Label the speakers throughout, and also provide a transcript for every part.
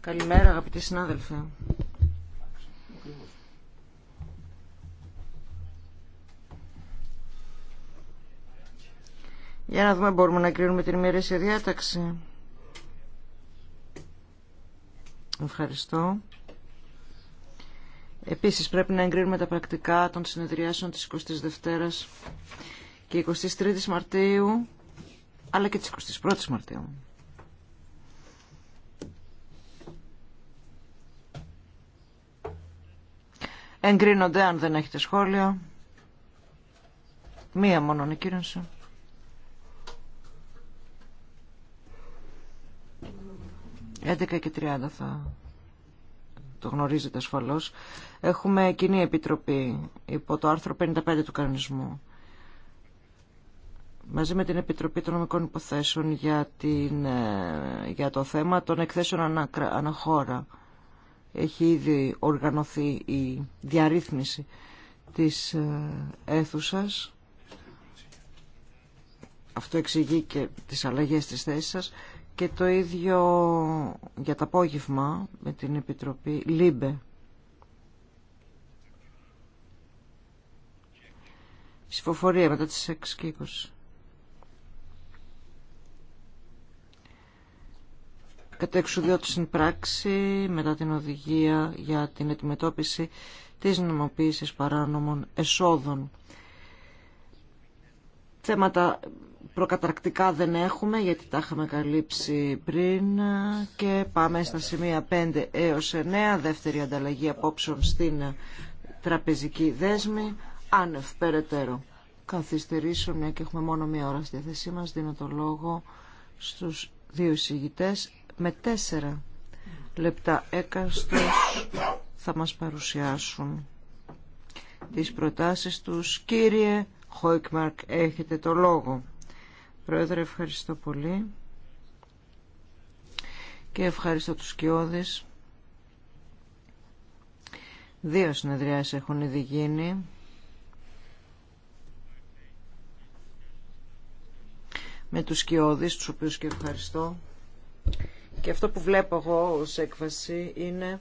Speaker 1: Καλημέρα αγαπητοί συνάδελφοι. Για να δούμε μπορούμε να κρίνουμε την ημερήσια διάταξη. Ευχαριστώ. Επίσης πρέπει να εγκρίνουμε τα πρακτικά των συνεδριάσεων της 22ης και 23ης Μαρτίου αλλά και τη 21 η Μαρτίου. Εγκρίνονται αν δεν έχετε σχόλια. Μία μόνο ανακοίνωση. Έντεκα και 30 θα το γνωρίζετε ασφαλώς. Έχουμε κοινή επιτροπή υπό το άρθρο 55 του κανονισμού μαζί με την Επιτροπή των Νομικών Υποθέσεων για, την, ε, για το θέμα των εκθέσεων αναχώρα. Έχει ήδη οργανωθεί η διαρρύθμιση της ε, αίθουσας. Αυτό εξηγεί και τις αλλαγές της θέσης σας. Και το ίδιο για το απόγευμα με την Επιτροπή ΛΥΜΠΕ. Ψηφοφορία μετά τις 6 και 20. κατά εξουδιώτηση πράξη μετά την οδηγία για την αντιμετώπιση της νομοποίησης παράνομων εσόδων. Θέματα προκαταρκτικά δεν έχουμε γιατί τα είχαμε καλύψει πριν και πάμε στα σημεία 5 έως 9, δεύτερη ανταλλαγή απόψεων στην τραπεζική δέσμη, άνευ περαιτέρω. Καθυστερήσω, μια και έχουμε μόνο μία ώρα στη θέση μας, δίνω το λόγο στους δύο εισηγητές με τέσσερα λεπτά έκαστος θα μας παρουσιάσουν τις προτάσεις τους. Κύριε Χόικμαρκ, έχετε το λόγο. Πρόεδρε, ευχαριστώ πολύ και ευχαριστώ τους Κιώδης. Δύο συνεδριάσεις έχουν ήδη γίνει. Με τους Κιώδης, τους οποίους και ευχαριστώ. Και αυτό που βλέπω εγώ ως έκβαση είναι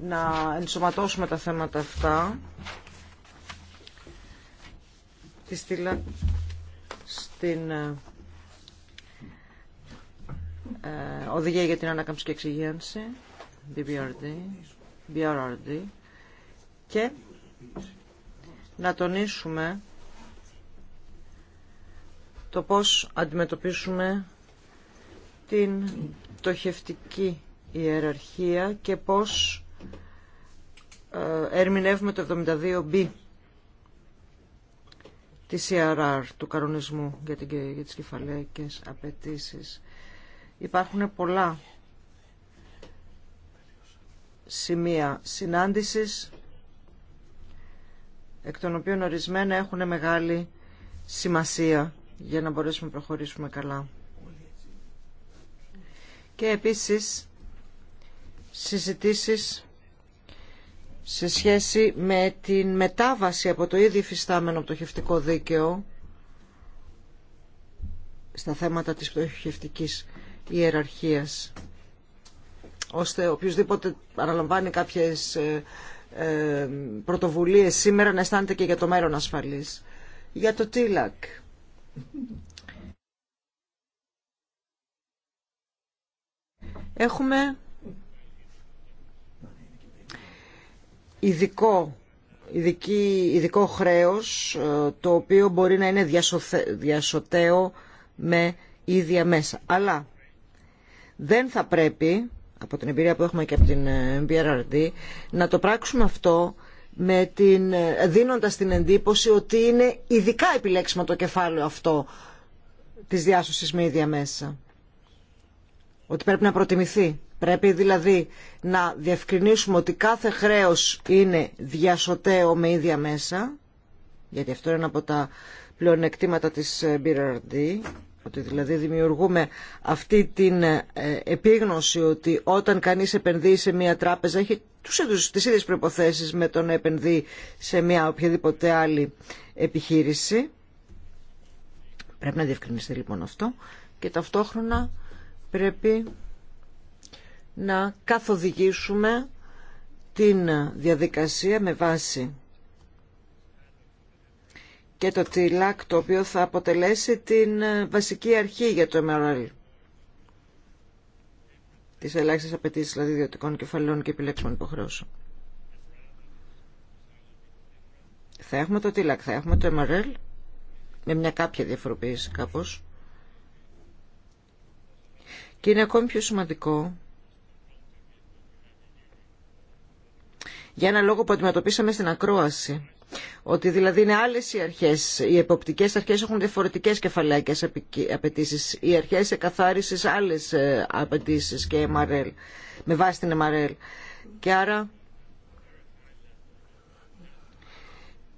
Speaker 1: να ενσωματώσουμε τα θέματα αυτά τη στείλα στην ε, ε οδηγία για την ανάκαμψη και Εξυγένση, DBRD, BRRD και να τονίσουμε το πώς αντιμετωπίσουμε την τοχευτική ιεραρχία και πώς ε, ερμηνεύουμε το 72B τη CRR, του καρονισμού για, την, για τις κεφαλαίκες απαιτήσει. Υπάρχουν πολλά σημεία συνάντησης, εκ των οποίων ορισμένα έχουν μεγάλη σημασία για να μπορέσουμε να προχωρήσουμε καλά. Και επίσης συζητήσεις σε σχέση με την μετάβαση από το ήδη υφιστάμενο πτωχευτικό δίκαιο στα θέματα της πτωχευτικής ιεραρχίας ώστε οποιοδήποτε παραλαμβάνει κάποιες ε, ε, πρωτοβουλίες σήμερα να αισθάνεται και για το μέλλον ασφαλής. Για το ΤΙΛΑΚ. Έχουμε ειδικό, ειδική, ειδικό χρέος ε, το οποίο μπορεί να είναι διασωθε, με ίδια μέσα. Αλλά δεν θα πρέπει, από την εμπειρία που έχουμε και από την BRRD, ε, να το πράξουμε αυτό με την, δίνοντας την εντύπωση ότι είναι ειδικά επιλέξιμο το κεφάλαιο αυτό της διάσωσης με ίδια μέσα. Ότι πρέπει να προτιμηθεί. Πρέπει δηλαδή να διευκρινίσουμε ότι κάθε χρέος είναι διασωτέο με ίδια μέσα, γιατί αυτό είναι ένα από τα πλεονεκτήματα της BRD, ότι δηλαδή δημιουργούμε αυτή την ε, επίγνωση ότι όταν κανείς επενδύει σε μια τράπεζα έχει τους τις ίδιες προϋποθέσεις με τον να επενδύει σε μια οποιαδήποτε άλλη επιχείρηση. Πρέπει να διευκρινιστεί λοιπόν αυτό και ταυτόχρονα πρέπει να καθοδηγήσουμε την διαδικασία με βάση και το TILAC το οποίο θα αποτελέσει την ε, βασική αρχή για το MRL. Τις ελάχιστες απαιτήσει δηλαδή ιδιωτικών κεφαλαίων και επιλέξιμων υποχρεώσεων. Θα έχουμε το TILAC, θα έχουμε το MRL με μια κάποια διαφοροποίηση κάπως. Και είναι ακόμη πιο σημαντικό για ένα λόγο που αντιμετωπίσαμε στην ακρόαση ότι δηλαδή είναι άλλε οι αρχέ. Οι εποπτικέ αρχέ έχουν διαφορετικέ κεφαλαϊκέ απαιτήσει. Οι αρχέ εκαθάρισης άλλε απαιτήσει και MRL, με βάση την MRL. Και άρα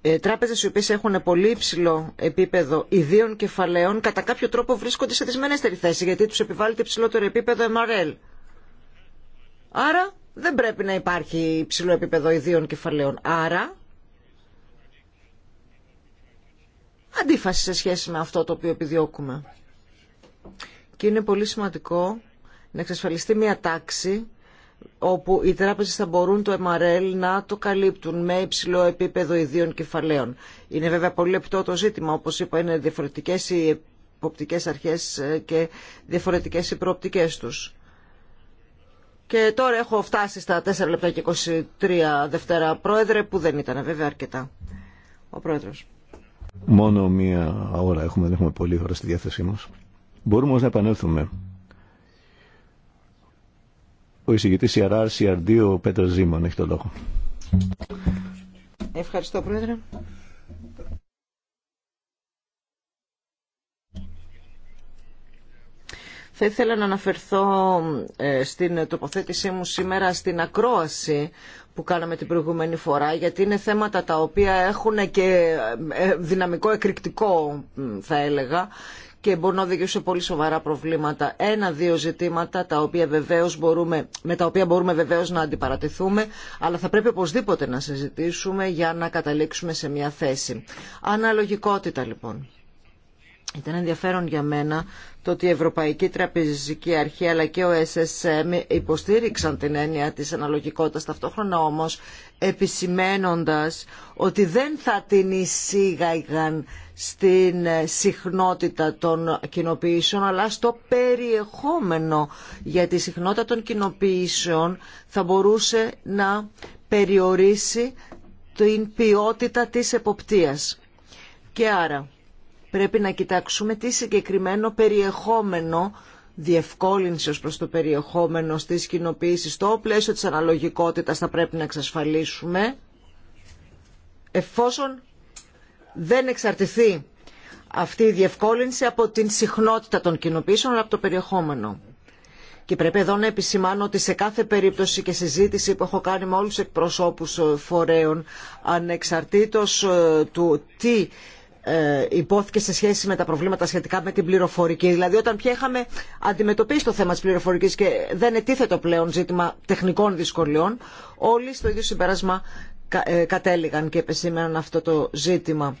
Speaker 1: ε, τράπεζες οι οποίες έχουν πολύ υψηλό επίπεδο ιδίων κεφαλαίων κατά κάποιο τρόπο βρίσκονται σε δυσμενέστερη θέση γιατί τους επιβάλλεται υψηλότερο επίπεδο MRL. Άρα δεν πρέπει να υπάρχει υψηλό επίπεδο ιδίων κεφαλαίων. Άρα αντίφαση σε σχέση με αυτό το οποίο επιδιώκουμε. Και είναι πολύ σημαντικό να εξασφαλιστεί μια τάξη όπου οι τράπεζε θα μπορούν το MRL να το καλύπτουν με υψηλό επίπεδο ιδίων κεφαλαίων. Είναι βέβαια πολύ λεπτό το ζήτημα. Όπω είπα, είναι διαφορετικέ οι εποπτικέ αρχέ ε, και διαφορετικέ οι προοπτικέ του. Και τώρα έχω φτάσει στα 4 λεπτά και 23 Δευτέρα Πρόεδρε, που δεν ήταν βέβαια αρκετά. Ο Πρόεδρος.
Speaker 2: Μόνο μία ώρα έχουμε, δεν έχουμε πολλή ώρα στη διάθεσή μας. Μπορούμε όμως να επανέλθουμε. Ο εισηγητής Ιαράρ cr ο Πέτρος Ζήμων, έχει το λόγο.
Speaker 1: Ευχαριστώ, Πρόεδρε. Θα ήθελα να αναφερθώ ε, στην τοποθέτησή μου σήμερα στην ακρόαση που κάναμε την προηγούμενη φορά, γιατί είναι θέματα τα οποία έχουν και ε, ε, δυναμικό εκρηκτικό, θα έλεγα, και μπορούν να οδηγήσουν σε πολύ σοβαρά προβλήματα. Ένα-δύο ζητήματα τα οποία βεβαίως μπορούμε, με τα οποία μπορούμε βεβαίω να αντιπαρατηθούμε, αλλά θα πρέπει οπωσδήποτε να συζητήσουμε για να καταλήξουμε σε μια θέση. Αναλογικότητα λοιπόν. Ήταν ενδιαφέρον για μένα το ότι η Ευρωπαϊκή Τραπεζική Αρχή αλλά και ο SSM υποστήριξαν την έννοια της αναλογικότητας ταυτόχρονα όμως επισημένοντας ότι δεν θα την εισήγαγαν στην ε, συχνότητα των κοινοποιήσεων αλλά στο περιεχόμενο για τη συχνότητα των κοινοποιήσεων θα μπορούσε να περιορίσει την ποιότητα της εποπτείας. Και άρα πρέπει να κοιτάξουμε τι συγκεκριμένο περιεχόμενο διευκόλυνση ως προς το περιεχόμενο στις κοινοποίησεις στο πλαίσιο της αναλογικότητας θα πρέπει να εξασφαλίσουμε εφόσον δεν εξαρτηθεί αυτή η διευκόλυνση από την συχνότητα των κοινοποίησεων αλλά από το περιεχόμενο. Και πρέπει εδώ να επισημάνω ότι σε κάθε περίπτωση και συζήτηση που έχω κάνει με όλους τους εκπροσώπους ε, φορέων, ανεξαρτήτως ε, του τι ε, υπόθηκε σε σχέση με τα προβλήματα σχετικά με την πληροφορική. Δηλαδή όταν πια είχαμε αντιμετωπίσει το θέμα της πληροφορικής και δεν ετίθετο πλέον ζήτημα τεχνικών δυσκολιών, όλοι στο ίδιο συμπέρασμα ε, κατέληγαν και επεσήμεναν αυτό το ζήτημα.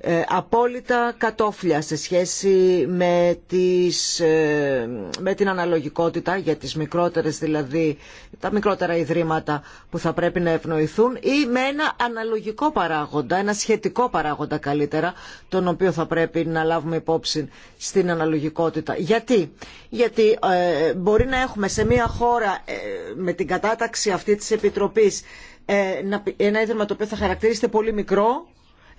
Speaker 1: Ε, απόλυτα κατόφλια σε σχέση ε, με, την αναλογικότητα για τις μικρότερες δηλαδή τα μικρότερα ιδρύματα που θα πρέπει να ευνοηθούν ή με ένα αναλογικό παράγοντα, ένα σχετικό παράγοντα καλύτερα τον οποίο θα πρέπει να λάβουμε υπόψη στην αναλογικότητα. Γιατί, Γιατί ε, μπορεί να έχουμε σε μια χώρα με την κατάταξη αυτή της Επιτροπής ένα ίδρυμα το οποίο θα χαρακτηρίζεται πολύ μικρό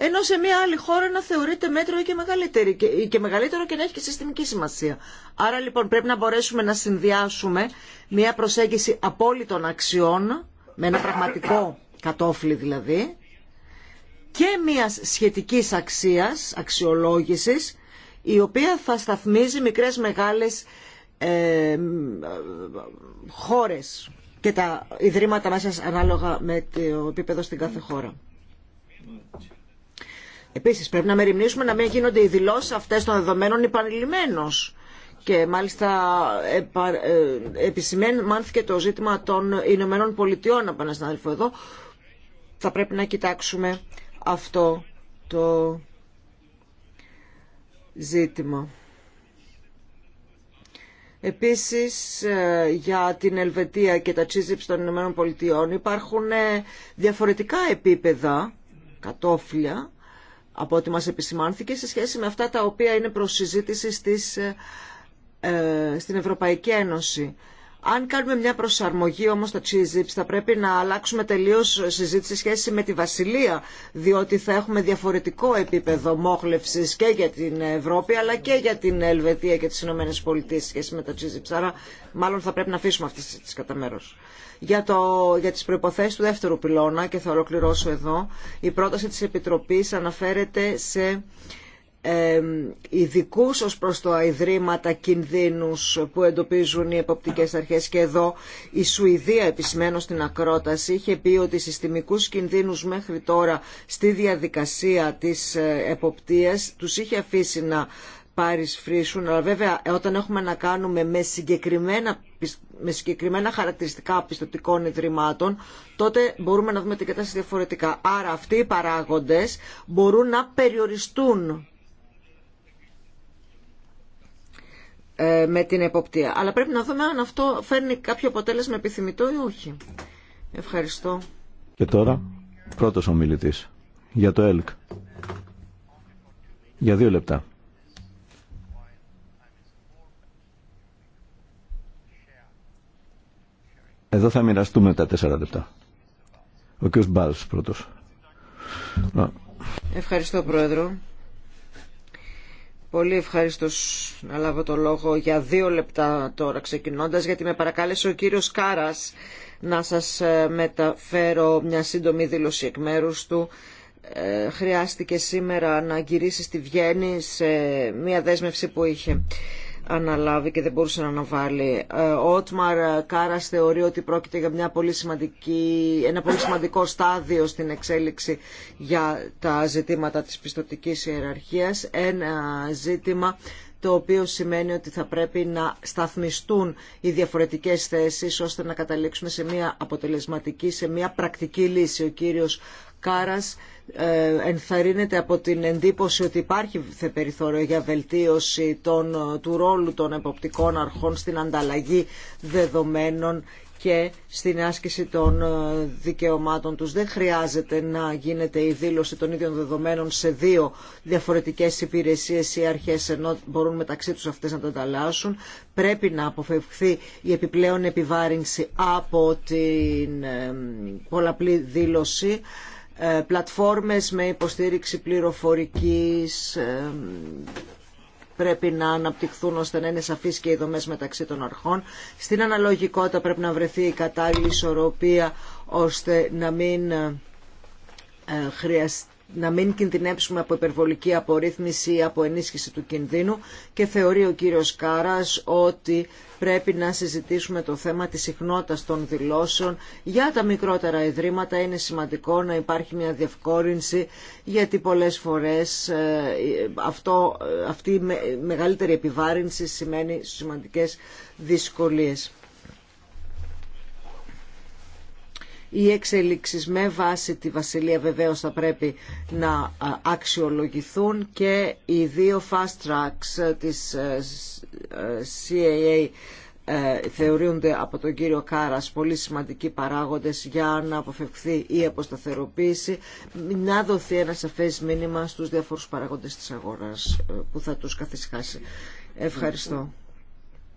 Speaker 1: ενώ σε μια άλλη χώρα να θεωρείται μέτρο ή και, μεγαλύτερη, και, και μεγαλύτερο και να έχει και συστημική σημασία. Άρα λοιπόν πρέπει να μπορέσουμε να συνδυάσουμε μια προσέγγιση απόλυτων αξιών, με ένα πραγματικό κατόφλι δηλαδή, και μία σχετικής αξίας, αξιολόγηση, η οποία θα σταθμίζει μικρές μεγάλες ε, χώρες και τα ιδρύματα μέσα ανάλογα με το επίπεδο στην κάθε χώρα. Ναι. Επίσης πρέπει να μεριμνήσουμε να μην γίνονται οι δηλώσεις αυτές των δεδομένων επανειλημμένως. Και μάλιστα ε, μάνθηκε το ζήτημα των Ηνωμένων Πολιτειών από έναν συνάδελφο εδώ. Θα πρέπει να κοιτάξουμε αυτό το ζήτημα. Επίσης ε, για την Ελβετία και τα τσίζιψη των Ηνωμένων Πολιτειών υπάρχουν ε, διαφορετικά επίπεδα, κατόφλια, από ό,τι μας επισημάνθηκε σε σχέση με αυτά τα οποία είναι προς συζήτηση στις, ε, ε, στην Ευρωπαϊκή Ένωση. Αν κάνουμε μια προσαρμογή όμως στα Τσίζιπς θα πρέπει να αλλάξουμε τελείως συζήτηση σχέση με τη Βασιλεία διότι θα έχουμε διαφορετικό επίπεδο μόχλευσης και για την Ευρώπη αλλά και για την Ελβετία και τις Ηνωμένες Πολιτείες σχέση με τα Τσίζιπς. Άρα μάλλον θα πρέπει να αφήσουμε αυτές τις κατά μέρος για, το, για τις προϋποθέσεις του δεύτερου πυλώνα και θα ολοκληρώσω εδώ. Η πρόταση της Επιτροπής αναφέρεται σε ειδικού ως προς το ιδρύματα κινδύνους που εντοπίζουν οι εποπτικές αρχές Και εδώ η Σουηδία, επισημένω στην ακρόταση, είχε πει ότι συστημικούς κινδύνους μέχρι τώρα στη διαδικασία της ε, εποπτείας τους είχε αφήσει να αλλά βέβαια ε, όταν έχουμε να κάνουμε με συγκεκριμένα, με συγκεκριμένα χαρακτηριστικά πιστοτικών ιδρυμάτων, τότε μπορούμε να δούμε την κατάσταση διαφορετικά. Άρα αυτοί οι παράγοντες μπορούν να περιοριστούν ε, με την εποπτεία. Αλλά πρέπει να δούμε αν αυτό φέρνει κάποιο αποτέλεσμα επιθυμητό ή όχι. Ευχαριστώ.
Speaker 2: Και τώρα, πρώτος ομιλητής για το ΕΛΚ. Για δύο λεπτά. Εδώ θα μοιραστούμε τα τέσσερα λεπτά. Ο κ. Μπάλς πρώτος.
Speaker 1: Ευχαριστώ Πρόεδρο. Πολύ ευχαριστώ να λάβω το λόγο για δύο λεπτά τώρα ξεκινώντας γιατί με παρακάλεσε ο κύριος Κάρας να σας ε, μεταφέρω μια σύντομη δήλωση εκ μέρους του. Ε, χρειάστηκε σήμερα να γυρίσει στη Βιέννη σε μια δέσμευση που είχε αναλάβει και δεν μπορούσε να αναβάλει. Ε, ο Ότμαρ Κάρα θεωρεί ότι πρόκειται για μια πολύ σημαντική, ένα πολύ σημαντικό στάδιο στην εξέλιξη για τα ζητήματα της πιστοτικής ιεραρχίας. Ένα ζήτημα το οποίο σημαίνει ότι θα πρέπει να σταθμιστούν οι διαφορετικές θέσεις ώστε να καταλήξουμε σε μια αποτελεσματική, σε μια πρακτική λύση. Ο κύριος Κάρας ε, ενθαρρύνεται από την εντύπωση ότι υπάρχει περιθώριο για βελτίωση των, του ρόλου των εποπτικών αρχών στην ανταλλαγή δεδομένων και στην άσκηση των ε, δικαιωμάτων τους. Δεν χρειάζεται να γίνεται η δήλωση των ίδιων δεδομένων σε δύο διαφορετικές υπηρεσίες ή αρχές ενώ μπορούν μεταξύ τους αυτές να τα ανταλλάσσουν. Πρέπει να αποφευχθεί η επιπλέον επιβάρυνση από την ε, πολλαπλή δήλωση. Ε, πλατφόρμες με υποστήριξη πληροφορικής ε, πρέπει να αναπτυχθούν ώστε να είναι σαφείς και οι δομές μεταξύ των αρχών. Στην αναλογικότητα πρέπει να βρεθεί η κατάλληλη ισορροπία ώστε να μην ε, χρειαστεί να μην κινδυνέψουμε από υπερβολική απορρίθμιση ή από ενίσχυση του κινδύνου και θεωρεί ο κύριος Κάρας ότι πρέπει να συζητήσουμε το θέμα της συχνότητας των δηλώσεων για τα μικρότερα ιδρύματα. Είναι σημαντικό να υπάρχει μια διευκόρυνση γιατί πολλές φορές ε, αυτό, ε, αυτή η μεγαλύτερη επιβάρυνση σημαίνει σημαντικές δυσκολίες. οι εξελίξεις με βάση τη Βασιλεία βεβαίως θα πρέπει να αξιολογηθούν και οι δύο fast tracks της ε, ε, CAA ε, θεωρούνται από τον κύριο Κάρας πολύ σημαντικοί παράγοντες για να αποφευχθεί η αποσταθεροποίηση, να δοθεί ένα σαφές μήνυμα στους διαφορούς παράγοντες της αγοράς που θα τους καθισχάσει. Ευχαριστώ.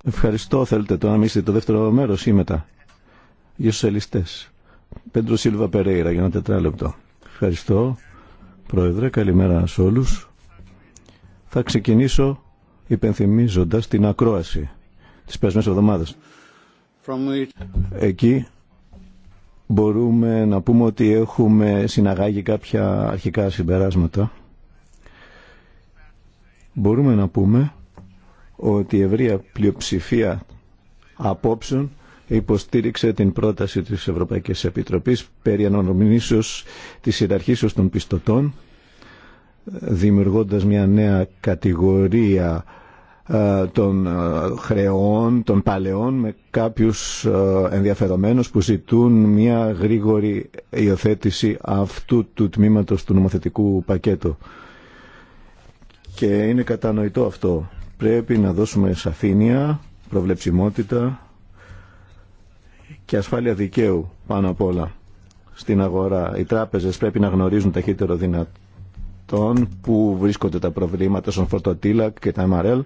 Speaker 2: Ευχαριστώ. Θέλετε το να μιλήσετε το δεύτερο μέρος ή μετά. Για ελιστές. Πέντρο Σίλβα Περέιρα για ένα τετράλεπτο. Ευχαριστώ, Πρόεδρε. Καλημέρα σε όλους. Θα ξεκινήσω υπενθυμίζοντας την ακρόαση της περσμένης εβδομάδας. Εκεί μπορούμε να πούμε ότι έχουμε συναγάγει κάποια αρχικά συμπεράσματα. Μπορούμε να πούμε ότι η ευρεία πλειοψηφία απόψεων υποστήριξε την πρόταση της Ευρωπαϊκής Επιτροπής περί ανανομηνήσεως της ιεραρχήσεως των πιστωτών, δημιουργώντας μια νέα κατηγορία ε, των ε, χρεών, των παλαιών με κάποιους ε, ενδιαφερομένους που ζητούν μια γρήγορη υιοθέτηση αυτού του τμήματος του νομοθετικού πακέτου. Και είναι κατανοητό αυτό. Πρέπει να δώσουμε σαφήνεια, προβλεψιμότητα και ασφάλεια δικαίου πάνω απ' όλα στην αγορά. Οι τράπεζες πρέπει να γνωρίζουν ταχύτερο δυνατόν που βρίσκονται τα προβλήματα στον φωτοτήλα και τα MRL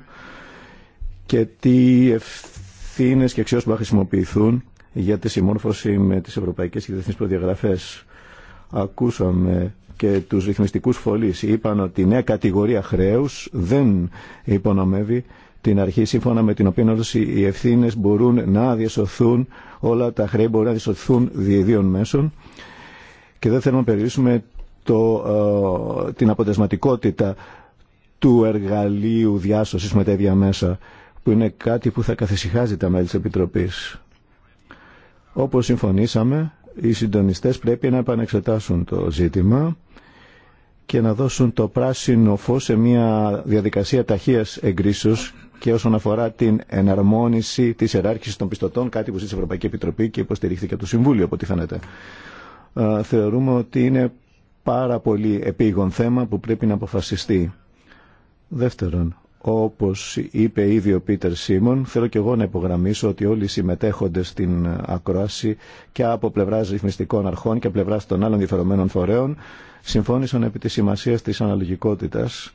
Speaker 2: και τι ευθύνες και αξιώσεις που θα χρησιμοποιηθούν για τη συμμόρφωση με τις ευρωπαϊκές και διεθνείς προδιαγραφές. Ακούσαμε και τους ρυθμιστικού φωλεί. Είπαν ότι η νέα κατηγορία χρέους δεν υπονομεύει την αρχή σύμφωνα με την οποία όλες οι ευθύνε μπορούν να διασωθούν, όλα τα χρέη μπορούν να διασωθούν διεδίων μέσων και δεν θέλουμε να περιορίσουμε το, ε, την αποτελεσματικότητα του εργαλείου διάσωσης με τα μέσα που είναι κάτι που θα καθησυχάζει τα μέλη της Επιτροπής. Όπως συμφωνήσαμε, οι συντονιστές πρέπει να επανεξετάσουν το ζήτημα και να δώσουν το πράσινο φως σε μια διαδικασία ταχείας εγκρίσεως και όσον αφορά την εναρμόνιση της εράρχησης των πιστωτών, κάτι που ζήτησε η Ευρωπαϊκή Επιτροπή και υποστηρίχθηκε από το Συμβούλιο, από ό,τι φαίνεται. Ε, θεωρούμε ότι είναι πάρα πολύ επίγον θέμα που πρέπει να αποφασιστεί. Δεύτερον, όπως είπε ήδη ο Πίτερ Σίμον, θέλω και εγώ να υπογραμμίσω ότι όλοι οι συμμετέχοντες στην ακρόαση και από πλευράς ρυθμιστικών αρχών και από πλευράς των άλλων διαφορεμένων φορέων συμφώνησαν επί της σημασία της αναλογικότητας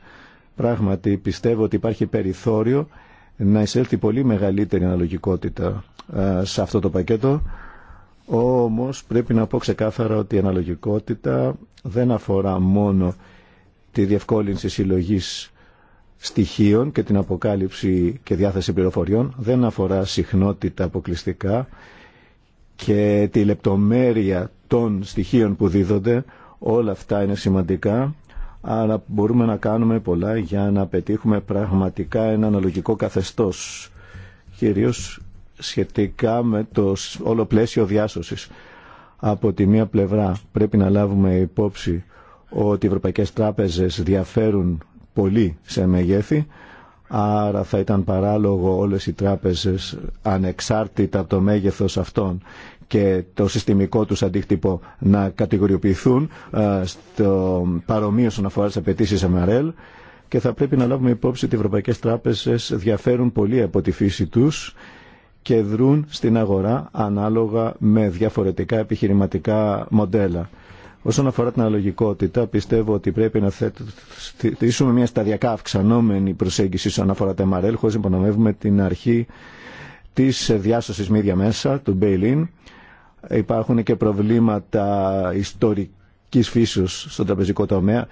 Speaker 2: Πράγματι πιστεύω ότι υπάρχει περιθώριο να εισέλθει πολύ μεγαλύτερη αναλογικότητα ε, σε αυτό το πακέτο. Όμως πρέπει να πω ξεκάθαρα ότι η αναλογικότητα δεν αφορά μόνο τη διευκόλυνση συλλογής στοιχείων και την αποκάλυψη και διάθεση πληροφοριών, δεν αφορά συχνότητα αποκλειστικά και τη λεπτομέρεια των στοιχείων που δίδονται, όλα αυτά είναι σημαντικά αλλά μπορούμε να κάνουμε πολλά για να πετύχουμε πραγματικά ένα αναλογικό καθεστώς, κυρίως σχετικά με το όλο πλαίσιο διάσωσης. Από τη μία πλευρά πρέπει να λάβουμε υπόψη ότι οι ευρωπαϊκές τράπεζες διαφέρουν πολύ σε μεγέθη, άρα θα ήταν παράλογο όλες οι τράπεζες ανεξάρτητα από το μέγεθος αυτών και το συστημικό τους αντίκτυπο να κατηγοριοποιηθούν ε, στο παρομοίω όσον αφορά τι απαιτήσει MRL και θα πρέπει να λάβουμε υπόψη ότι οι ευρωπαϊκές τράπεζες διαφέρουν πολύ από τη φύση τους και δρούν στην αγορά ανάλογα με διαφορετικά επιχειρηματικά μοντέλα. Όσον αφορά την αλογικότητα, πιστεύω ότι πρέπει να θέσουμε μια σταδιακά αυξανόμενη προσέγγιση όσον αφορά τα MRL, χωρίς υπονομεύουμε την αρχή της διάσωσης μίδια μέσα, του bail Υπάρχουν και προβλήματα ιστορικής φύσεως στον τραπεζικό τομέα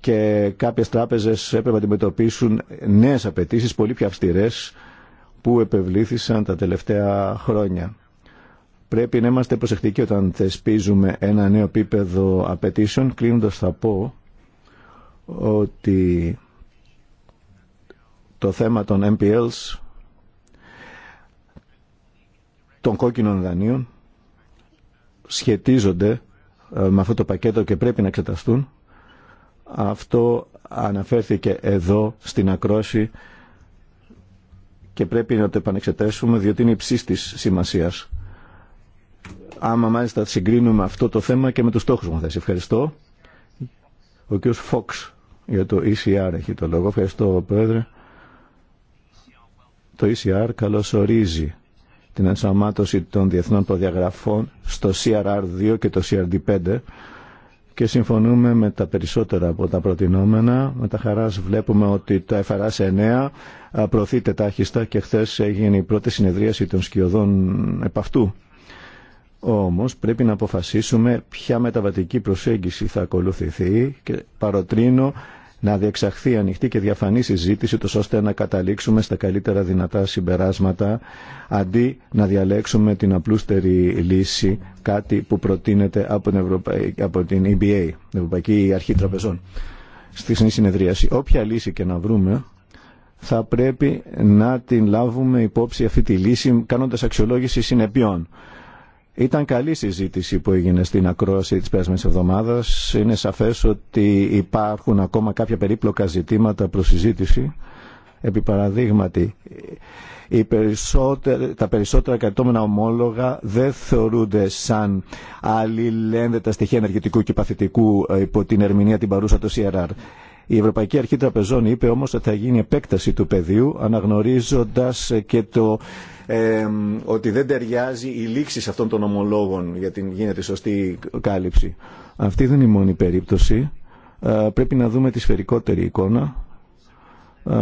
Speaker 2: και κάποιες τράπεζες έπρεπε να αντιμετωπίσουν νέες απαιτήσει πολύ πιο αυστηρές που επευλήθησαν τα τελευταία χρόνια. Πρέπει να είμαστε προσεκτικοί όταν θεσπίζουμε ένα νέο επίπεδο απαιτήσεων. Κλείνοντας θα πω ότι το θέμα των MPLs των κόκκινων δανείων σχετίζονται ε, με αυτό το πακέτο και πρέπει να εξεταστούν. Αυτό αναφέρθηκε εδώ στην ακρόση και πρέπει να το επανεξετάσουμε διότι είναι υψής της σημασίας. Άμα μάλιστα συγκρίνουμε αυτό το θέμα και με τους στόχους μας. Ευχαριστώ. Ο κ. Φόξ για το ECR έχει το λόγο. Ευχαριστώ, Πρόεδρε. Το ECR ορίζει την ενσωμάτωση των διεθνών προδιαγραφών στο CRR2 και το CRD5 και συμφωνούμε με τα περισσότερα από τα προτινόμενα. Με τα χαράς βλέπουμε ότι το FRS 9 προωθείται τετάχιστα και χθε έγινε η πρώτη συνεδρίαση των σκιωδών επ' αυτού. Όμως πρέπει να αποφασίσουμε ποια μεταβατική προσέγγιση θα ακολουθηθεί και παροτρύνω να διεξαχθεί ανοιχτή και διαφανή συζήτηση, τους ώστε να καταλήξουμε στα καλύτερα δυνατά συμπεράσματα, αντί να διαλέξουμε την απλούστερη λύση, κάτι που προτείνεται από την, από την EBA, την Ευρωπαϊκή Αρχή Τραπεζών, στη συνεδρίαση. Όποια λύση και να βρούμε, θα πρέπει να την λάβουμε υπόψη αυτή τη λύση, κάνοντας αξιολόγηση συνεπειών. Ήταν καλή συζήτηση που έγινε στην ακρόαση της πέρασμενης εβδομάδας. Είναι σαφές ότι υπάρχουν ακόμα κάποια περίπλοκα ζητήματα προς συζήτηση. Επί παραδείγματι, οι τα περισσότερα κατώμενα ομόλογα δεν θεωρούνται σαν τα στοιχεία ενεργητικού και παθητικού ε, υπό την ερμηνεία την παρούσα του CRR. Η Ευρωπαϊκή Αρχή Τραπεζών είπε όμως ότι θα γίνει επέκταση του πεδίου αναγνωρίζοντας και το ότι δεν ταιριάζει η λήξη αυτών των ομολόγων για την γίνεται σωστή κάλυψη. Αυτή δεν είναι η μόνη περίπτωση. Ε, πρέπει να δούμε τη σφαιρικότερη εικόνα. Ε,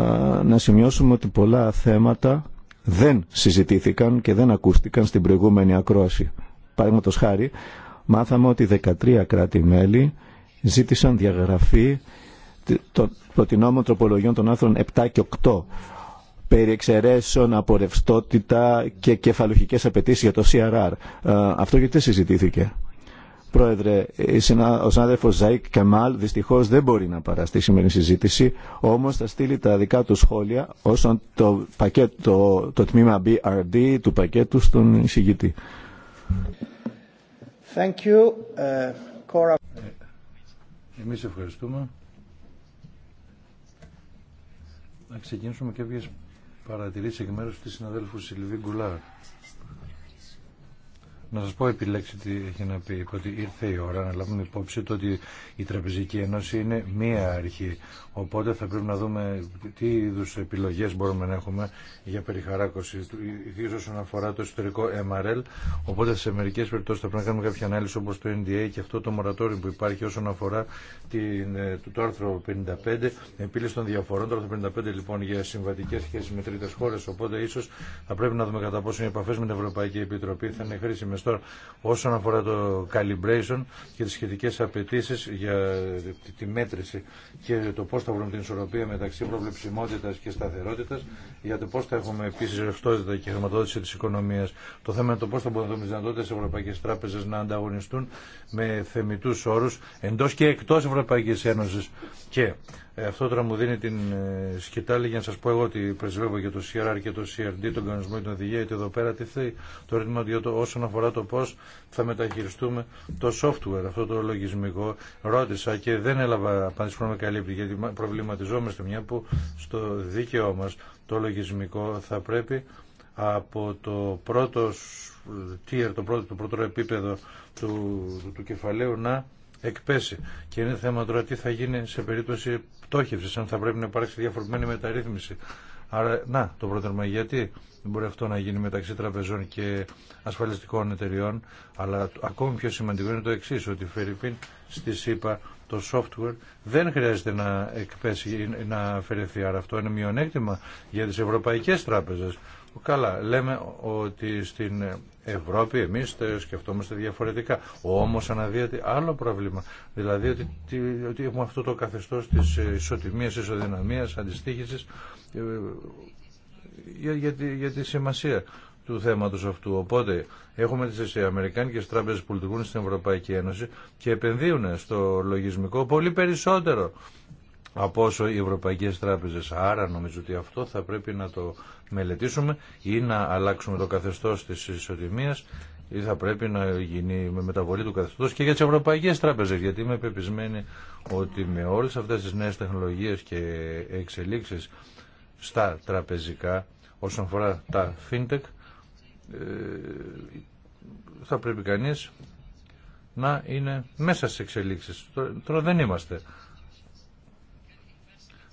Speaker 2: να σημειώσουμε ότι πολλά θέματα δεν συζητήθηκαν και δεν ακούστηκαν στην προηγούμενη ακρόαση. Παραδείγματο χάρη, μάθαμε ότι 13 κράτη-μέλη ζήτησαν διαγραφή των προτινόμων τροπολογιών των άρθρων 7 και περί εξαιρέσεων από ρευστότητα και κεφαλουχικές απαιτήσει για το CRR. Ε, αυτό γιατί συζητήθηκε. Πρόεδρε, ο συνάδελφο Ζαϊκ Καμάλ δυστυχώ δεν μπορεί να παραστεί σήμερα η συζήτηση, όμω θα στείλει τα δικά του σχόλια όσον το, πακέτο, το τμήμα BRD του πακέτου στον εισηγητή. Thank ε, ε,
Speaker 3: Εμείς ευχαριστούμε. Να ξεκινήσουμε και βγες παρατηρήσει εκ μέρους της συναδέλφου Σιλβί Γκουλάρ να σας πω επιλέξει τι έχει να πει. Ότι ήρθε η ώρα να λάβουμε υπόψη το ότι η Τραπεζική Ένωση είναι μία αρχή. Οπότε θα πρέπει να δούμε τι είδου επιλογές μπορούμε να έχουμε για περιχαράκωση, ιδίω όσον αφορά το εσωτερικό MRL. Οπότε σε μερικές περιπτώσεις θα πρέπει να κάνουμε κάποια ανάλυση όπως το NDA και αυτό το μορατόριο που υπάρχει όσον αφορά την, ε, το άρθρο 55, επίλυση των διαφορών. Το άρθρο 55 λοιπόν για συμβατικές σχέσεις με τρίτες χώρες. Οπότε ίσως θα πρέπει να δούμε κατά πόσο οι επαφέ με την Ευρωπαϊκή Επιτροπή θα είναι χρήσιμε όσον αφορά το calibration και τις σχετικές απαιτήσεις για τη μέτρηση και το πώς θα βρούμε την ισορροπία μεταξύ προβλεψιμότητας και σταθερότητας για το πώς θα έχουμε επίσης ρευστότητα και χρηματοδότηση της οικονομίας. Το θέμα είναι το πώς θα μπορούμε να δούμε τις δυνατότητες της να ανταγωνιστούν με θεμητούς όρους εντός και εκτός Ευρωπαϊκής Ένωσης. Και ε, αυτό τώρα μου δίνει την ε, σκητάλη για να σας πω εγώ ότι πρεσβεύω για το CRR και το CRD, τον κανονισμό και την οδηγία, είτε εδώ πέρα τι θέλει το ρήτημα όσον αφορά το πώς θα μεταχειριστούμε το software, αυτό το λογισμικό. Ρώτησα και δεν έλαβα απάντηση που με καλύπτει, γιατί προβληματιζόμαστε μια που στο δίκαιό μας το λογισμικό θα πρέπει από το πρώτο tier, το πρώτο, το πρώτο επίπεδο του, του κεφαλαίου να εκπέσει. Και είναι θέμα τώρα τι θα γίνει σε περίπτωση πτώχευση, αν θα πρέπει να υπάρξει διαφορεμένη μεταρρύθμιση. Άρα, να, το πρώτο γιατί δεν μπορεί αυτό να γίνει μεταξύ τραπεζών και ασφαλιστικών εταιριών, αλλά ακόμη πιο σημαντικό είναι το εξή, ότι Φερρυπίν στη ΣΥΠΑ το software δεν χρειάζεται να εκπέσει ή να αφαιρεθεί. Άρα αυτό είναι μειονέκτημα για τις ευρωπαϊκές τράπεζες. Καλά, λέμε ότι στην Ευρώπη εμεί σκεφτόμαστε διαφορετικά. όμω αναδύεται άλλο πρόβλημα. Δηλαδή ότι, ότι έχουμε αυτό το καθεστώς τη ισοτιμίας, ισοδυναμίας, αντιστοίχηση ε, για, για, τη, σημασία του θέματος αυτού. Οπότε έχουμε τις αμερικάνικέ τράπεζε που λειτουργούν στην Ευρωπαϊκή Ένωση και επενδύουν στο λογισμικό πολύ περισσότερο από όσο οι ευρωπαϊκές τράπεζες. Άρα νομίζω ότι αυτό θα πρέπει να το μελετήσουμε ή να αλλάξουμε το καθεστώς της ισοτιμίας ή θα πρέπει να γίνει με μεταβολή του καθεστώς και για τις ευρωπαϊκές τράπεζες γιατί είμαι πεπισμένη ότι με όλες αυτές τις νέες τεχνολογίες και εξελίξεις στα τραπεζικά όσον αφορά τα fintech ε, θα πρέπει κανείς να είναι μέσα στις εξελίξεις. Τώρα δεν είμαστε.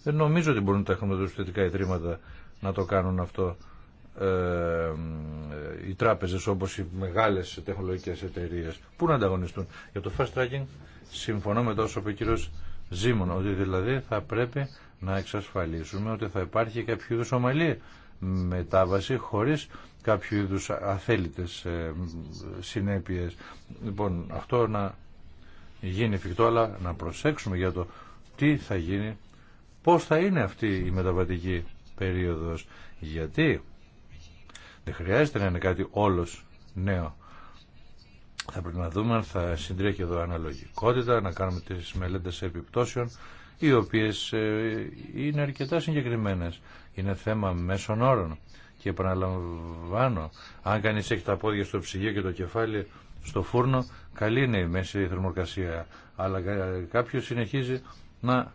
Speaker 3: Δεν νομίζω ότι μπορούν τα χρηματοδοτικά ιδρύματα να το κάνουν αυτό. Ε, ε, οι τράπεζες όπως οι μεγάλες τεχνολογικές εταιρείες που να ανταγωνιστούν για το fast tracking συμφωνώ με τόσο που ο κύριος Ζήμων ότι δηλαδή θα πρέπει να εξασφαλίσουμε ότι θα υπάρχει κάποιο είδους ομαλή μετάβαση χωρίς κάποιο είδους αθέλητες ε, συνέπειες λοιπόν αυτό να γίνει εφικτό αλλά να προσέξουμε για το τι θα γίνει πώς θα είναι αυτή η μεταβατική περίοδος. Γιατί δεν χρειάζεται να είναι κάτι όλος νέο. Θα πρέπει να δούμε αν θα συντρέχει εδώ αναλογικότητα, να κάνουμε τις μελέτες επιπτώσεων, οι οποίες ε, είναι αρκετά συγκεκριμένες. Είναι θέμα μέσων όρων. Και επαναλαμβάνω, αν κανείς έχει τα πόδια στο ψυγείο και το κεφάλι στο φούρνο, καλή είναι η μέση θερμοκρασία. Αλλά κάποιος συνεχίζει να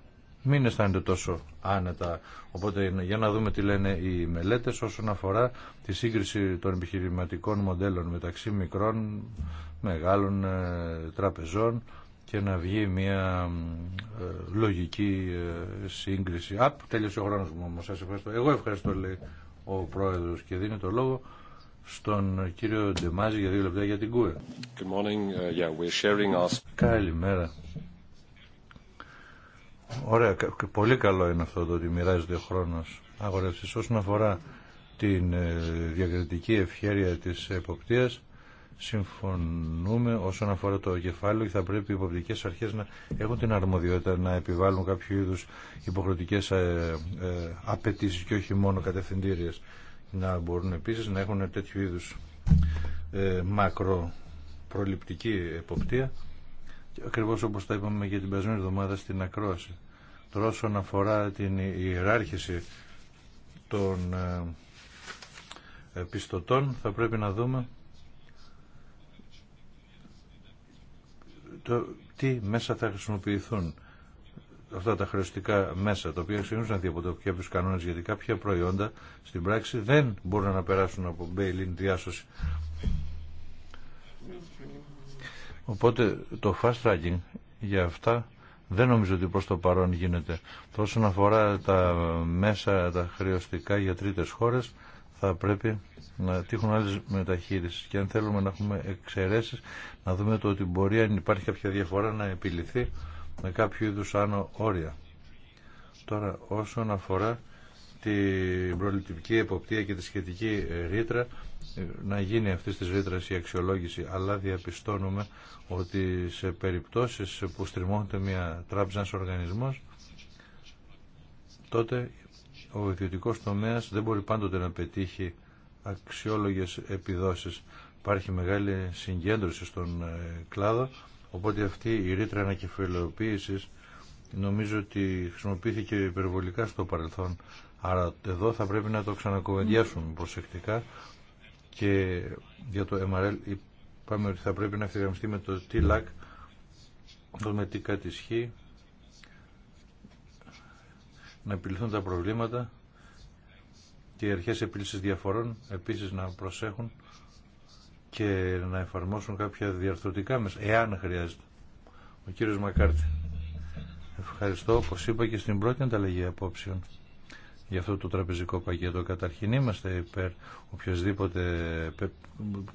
Speaker 3: μην αισθάνεται τόσο άνετα. Οπότε για να δούμε τι λένε οι μελέτες όσον αφορά τη σύγκριση των επιχειρηματικών μοντέλων μεταξύ μικρών, μεγάλων ε, τραπεζών και να βγει μια ε, λογική ε, σύγκριση. Απ, τέλειωσε ο χρόνος μου όμως. Σας ευχαριστώ. Εγώ ευχαριστώ λέει ο Πρόεδρος και δίνει το λόγο στον κύριο Ντεμάζη για δύο λεπτά για την ΚΟΕ. Uh, yeah, Καλημέρα. Ωραία, πολύ καλό είναι αυτό το ότι μοιράζεται ο χρόνο αγορεύσης. Όσον αφορά την ε, διακριτική ευχέρεια της εποπτείας, συμφωνούμε όσον αφορά το κεφάλαιο και θα πρέπει οι υποπτικές αρχές να έχουν την αρμοδιότητα να επιβάλλουν κάποιο είδους υποχρεωτικές ε, ε, απαιτήσει και όχι μόνο κατευθυντήριε. Να μπορούν επίση να έχουν τέτοιου είδους μακροπροληπτική εποπτεία Ακριβώ όπω τα είπαμε για την περασμένη εβδομάδα στην ακρόαση. Τώρα όσον αφορά την ιεράρχηση των ε, ε, πιστωτών θα πρέπει να δούμε το τι μέσα θα χρησιμοποιηθούν αυτά τα χρεωστικά μέσα τα οποία ξεκινούν από το κάποιου κανόνε γιατί κάποια προϊόντα στην πράξη δεν μπορούν να περάσουν μπέιλιν διάσωση Οπότε το fast tracking για αυτά δεν νομίζω ότι προς το παρόν γίνεται. Όσον αφορά τα μέσα, τα χρεωστικά για τρίτες χώρες, θα πρέπει να τύχουν άλλε μεταχείρισεις και αν θέλουμε να έχουμε εξαιρέσεις, να δούμε το ότι μπορεί αν υπάρχει κάποια διαφορά να επιληθεί με κάποιο είδους άνω όρια. Τώρα όσον αφορά την προληπτική εποπτεία και τη σχετική ε, ρήτρα ε, να γίνει αυτή τη ρήτρα η αξιολόγηση, αλλά διαπιστώνουμε ότι σε περιπτώσεις που στριμώνεται μια τράπεζα, ένα οργανισμός, τότε ο ιδιωτικό τομέας δεν μπορεί πάντοτε να πετύχει αξιόλογες επιδόσεις. Υπάρχει μεγάλη συγκέντρωση στον ε, κλάδο, οπότε αυτή η ρήτρα ανακεφαλαιοποίηση νομίζω ότι χρησιμοποιήθηκε υπερβολικά στο παρελθόν Άρα εδώ θα πρέπει να το ξανακομεντιάσουμε προσεκτικά και για το MRL είπαμε ότι θα πρέπει να ευθυγραμμιστεί με το TLAC, με τι κάτι ισχύει, να επιληθούν τα προβλήματα και οι αρχές επίλυσης διαφορών επίσης να προσέχουν και να εφαρμόσουν κάποια διαρθρωτικά μέσα, εάν χρειάζεται. Ο κύριος Μακάρτη. Ευχαριστώ, όπως είπα και στην πρώτη ανταλλαγή απόψεων για αυτό το τραπεζικό πακέτο. Καταρχήν είμαστε υπέρ οποιασδήποτε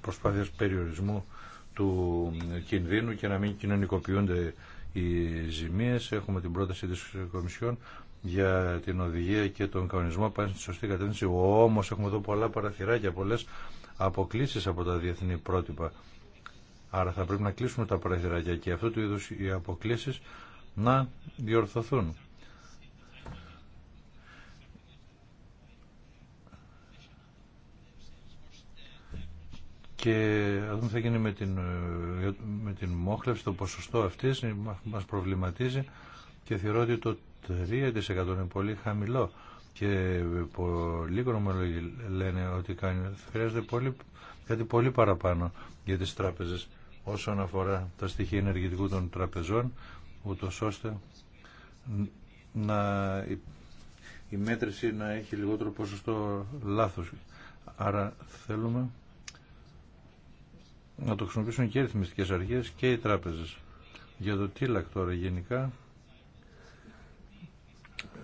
Speaker 3: προσπάθειας περιορισμού του κινδύνου και να μην κοινωνικοποιούνται οι ζημίες. Έχουμε την πρόταση της Κομισιόν για την οδηγία και τον κανονισμό πάνε στη σωστή κατεύθυνση. Όμως έχουμε εδώ πολλά παραθυράκια, πολλές αποκλήσεις από τα διεθνή πρότυπα. Άρα θα πρέπει να κλείσουμε τα παραθυράκια και αυτού του είδους οι αποκλήσεις να διορθωθούν. και να δούμε τι θα γίνει με την, ε, με την μόχλευση, το ποσοστό αυτής ε, μας προβληματίζει και θεωρώ ότι το 3% είναι πολύ χαμηλό και ε, πολλοί γνωμολόγοι λένε ότι κάνει, χρειάζεται πολύ, κάτι πολύ παραπάνω για τις τράπεζες όσον αφορά τα στοιχεία ενεργητικού των τραπεζών ούτω ώστε να, η, η μέτρηση να έχει λιγότερο ποσοστό λάθος. Άρα θέλουμε να το χρησιμοποιήσουν και οι ρυθμιστικές αρχές και οι τράπεζες. Για το τίλακ τώρα γενικά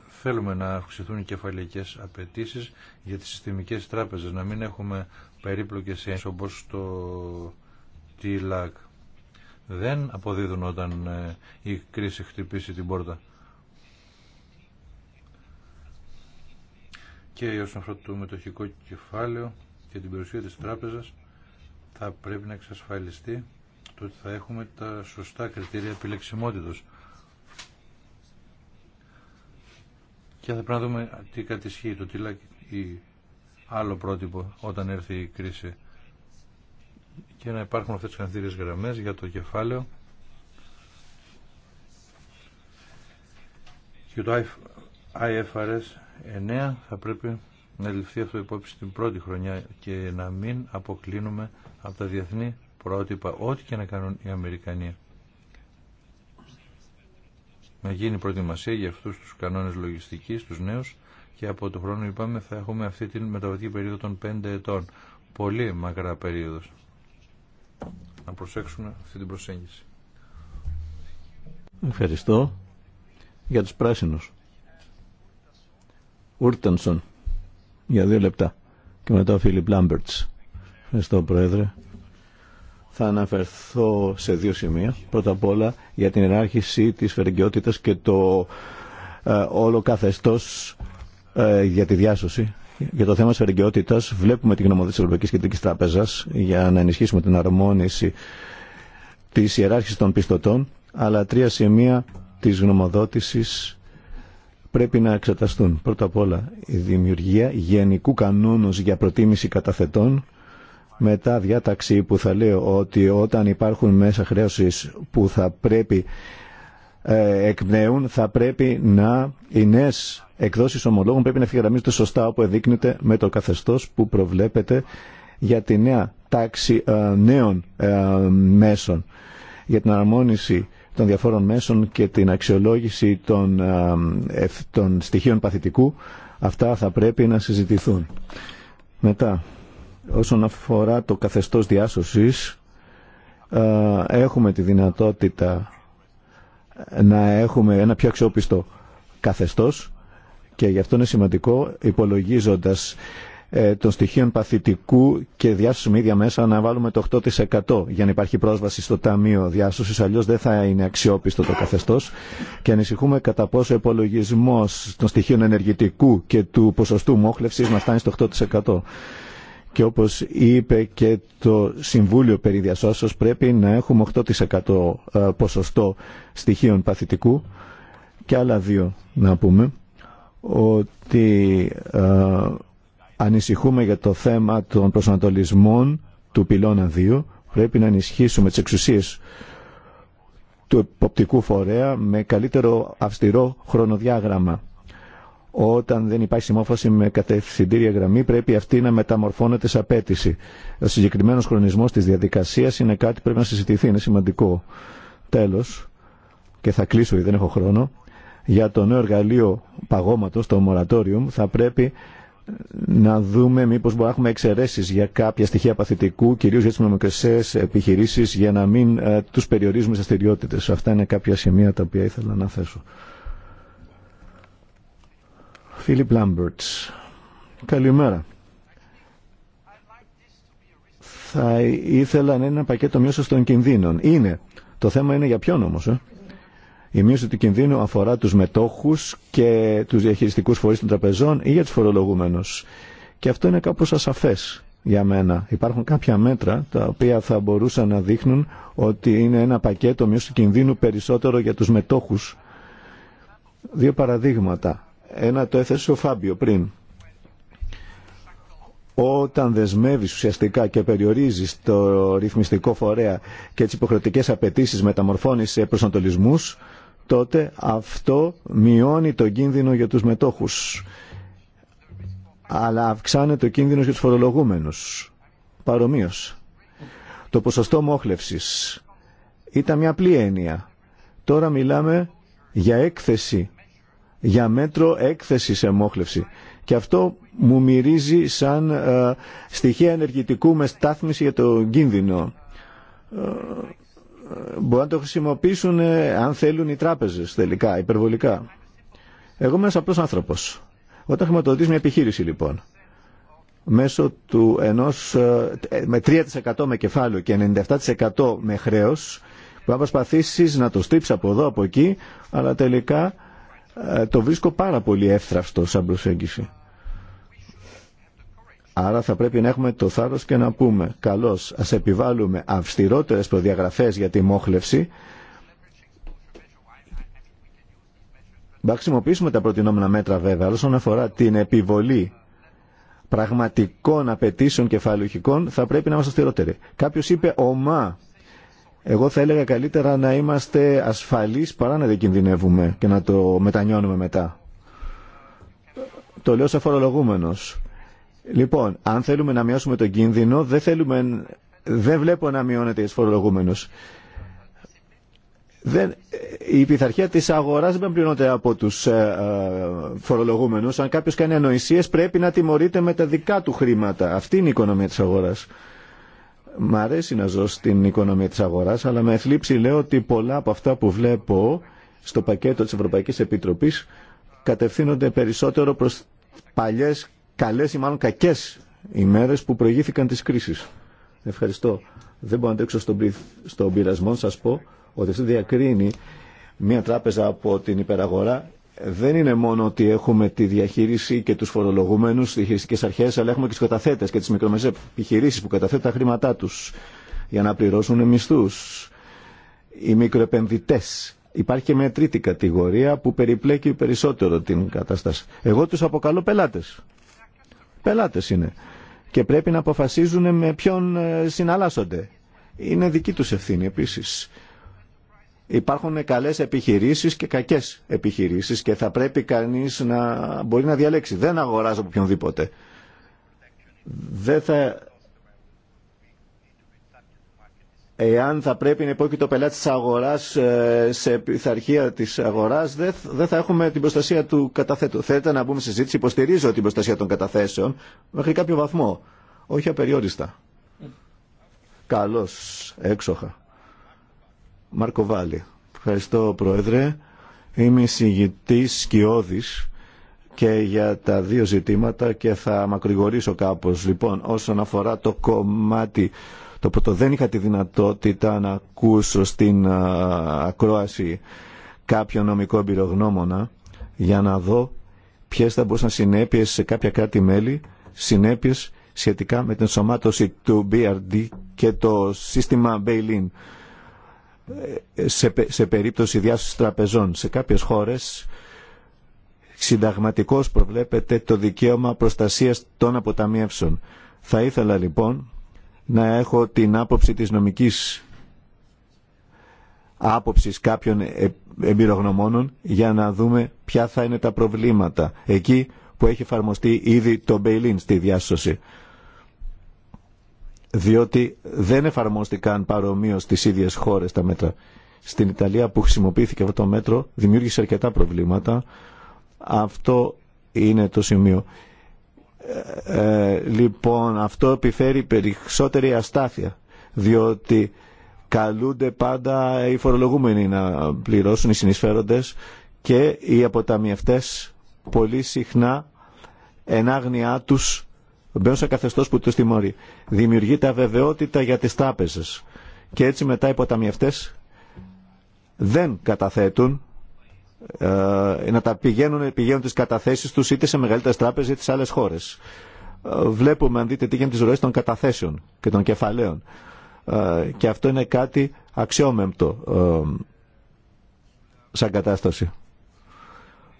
Speaker 3: θέλουμε να αυξηθούν οι κεφαλικές απαιτήσεις για τις συστημικές τράπεζες, να μην έχουμε περίπλοκες έννοιες όπως το τίλακ Δεν αποδίδουν όταν ε, η κρίση χτυπήσει την πόρτα. Και όσον αφορά το μετοχικό κεφάλαιο και την περιουσία της τράπεζας, θα πρέπει να εξασφαλιστεί το ότι θα έχουμε τα σωστά κριτήρια επιλεξιμότητος. Και θα πρέπει να δούμε τι κατησχύει το τι ή άλλο πρότυπο όταν έρθει η κρίση και να υπάρχουν αυτές τις κανθήριες γραμμές για το κεφάλαιο και το IFRS 9 θα πρέπει να ληφθεί αυτό υπόψη την πρώτη χρονιά και να μην αποκλίνουμε από τα διεθνή πρότυπα, ό,τι και να κάνουν οι Αμερικανοί. Να γίνει προετοιμασία για αυτούς τους κανόνες λογιστικής, τους νέους και από το χρόνο είπαμε θα έχουμε αυτή την μεταβατική περίοδο των πέντε ετών. Πολύ μακρά περίοδος. Να προσέξουμε αυτή την προσέγγιση.
Speaker 2: Ευχαριστώ για τους πράσινους. Ούρτανσον για δύο λεπτά. Και μετά ο Φίλιπ Λάμπερτς. Ευχαριστώ Πρόεδρε. Θα αναφερθώ σε δύο σημεία. Πρώτα απ' όλα για την ιεράρχηση της φερικαιότητας και το ε, όλο καθεστώς ε, για τη διάσωση. Για το θέμα της φερικαιότητας βλέπουμε την γνωμοδότηση της Ευρωπαϊκής Κεντρικής Τράπεζας για να ενισχύσουμε την αρμόνιση της ιεράρχησης των πιστωτών αλλά τρία σημεία της γνωμοδότησης πρέπει να εξεταστούν. Πρώτα απ' όλα η δημιουργία γενικού κανόνου για προτίμηση καταθετών, μετά διάταξη που θα λέω ότι όταν υπάρχουν μέσα χρέωσης που θα πρέπει ε, εκπνέουν, θα πρέπει να οι νέε εκδόσεις ομολόγων πρέπει να ευθυγραμμίζονται σωστά όπου εδείκνεται με το καθεστώς που προβλέπεται για τη νέα τάξη ε, νέων ε, μέσων για την αρμόνιση των διαφόρων μέσων και την αξιολόγηση των, των στοιχείων παθητικού, αυτά θα πρέπει να συζητηθούν. Μετά, όσον αφορά το καθεστώς διάσωσης, έχουμε τη δυνατότητα να έχουμε ένα πιο αξιόπιστο καθεστώς και γι' αυτό είναι σημαντικό υπολογίζοντας ε, των στοιχείων παθητικού και διάσωση ίδια μέσα να βάλουμε το 8% για να υπάρχει πρόσβαση στο Ταμείο Διάσωση. Αλλιώ δεν θα είναι αξιόπιστο το καθεστώ. Και ανησυχούμε κατά πόσο ο υπολογισμό των στοιχείων ενεργητικού και του ποσοστού μόχλευση μα φτάνει στο 8%. Και όπως είπε και το Συμβούλιο περί διασώσεως πρέπει να έχουμε 8% ε, ποσοστό στοιχείων παθητικού και άλλα δύο να πούμε ότι ε, Ανησυχούμε για το θέμα των προσανατολισμών του πυλώνα 2. Πρέπει να ενισχύσουμε τις εξουσίες του εποπτικού φορέα με καλύτερο αυστηρό χρονοδιάγραμμα. Όταν δεν υπάρχει συμμόφωση με κατευθυντήρια γραμμή, πρέπει αυτή να μεταμορφώνεται σε απέτηση. Ο συγκεκριμένο χρονισμό τη διαδικασία είναι κάτι που πρέπει να συζητηθεί, είναι σημαντικό. Τέλο, και θα κλείσω γιατί δεν έχω χρόνο, για το νέο εργαλείο παγώματο, το moratorium, θα πρέπει να δούμε μήπως μπορούμε να έχουμε εξαιρέσει για κάποια στοιχεία παθητικού, κυρίως για τις νομικές επιχειρήσεις, για να μην ε, τους περιορίζουμε στις αστηριότητες. Αυτά είναι κάποια σημεία τα οποία ήθελα να θέσω. Φίλιπ Λάμπερτς. Καλημέρα. Θα ήθελα να είναι ένα πακέτο μείωση των κινδύνων. Είναι. Το θέμα είναι για ποιον όμως. Ε? Η μείωση του κινδύνου αφορά τους μετόχους και τους διαχειριστικούς φορείς των τραπεζών ή για τους φορολογούμενους. Και αυτό είναι κάπως ασαφές για μένα. Υπάρχουν κάποια μέτρα τα οποία θα μπορούσαν να δείχνουν ότι είναι ένα πακέτο μείωση του κινδύνου περισσότερο για τους μετόχους. Δύο παραδείγματα. Ένα το έθεσε ο Φάμπιο πριν. Όταν δεσμεύεις ουσιαστικά και περιορίζεις το ρυθμιστικό φορέα και τις υποχρεωτικές απαιτήσεις μεταμορφώνεις σε προσανατολισμούς, τότε αυτό μειώνει το κίνδυνο για τους μετόχους. Αλλά αυξάνεται ο κίνδυνο για τους φορολογούμενους. Παρομοίως. Το ποσοστό μόχλευσης ήταν μια απλή έννοια. Τώρα μιλάμε για έκθεση, για μέτρο έκθεση σε μόχλευση. Και αυτό μου μυρίζει σαν ε, στοιχεία ενεργητικού με στάθμιση για το κίνδυνο. Ε, Μπορεί να το χρησιμοποιήσουν ε, αν θέλουν οι τράπεζε τελικά, υπερβολικά. Εγώ είμαι ένα απλό άνθρωπο. Όταν χρηματοδοτείς μια επιχείρηση λοιπόν, μέσω του ενός, ε, με 3% με κεφάλαιο και 97% με χρέος, που να προσπαθήσει να το στρίψει από εδώ, από εκεί, αλλά τελικά ε, το βρίσκω πάρα πολύ εύθραυστο σαν προσέγγιση. Άρα θα πρέπει να έχουμε το θάρρος και να πούμε καλώς ας επιβάλλουμε αυστηρότερες προδιαγραφές για τη μόχλευση θα χρησιμοποιήσουμε τα προτινόμενα μέτρα βέβαια, αλλά όσον αφορά την επιβολή πραγματικών απαιτήσεων κεφαλουχικών θα πρέπει να είμαστε αυστηρότεροι. Κάποιο είπε ομά. Εγώ θα έλεγα καλύτερα να είμαστε ασφαλείς παρά να διακινδυνεύουμε και να το μετανιώνουμε μετά. Το λέω σαν φορολογούμενος. Λοιπόν, αν θέλουμε να μειώσουμε τον κίνδυνο, δεν, θέλουμε, δεν βλέπω να μειώνεται για φορολογούμενους. Δεν, η πειθαρχία της αγοράς δεν πληρώνεται από τους ε, ε, φορολογούμενους. Αν κάποιος κάνει ανοησίες πρέπει να τιμωρείται με τα δικά του χρήματα. Αυτή είναι η οικονομία της αγοράς. Μ' αρέσει να ζω στην οικονομία της αγοράς, αλλά με θλίψη λέω ότι πολλά από αυτά που βλέπω στο πακέτο της Ευρωπαϊκής Επιτροπής κατευθύνονται περισσότερο προς παλιές καλές ή μάλλον κακές ημέρες που προηγήθηκαν της κρίσης. Ευχαριστώ. Δεν μπορώ να αντέξω στον, στον πειρασμό να σας πω ότι αυτό διακρίνει μια τράπεζα από την υπεραγορά δεν είναι μόνο ότι έχουμε τη διαχείριση και τους φορολογούμενους, τις χειριστικές αρχές, αλλά έχουμε και τους καταθέτες και τις μικρομεσαίες επιχειρήσεις που καταθέτουν τα χρήματά τους για να πληρώσουν μισθούς. Οι μικροεπενδυτές. Υπάρχει και μια τρίτη κατηγορία που περιπλέκει περισσότερο την κατάσταση. Εγώ τους αποκαλώ πελάτες πελάτες είναι και πρέπει να αποφασίζουν με ποιον ε, συναλλάσσονται. Είναι δική τους ευθύνη επίσης. Υπάρχουν καλές επιχειρήσεις και κακές επιχειρήσεις και θα πρέπει κανείς να μπορεί να διαλέξει. Δεν αγοράζω από οποιονδήποτε. Δεν θα εάν θα πρέπει να υπόκειται ο πελάτης της αγοράς ε, σε πειθαρχία της αγοράς, δεν θα έχουμε την προστασία του καταθέτου. Θέλετε να μπούμε σε συζήτηση, υποστηρίζω την προστασία των καταθέσεων μέχρι κάποιο βαθμό, όχι απεριόριστα. Καλώς, έξοχα. Μάρκο Βάλλη. Ευχαριστώ, Πρόεδρε. Είμαι εισηγητής Σκιώδης και για τα δύο ζητήματα και θα μακρηγορήσω κάπως. Λοιπόν, όσον αφορά το κομμάτι το πρώτο δεν είχα τη δυνατότητα να ακούσω στην ακρόαση κάποιο νομικό εμπειρογνώμονα για να δω ποιες θα μπορούσαν συνέπειες σε κάποια κράτη-μέλη, συνέπειες σχετικά με την σωμάτωση του BRD και το σύστημα ε, σε, σε περίπτωση διάσωσης τραπεζών. Σε κάποιες χώρες συνταγματικώς προβλέπεται το δικαίωμα προστασίας των αποταμιεύσεων. Θα ήθελα λοιπόν να έχω την άποψη της νομικής άποψης κάποιων ε, εμπειρογνωμόνων για να δούμε ποια θα είναι τα προβλήματα εκεί που έχει εφαρμοστεί ήδη το Μπέιλιν στη διάσωση διότι δεν εφαρμόστηκαν παρομοίως στις ίδιες χώρες τα μέτρα. Στην Ιταλία που χρησιμοποιήθηκε αυτό το μέτρο δημιούργησε αρκετά προβλήματα. Αυτό είναι το σημείο. Ε, λοιπόν, αυτό επιφέρει περισσότερη αστάθεια, διότι καλούνται πάντα οι φορολογούμενοι να πληρώσουν οι συνεισφέροντες και οι αποταμιευτές πολύ συχνά εν άγνοιά τους μπαίνουν σε καθεστώς που τους τιμωρεί. Δημιουργείται αβεβαιότητα για τις τράπεζες και έτσι μετά οι αποταμιευτές δεν καταθέτουν ε, ε, να τα πηγαίνουν, πηγαίνουν τις καταθέσεις τους είτε σε μεγαλύτερες τράπεζες είτε σε άλλες χώρες. Ε, βλέπουμε αν δείτε τι γίνεται τις ροές των καταθέσεων και των κεφαλαίων. Και αυτό είναι κάτι αξιόμεμπτο σαν κατάσταση.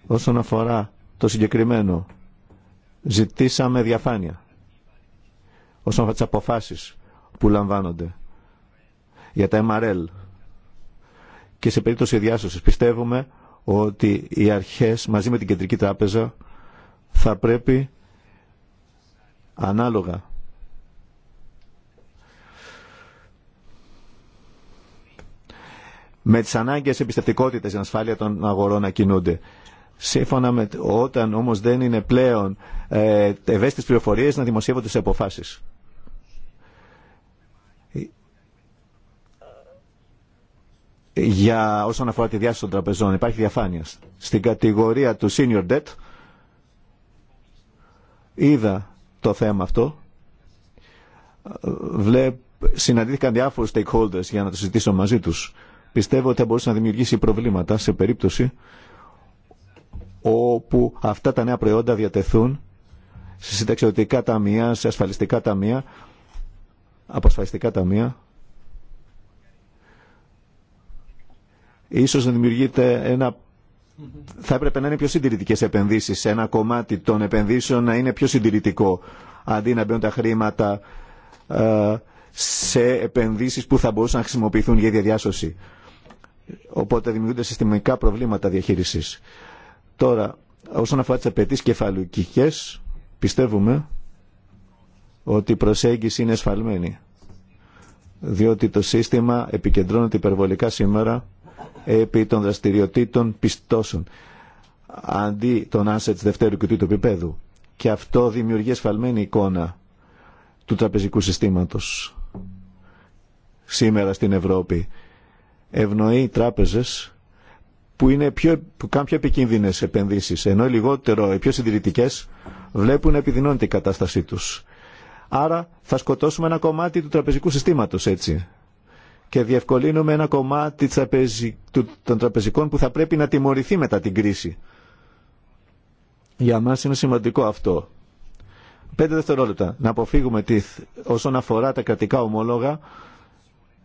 Speaker 2: Όσον αφορά το συγκεκριμένο, ζητήσαμε διαφάνεια όσον αφορά τις αποφάσεις που λαμβάνονται για τα MRL και σε περίπτωση διάσωσης πιστεύουμε ότι οι αρχές μαζί με την Κεντρική Τράπεζα θα πρέπει ανάλογα με τις ανάγκες εμπιστευτικότητας για ασφάλεια των αγορών να κινούνται. Σύμφωνα με όταν όμως δεν είναι πλέον ε, ευαίσθητες πληροφορίες να δημοσιεύονται σε αποφάσεις. για όσον αφορά τη διάσταση των τραπεζών. Υπάρχει διαφάνεια. Στην κατηγορία του senior debt είδα το θέμα αυτό. Βλέπ, συναντήθηκαν διάφορους stakeholders για να το συζητήσω μαζί τους. Πιστεύω ότι θα μπορούσε να δημιουργήσει προβλήματα σε περίπτωση όπου αυτά τα νέα προϊόντα διατεθούν σε συνταξιωτικά ταμεία, σε ασφαλιστικά ταμεία, αποσφαλιστικά ταμεία Ίσως να δημιουργείται ένα θα έπρεπε να είναι πιο συντηρητικέ επενδύσει. Ένα κομμάτι των επενδύσεων να είναι πιο συντηρητικό. Αντί να μπαίνουν τα χρήματα ε, σε επενδύσει που θα μπορούσαν να χρησιμοποιηθούν για διαδιάσωση. Οπότε δημιουργούνται συστημικά προβλήματα διαχείριση. Τώρα, όσον αφορά τι απαιτήσει κεφαλουκικέ, πιστεύουμε ότι η προσέγγιση είναι εσφαλμένη. Διότι το σύστημα επικεντρώνεται υπερβολικά σήμερα επί των δραστηριοτήτων πιστώσεων αντί των assets δευτέρου και τρίτου επίπεδου. Και αυτό δημιουργεί ασφαλμένη εικόνα του τραπεζικού συστήματος σήμερα στην Ευρώπη. Ευνοεί τράπεζες που, είναι πιο, που κάνουν πιο επικίνδυνες επενδύσεις, ενώ οι λιγότερο, οι πιο συντηρητικές βλέπουν να επιδεινώνεται η κατάστασή τους. Άρα θα σκοτώσουμε ένα κομμάτι του τραπεζικού συστήματος έτσι και διευκολύνουμε ένα κομμάτι των τραπεζικών που θα πρέπει να τιμωρηθεί μετά την κρίση. Για μας είναι σημαντικό αυτό. Πέντε δευτερόλεπτα. Να αποφύγουμε τι, όσον αφορά τα κρατικά ομόλογα,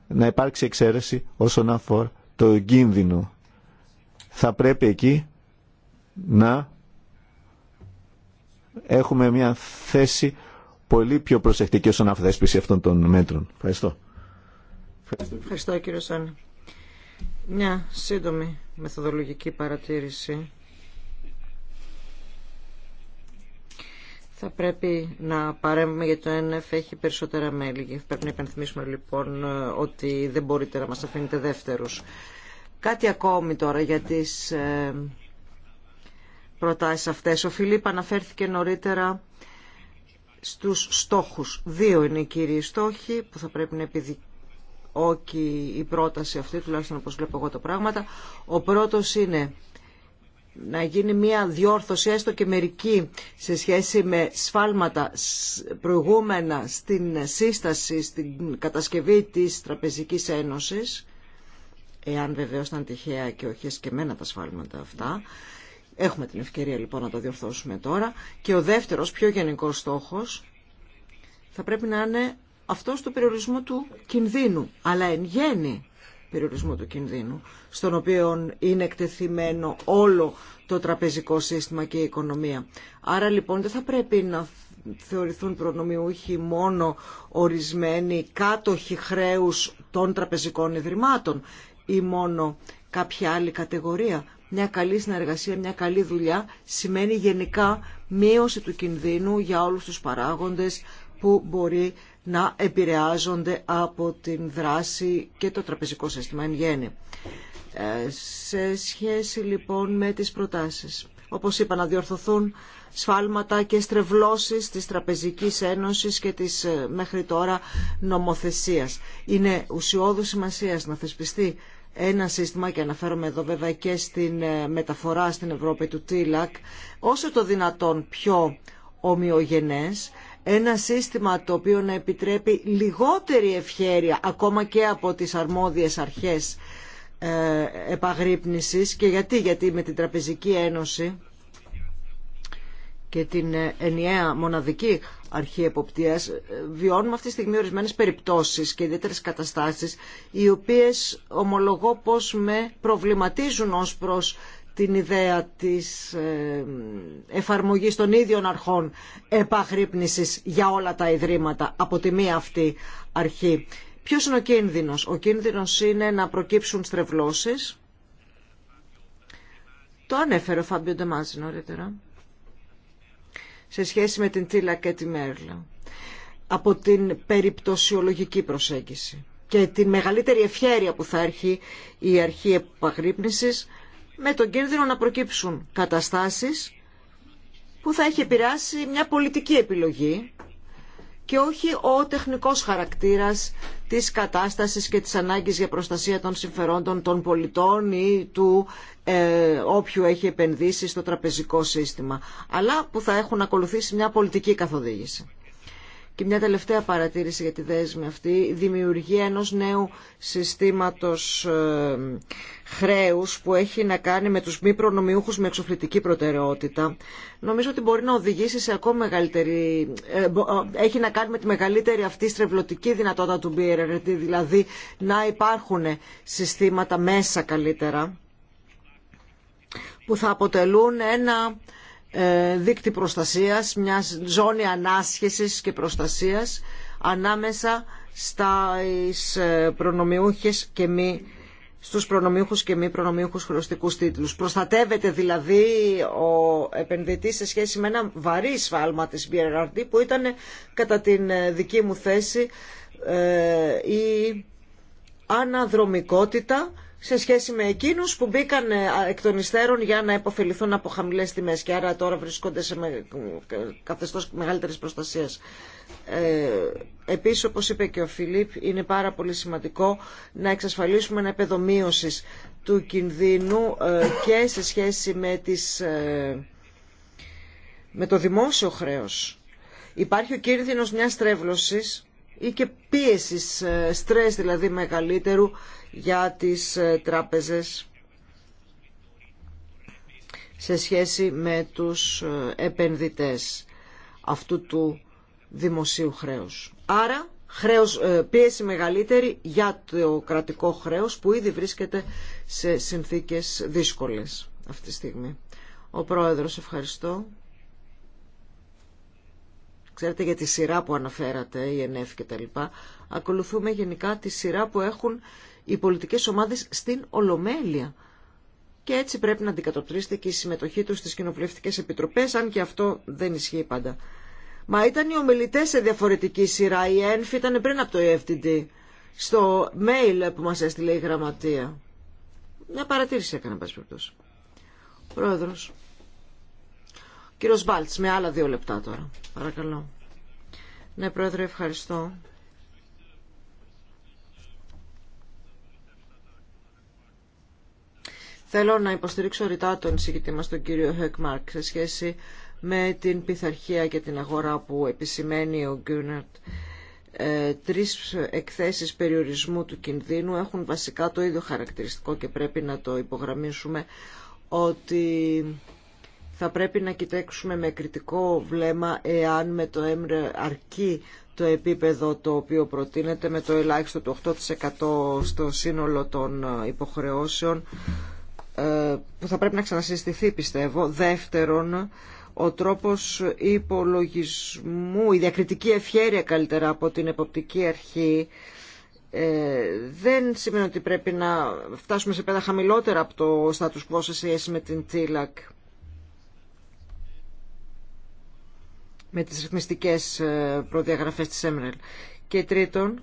Speaker 2: να υπάρξει εξαίρεση όσον αφορά το κίνδυνο. Θα πρέπει εκεί να έχουμε μια θέση πολύ πιο προσεκτική όσον αφορά αυτών των μέτρων. Ευχαριστώ.
Speaker 1: Ευχαριστώ, Ευχαριστώ κύριο Σάνη. Μια σύντομη μεθοδολογική παρατήρηση. Θα πρέπει να παρέμβουμε γιατί το ΕΝΕΦ έχει περισσότερα μέλη. Πρέπει να υπενθυμίσουμε λοιπόν ότι δεν μπορείτε να μας αφήνετε δεύτερους. Κάτι ακόμη τώρα για τις ε, προτάσεις αυτές. Ο Φιλίπ αναφέρθηκε νωρίτερα στους στόχους. Δύο είναι οι κύριοι στόχοι που θα πρέπει να επιδικήσουμε όχι η πρόταση αυτή, τουλάχιστον όπως βλέπω εγώ τα πράγματα. Ο πρώτος είναι να γίνει μια διόρθωση έστω και μερική σε σχέση με σφάλματα προηγούμενα στην σύσταση, στην κατασκευή της Τραπεζικής Ένωσης, εάν βεβαίως ήταν τυχαία και όχι εσκεμμένα τα σφάλματα αυτά. Έχουμε την ευκαιρία λοιπόν να τα διορθώσουμε τώρα. Και ο δεύτερος, πιο γενικός στόχος, θα πρέπει να είναι αυτό στο περιορισμό του κινδύνου, αλλά εν γέννη περιορισμό του κινδύνου, στον οποίο είναι εκτεθειμένο όλο το τραπεζικό σύστημα και η οικονομία. Άρα λοιπόν δεν θα πρέπει να θεωρηθούν προνομιούχοι μόνο ορισμένοι κάτοχοι χρέους των τραπεζικών ιδρυμάτων ή μόνο κάποια άλλη κατηγορία. Μια καλή συνεργασία, μια καλή δουλειά σημαίνει γενικά μείωση του κινδύνου για όλους τους παράγοντες που μπορεί να επηρεάζονται από την δράση και το τραπεζικό σύστημα εν γέννη. Ε, σε σχέση λοιπόν με τις προτάσεις, όπως είπα να διορθωθούν σφάλματα και στρεβλώσεις της Τραπεζικής Ένωσης και της ε, μέχρι τώρα νομοθεσίας. Είναι ουσιώδου σημασία να θεσπιστεί ένα σύστημα και αναφέρομαι εδώ βέβαια και στην ε, μεταφορά στην Ευρώπη του ΤΙΛΑΚ όσο το δυνατόν πιο ομοιογενές ένα σύστημα το οποίο να επιτρέπει λιγότερη ευχέρεια ακόμα και από τις αρμόδιες αρχές ε, επαγρύπνησης και γιατί, γιατί με την Τραπεζική Ένωση και την ε, ενιαία μοναδική αρχή εποπτείας ε, βιώνουμε αυτή τη στιγμή ορισμένε περιπτώσεις και ιδιαίτερες καταστάσεις οι οποίες ομολογώ πως με προβληματίζουν ως προς την ιδέα της ε, εφαρμογής των ίδιων αρχών επαγρύπνησης για όλα τα ιδρύματα από τη μία αυτή αρχή. Ποιος είναι ο κίνδυνος. Ο κίνδυνος είναι να προκύψουν στρεβλώσεις. Το ανέφερε ο Φάμπιο Ντεμάζη νωρίτερα. Σε σχέση με την Τίλα και τη Μέρλα. Από την περιπτωσιολογική προσέγγιση. Και τη μεγαλύτερη ευχέρεια που θα έρχει η αρχή επαγρύπνησης με τον κίνδυνο να προκύψουν καταστάσεις που θα έχει επηρεάσει μια πολιτική επιλογή και όχι ο τεχνικός χαρακτήρας της κατάστασης και της ανάγκης για προστασία των συμφερόντων των πολιτών ή του ε, όποιου έχει επενδύσει στο τραπεζικό σύστημα, αλλά που θα έχουν ακολουθήσει μια πολιτική καθοδήγηση. Και μια τελευταία παρατήρηση για τη δέσμη αυτή, η δημιουργία ενός νέου συστήματος ε, χρέους που έχει να κάνει με τους μη προνομιούχους με εξοφλητική προτεραιότητα, νομίζω ότι μπορεί να οδηγήσει σε ακόμη μεγαλύτερη... Ε, ε, έχει να κάνει με τη μεγαλύτερη αυτή στρεβλωτική δυνατότητα του BRRT, δηλαδή να υπάρχουν συστήματα μέσα καλύτερα, που θα αποτελούν ένα ε, δίκτυ προστασίας, μια ζώνη ανάσχεσης και προστασίας ανάμεσα στα ε, προνομιούχες και μη στους προνομιούχους και μη προνομιούχους χρεωστικούς τίτλους. Προστατεύεται δηλαδή ο επενδυτής σε σχέση με ένα βαρύ σφάλμα της BRRD που ήταν κατά την ε, δική μου θέση η αναδρομικότητα σε σχέση με εκείνους που μπήκαν ε, εκ των υστέρων για να επωφεληθούν από χαμηλέ τιμέ. και άρα τώρα βρισκόνται σε με... καθεστώς μεγαλύτερης προστασίας. Ε, επίσης, όπως είπε και ο Φιλίπ, είναι πάρα πολύ σημαντικό να εξασφαλίσουμε ένα επίπεδο του κινδύνου ε, και σε σχέση με, τις, ε, με το δημόσιο χρέος. Υπάρχει ο κίνδυνος μια στρέβλωση ή και πίεσης, στρε δηλαδή μεγαλύτερου για τις ε, τράπεζες σε σχέση με τους ε, επενδυτές αυτού του δημοσίου χρέους. Άρα χρέος, ε, πίεση μεγαλύτερη για το κρατικό χρέος που ήδη βρίσκεται σε συνθήκες δύσκολες αυτή τη στιγμή. Ο Πρόεδρος, ευχαριστώ. Ξέρετε για τη σειρά που αναφέρατε, η ΕΝΕΦ και τα λοιπά. Ακολουθούμε γενικά τη σειρά που έχουν οι πολιτικές ομάδες στην Ολομέλεια. Και έτσι πρέπει να αντικατοπτρίστε και η συμμετοχή του στις κοινοβουλευτικέ επιτροπές, αν και αυτό δεν ισχύει πάντα. Μα ήταν οι ομιλητές σε διαφορετική σειρά. Η ΕΝΦ ήταν πριν από το EFTD, ε στο mail που μας έστειλε η γραμματεία. Μια παρατήρηση έκανε, πας περιπτώσει. Πρόεδρος. Κύριος Μπάλτς, με άλλα δύο λεπτά τώρα. Παρακαλώ. Ναι, Πρόεδρε, ευχαριστώ. Θέλω να υποστηρίξω ρητά τον συγκητή μας τον κύριο Χεκμάρκ σε σχέση με την πειθαρχία και την αγορά που επισημαίνει ο Γκούναρτ. Ε, τρεις εκθέσεις περιορισμού του κινδύνου έχουν βασικά το ίδιο χαρακτηριστικό και πρέπει να το υπογραμμίσουμε ότι θα πρέπει να κοιτάξουμε με κριτικό βλέμμα εάν με το έμρε αρκεί το επίπεδο το οποίο προτείνεται με το ελάχιστο του 8% στο σύνολο των ε, υποχρεώσεων ε, που θα πρέπει να ξανασυστηθεί πιστεύω. Δεύτερον, ο τρόπος υπολογισμού, η διακριτική ευχέρεια καλύτερα από την εποπτική αρχή ε, δεν σημαίνει ότι πρέπει να φτάσουμε σε πέντα χαμηλότερα από το status quo σε σχέση με την TILAC. με τις ρυθμιστικές ε, προδιαγραφές της ΕΜΡΕΛ. Και τρίτον,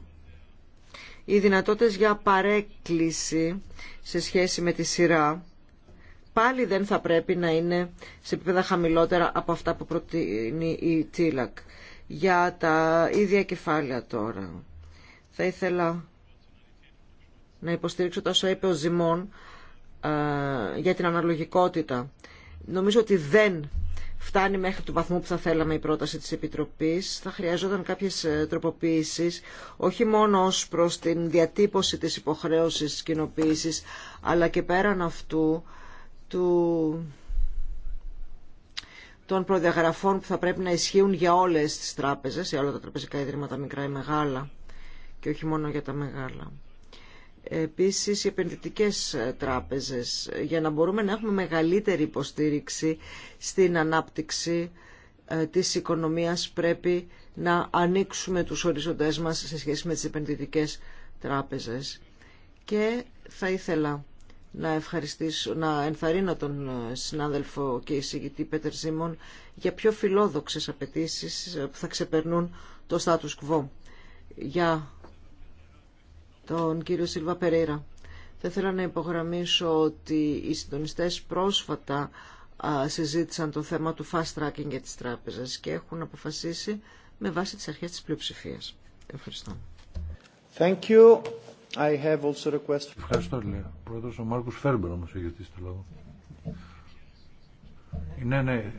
Speaker 1: οι δυνατότητες για παρέκκληση σε σχέση με τη σειρά πάλι δεν θα πρέπει να είναι σε επίπεδα χαμηλότερα από αυτά που προτείνει η ΤΙΛΑΚ. Για τα ίδια κεφάλαια τώρα. Θα ήθελα να υποστηρίξω τόσο είπε ο Ζημών ε, για την αναλογικότητα. Νομίζω ότι δεν φτάνει μέχρι το βαθμό που θα θέλαμε η πρόταση της Επιτροπής. Θα χρειαζόταν κάποιες ε, τροποποίησεις, όχι μόνο ως προς την διατύπωση της υποχρέωσης κοινοποίησης, αλλά και πέραν αυτού του των προδιαγραφών που θα πρέπει να ισχύουν για όλες τις τράπεζες, για όλα τα τραπεζικά ιδρύματα, μικρά ή μεγάλα, και όχι μόνο για τα μεγάλα επίσης οι επενδυτικές τράπεζες για να μπορούμε να έχουμε μεγαλύτερη υποστήριξη στην ανάπτυξη ε, της οικονομίας πρέπει να ανοίξουμε τους οριζοντές μας σε σχέση με τις επενδυτικές τράπεζες. Και θα ήθελα να ευχαριστήσω, να ενθαρρύνω τον ε, συνάδελφο και εισηγητή Πέτερ Ζήμων για πιο φιλόδοξες απαιτήσει ε, που θα ξεπερνούν το status quo. Για τον κύριο Σίλβα Περέρα. Θα ήθελα να υπογραμμίσω ότι οι συντονιστές πρόσφατα συζήτησαν το θέμα του fast tracking για τις τράπεζες και έχουν αποφασίσει με βάση τις αρχές της πλειοψηφίας. Ευχαριστώ. Thank you.
Speaker 3: I have also request... Ευχαριστώ, λέω. Πρόεδρος ο Μάρκος Φέρμπερ όμως έχει ζητήσει το λόγο. Ναι, ναι.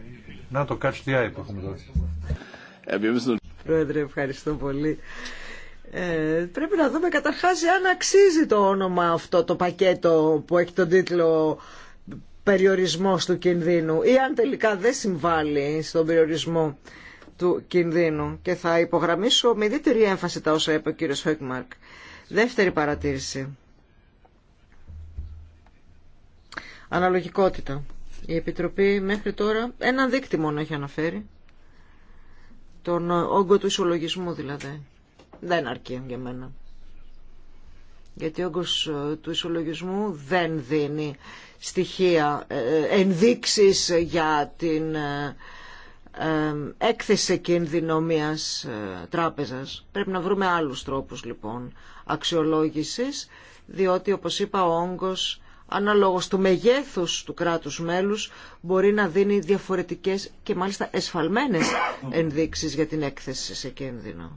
Speaker 3: Να το catch the eye που έχουμε δώσει.
Speaker 1: Πρόεδρε, ευχαριστώ πολύ. Ε, πρέπει να δούμε καταρχάς αν αξίζει το όνομα αυτό το πακέτο που έχει τον τίτλο περιορισμός του κινδύνου ή αν τελικά δεν συμβάλλει στον περιορισμό του κινδύνου. Και θα υπογραμμίσω με ιδιαίτερη έμφαση τα όσα είπε ο κύριος Χέκμαρκ. Δεύτερη παρατήρηση. Αναλογικότητα. Η Επιτροπή μέχρι τώρα έναν δείκτη μόνο έχει αναφέρει. Τον όγκο του ισολογισμού δηλαδή δεν αρκεί για μένα. Γιατί ο όγκος ε, του ισολογισμού δεν δίνει στοιχεία, ε, ε, ενδείξεις για την έκθεση κίνδυνο μιας τράπεζας. Πρέπει να βρούμε άλλους τρόπους λοιπόν αξιολόγησης, διότι όπως είπα ο όγκος αναλόγως του μεγέθους του κράτους μέλους μπορεί να δίνει διαφορετικές και μάλιστα εσφαλμένες ενδείξεις για την έκθεση σε κίνδυνο.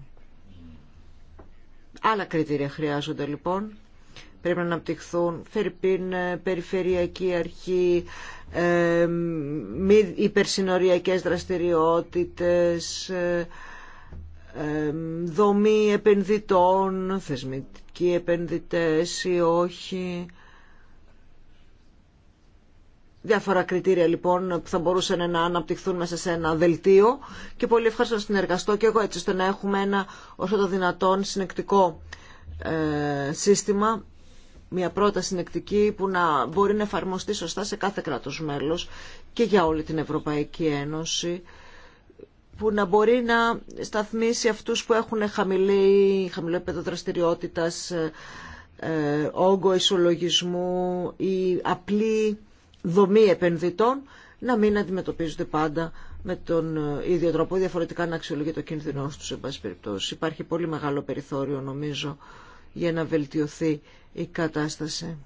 Speaker 1: Άλλα κριτήρια χρειάζονται λοιπόν. Πρέπει να αναπτυχθούν φερπίν, ε, περιφερειακή αρχή, ε, μη υπερσυνοριακές δραστηριότητες, ε, ε, δομή επενδυτών, θεσμικοί επενδυτές ή όχι, Διάφορα κριτήρια λοιπόν που θα μπορούσαν να αναπτυχθούν μέσα σε ένα δελτίο και πολύ ευχαριστώ να συνεργαστώ και εγώ έτσι ώστε να έχουμε ένα όσο το δυνατόν συνεκτικό ε, σύστημα μια πρώτα συνεκτική που να μπορεί να εφαρμοστεί σωστά σε κάθε κράτος μέλος και για όλη την Ευρωπαϊκή Ένωση που να μπορεί να σταθμίσει αυτούς που έχουν χαμηλή, χαμηλό επίπεδο ε, ε, όγκο ισολογισμού ή απλή δομή επενδυτών να μην αντιμετωπίζονται πάντα με τον ε, ίδιο τρόπο, διαφορετικά να αξιολογεί το κίνδυνο του σε πάση περιπτώσει. Υπάρχει πολύ μεγάλο περιθώριο, νομίζω, για να βελτιωθεί η κατάσταση.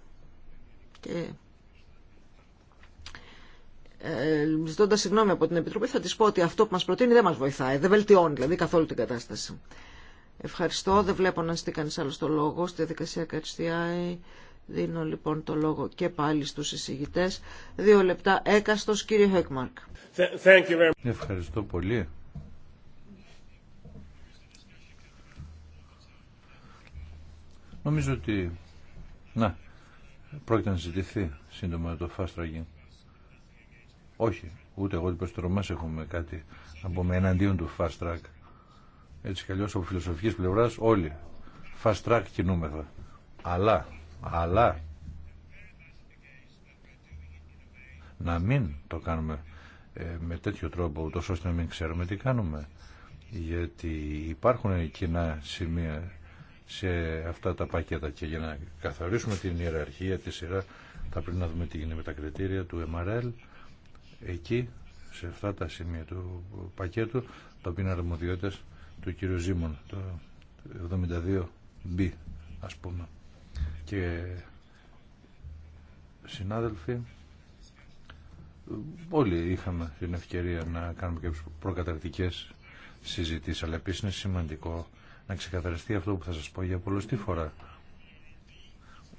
Speaker 1: Και... Ε, ζητώντα συγγνώμη από την Επιτροπή, θα τη πω ότι αυτό που μα προτείνει δεν μα βοηθάει, δεν βελτιώνει δηλαδή καθόλου την κατάσταση. Ευχαριστώ. Δεν βλέπω να στεί κανεί άλλο το λόγο στη διαδικασία Καριστιάη. Δίνω λοιπόν το λόγο και πάλι στους εισηγητές. Δύο λεπτά έκαστος κύριε Χέκμαρκ.
Speaker 3: Ευχαριστώ πολύ. Νομίζω ότι να, πρόκειται να ζητηθεί σύντομα το fast tracking. Όχι, ούτε εγώ την Πεστρομά έχουμε κάτι να πούμε εναντίον του fast track. Έτσι κι από φιλοσοφικής πλευρας όλοι fast track κινούμεθα. Αλλά αλλά να μην το κάνουμε ε, με τέτοιο τρόπο ούτως ώστε να μην ξέρουμε τι κάνουμε γιατί υπάρχουν κοινά σημεία σε αυτά τα πακέτα και για να καθορίσουμε την ιεραρχία τη σειρά θα πρέπει να δούμε τι γίνεται με τα κριτήρια του MRL εκεί σε αυτά τα σημεία του πακέτου το οποία είναι του κ. Ζήμων το 72B ας πούμε και συνάδελφοι όλοι είχαμε την ευκαιρία να κάνουμε και προκαταρκτικές συζητήσεις αλλά επίσης είναι σημαντικό να ξεκαθαριστεί αυτό που θα σας πω για πολλωστή φορά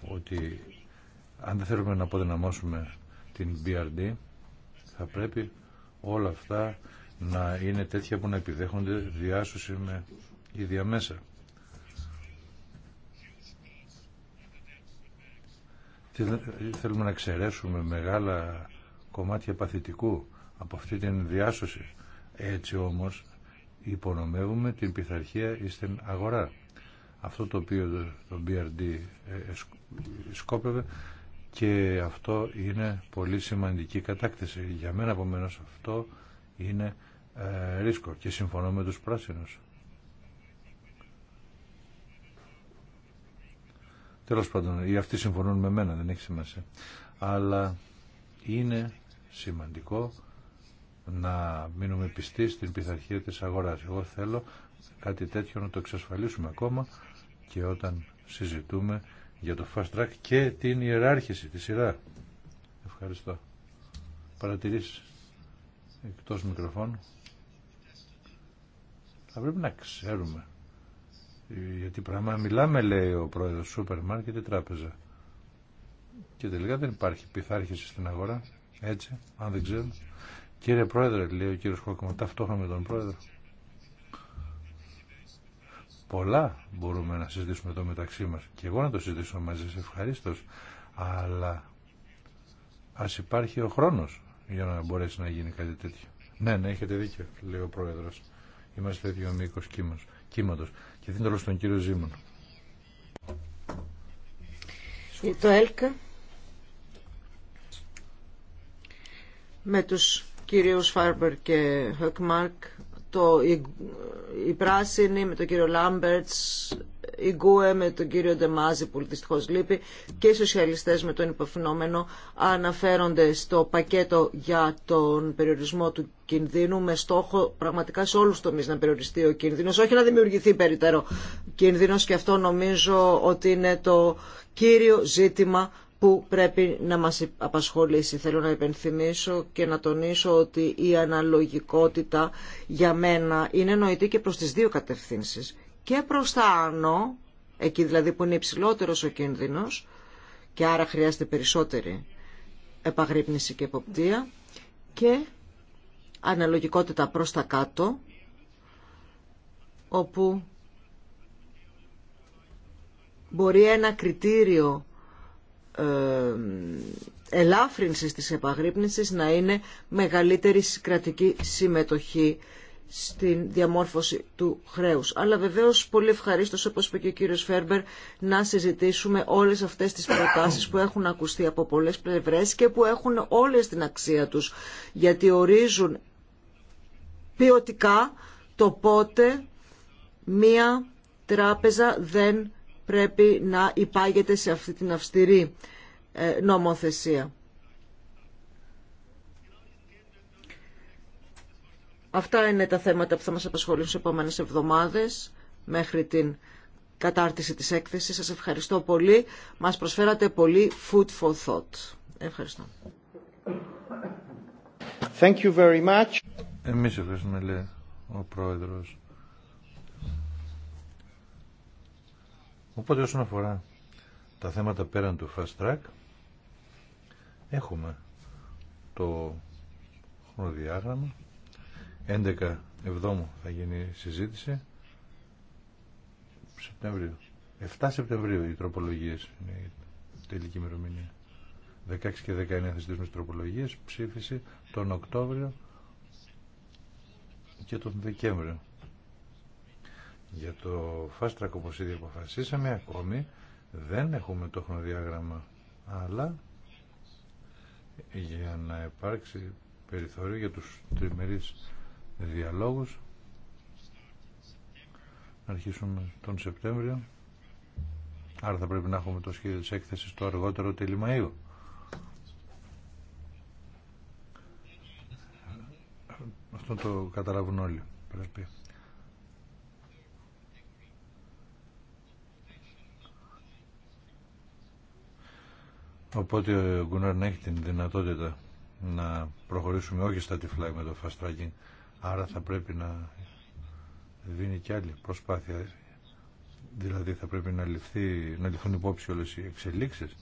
Speaker 3: ότι αν δεν θέλουμε να αποδυναμώσουμε την BRD θα πρέπει όλα αυτά να είναι τέτοια που να επιδέχονται διάσωση με ίδια μέσα. Θέλουμε να εξαιρέσουμε μεγάλα κομμάτια παθητικού από αυτή την διάσωση. Έτσι όμως υπονομεύουμε την πειθαρχία στην αγορά. Αυτό το οποίο το BRD ε, σκόπευε και αυτό είναι πολύ σημαντική κατάκτηση. Για μένα, επομένω αυτό είναι ε, ρίσκο και συμφωνώ με τους πράσινους. Τέλος πάντων, οι αυτοί συμφωνούν με μένα, δεν έχει σημασία. Αλλά είναι σημαντικό να μείνουμε πιστοί στην πειθαρχία της αγοράς. Εγώ θέλω κάτι τέτοιο να το εξασφαλίσουμε ακόμα και όταν συζητούμε για το fast track και την ιεράρχηση, τη σειρά. Ευχαριστώ. Παρατηρήσεις εκτός μικροφώνου. Θα πρέπει να ξέρουμε γιατί πράγμα μιλάμε, λέει ο πρόεδρο σούπερ μάρκετ ή τράπεζα. Και τελικά δεν υπάρχει πειθάρχηση στην αγορά. Έτσι, αν δεν ξέρω. Κύριε Πρόεδρε, λέει ο κύριο Χόκμα, ταυτόχρονα με τον Πρόεδρο. Πολλά μπορούμε να συζητήσουμε εδώ μεταξύ μα. Και εγώ να το συζητήσω μαζί σα ευχαρίστω. Αλλά α υπάρχει ο χρόνο για να μπορέσει να γίνει κάτι τέτοιο. Ναι, ναι, έχετε δίκιο, λέει ο πρόεδρο. Είμαστε δύο μήκο κύματο. Και τον κύριο Ζήμων.
Speaker 1: Το ΕΛΚΑ με τους κυρίους Φάρμπερ και Χοκμάρκ το, η, η πράσινη με τον κύριο Λάμπερτς η Γκουε με τον κύριο Ντεμάζη που δυστυχώς λείπει και οι σοσιαλιστές με τον υποφυνόμενο αναφέρονται στο πακέτο για τον περιορισμό του κινδύνου με στόχο πραγματικά σε όλους τους τομείς να περιοριστεί ο κίνδυνος, όχι να δημιουργηθεί περιττέρω κίνδυνος και αυτό νομίζω ότι είναι το κύριο ζήτημα που πρέπει να μας απασχολήσει. Θέλω να υπενθυμίσω και να τονίσω ότι η αναλογικότητα για μένα είναι νοητή και προς τις δύο κατευθύνσεις και προς τα άνω, εκεί δηλαδή που είναι υψηλότερος ο κίνδυνος και άρα χρειάζεται περισσότερη επαγρύπνηση και εποπτεία και αναλογικότητα προς τα κάτω όπου μπορεί ένα κριτήριο ε, ελάφρυνσης της επαγρύπνησης να είναι μεγαλύτερη κρατική συμμετοχή στην διαμόρφωση του χρέους. Αλλά βεβαίως πολύ ευχαρίστω, όπως είπε και ο κύριος Φέρμπερ, να συζητήσουμε όλες αυτές τις προτάσεις που έχουν ακουστεί από πολλές πλευρές και που έχουν όλες την αξία τους, γιατί ορίζουν ποιοτικά το πότε μία τράπεζα δεν πρέπει να υπάγεται σε αυτή την αυστηρή ε, νομοθεσία. Αυτά είναι τα θέματα που θα μας απασχολούν στις επόμενες εβδομάδες μέχρι την κατάρτιση της έκθεσης. Σας ευχαριστώ πολύ. Μας προσφέρατε πολύ food for thought. Ευχαριστώ.
Speaker 2: Thank you very much.
Speaker 3: Εμείς ευχαριστούμε, λέει ο Πρόεδρος. Οπότε όσον αφορά τα θέματα πέραν του fast track, έχουμε το χρονοδιάγραμμα 11 Εβδόμου θα γίνει η συζήτηση. Σεπτέμβριο. 7 Σεπτεμβρίου οι τροπολογίε είναι η τελική ημερομηνία. 16 και 19 θα συζητήσουμε τι τροπολογίε. Ψήφιση τον Οκτώβριο και τον Δεκέμβριο. Για το fast track όπως ήδη αποφασίσαμε ακόμη δεν έχουμε το χρονοδιάγραμμα αλλά για να υπάρξει περιθώριο για τους τριμερείς διαλόγους. Να αρχίσουμε τον Σεπτέμβριο. Άρα θα πρέπει να έχουμε το σχέδιο της έκθεσης το αργότερο τέλη Μαΐου. Αυτό το καταλάβουν όλοι. Πρέπει. Οπότε ο Γκουνάρ να έχει την δυνατότητα να προχωρήσουμε όχι στα τυφλά με το fast tracking Άρα θα πρέπει να δίνει και άλλη προσπάθεια. Δηλαδή θα πρέπει να, ληφθεί, να ληφθούν υπόψη όλες οι εξελίξεις.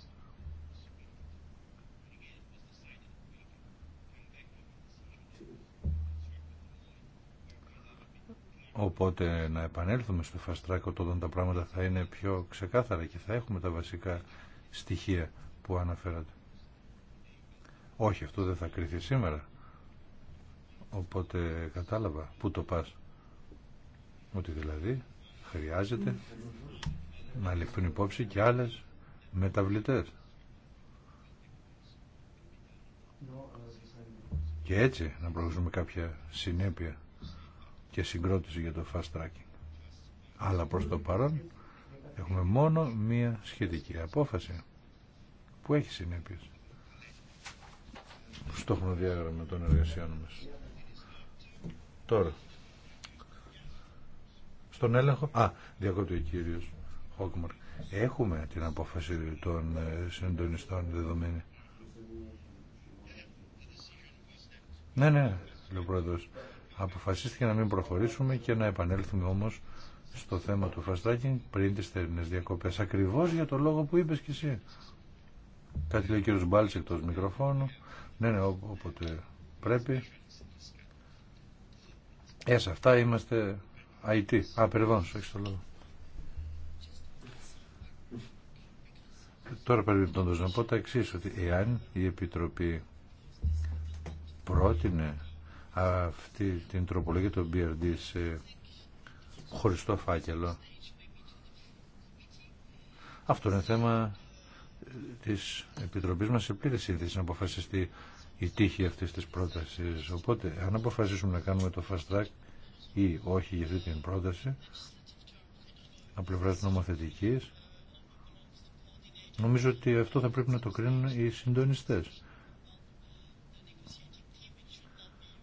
Speaker 3: Οπότε να επανέλθουμε στο fast track όταν τα πράγματα θα είναι πιο ξεκάθαρα και θα έχουμε τα βασικά στοιχεία που αναφέρατε. Όχι, αυτό δεν θα κρυθεί σήμερα. Οπότε κατάλαβα πού το πας. Ότι δηλαδή χρειάζεται να ληφθούν υπόψη και άλλες μεταβλητές. Και έτσι να προχωρήσουμε κάποια συνέπεια και συγκρότηση για το fast tracking. Αλλά προς το παρόν έχουμε μόνο μία σχετική απόφαση που έχει συνέπειες στο χρονοδιάγραμμα των εργασιών μας. Τώρα. Στον έλεγχο. Α, διακόπτει ο κύριο Χόκμαρ. Έχουμε την απόφαση των ε, συντονιστών δεδομένη. Ναι, ναι, λέει ο πρόεδρος. Αποφασίστηκε να μην προχωρήσουμε και να επανέλθουμε όμως στο θέμα του φαστάκινγκ πριν τις θερινές διακοπές. Ακριβώς για το λόγο που είπες κι εσύ. Κάτι λέει ο κύριος Μπάλτς εκτός μικροφώνου. Ναι, ναι, όποτε πρέπει ε, σε αυτά είμαστε IT. Α, περιβάλλον σου έχεις το λόγο. Τώρα παρεμπιπτόντως να πω τα εξή ότι εάν η Επιτροπή πρότεινε αυτή την τροπολογία των BRD σε χωριστό φάκελο, αυτό είναι θέμα της Επιτροπής μας σε πλήρη σύνθεση να αποφασιστεί η τύχη αυτή τη πρόταση. Οπότε, αν αποφασίσουμε να κάνουμε το fast track ή όχι για αυτή την πρόταση, από πλευρά νομοθετική, νομίζω ότι αυτό θα πρέπει να το κρίνουν οι συντονιστέ.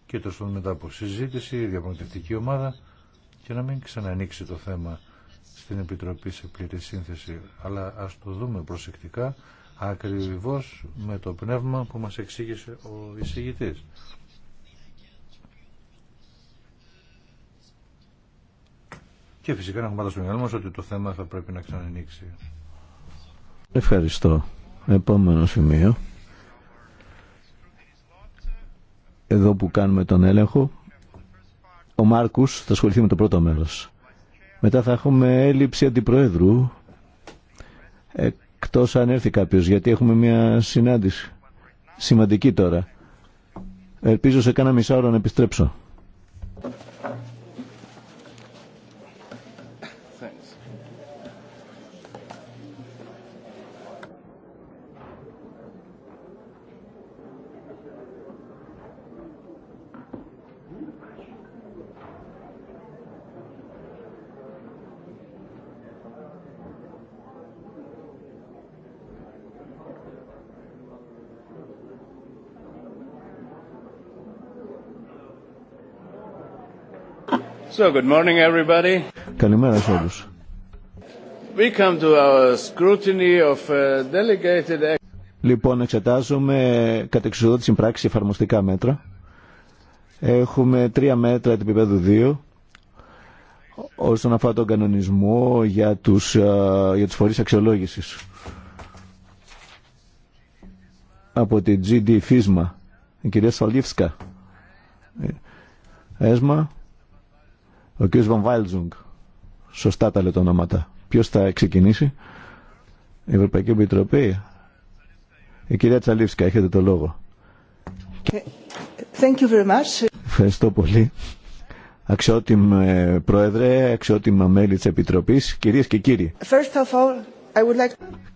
Speaker 3: Και το στον μετά από συζήτηση, η διαπραγματευτική ομάδα και να μην ξανανοίξει το θέμα στην Επιτροπή σε πλήρη σύνθεση. Αλλά ας το δούμε προσεκτικά ακριβώς με το πνεύμα που μας εξήγησε ο εισηγητής. Και φυσικά να έχουμε πάντα στο μυαλό μας ότι το θέμα θα πρέπει να ξανανοίξει.
Speaker 2: Ευχαριστώ. Επόμενο σημείο. Εδώ που κάνουμε τον έλεγχο, ο Μάρκους θα ασχοληθεί με το πρώτο μέρος. Μετά θα έχουμε έλλειψη αντιπροέδρου ε, εκτός αν έρθει κάποιος, γιατί έχουμε μια συνάντηση σημαντική τώρα. Ελπίζω σε κάνα μισά ώρα να επιστρέψω. good morning everybody. Καλημέρα σε όλους. We come to our scrutiny of uh, delegated... Λοιπόν, εξετάζουμε κατεξοδότηση πράξη εφαρμοστικά μέτρα. Έχουμε τρία μέτρα του επίπεδου 2 όσον αφορά τον κανονισμό για τους, για τους φορείς αξιολόγησης από την GD Φίσμα, η κυρία Σαλίφσκα. Ε, έσμα, ο κ. Βαλτζούγκ, Σωστά τα λέτε ονόματα. Ποιο θα ξεκινήσει, η Ευρωπαϊκή Επιτροπή. Η κυρία Τσαλίφσκα, έχετε το λόγο. Thank you very much. Ευχαριστώ πολύ. Αξιότιμε Πρόεδρε, αξιότιμα μέλη της Επιτροπής, κυρίες και κύριοι. First of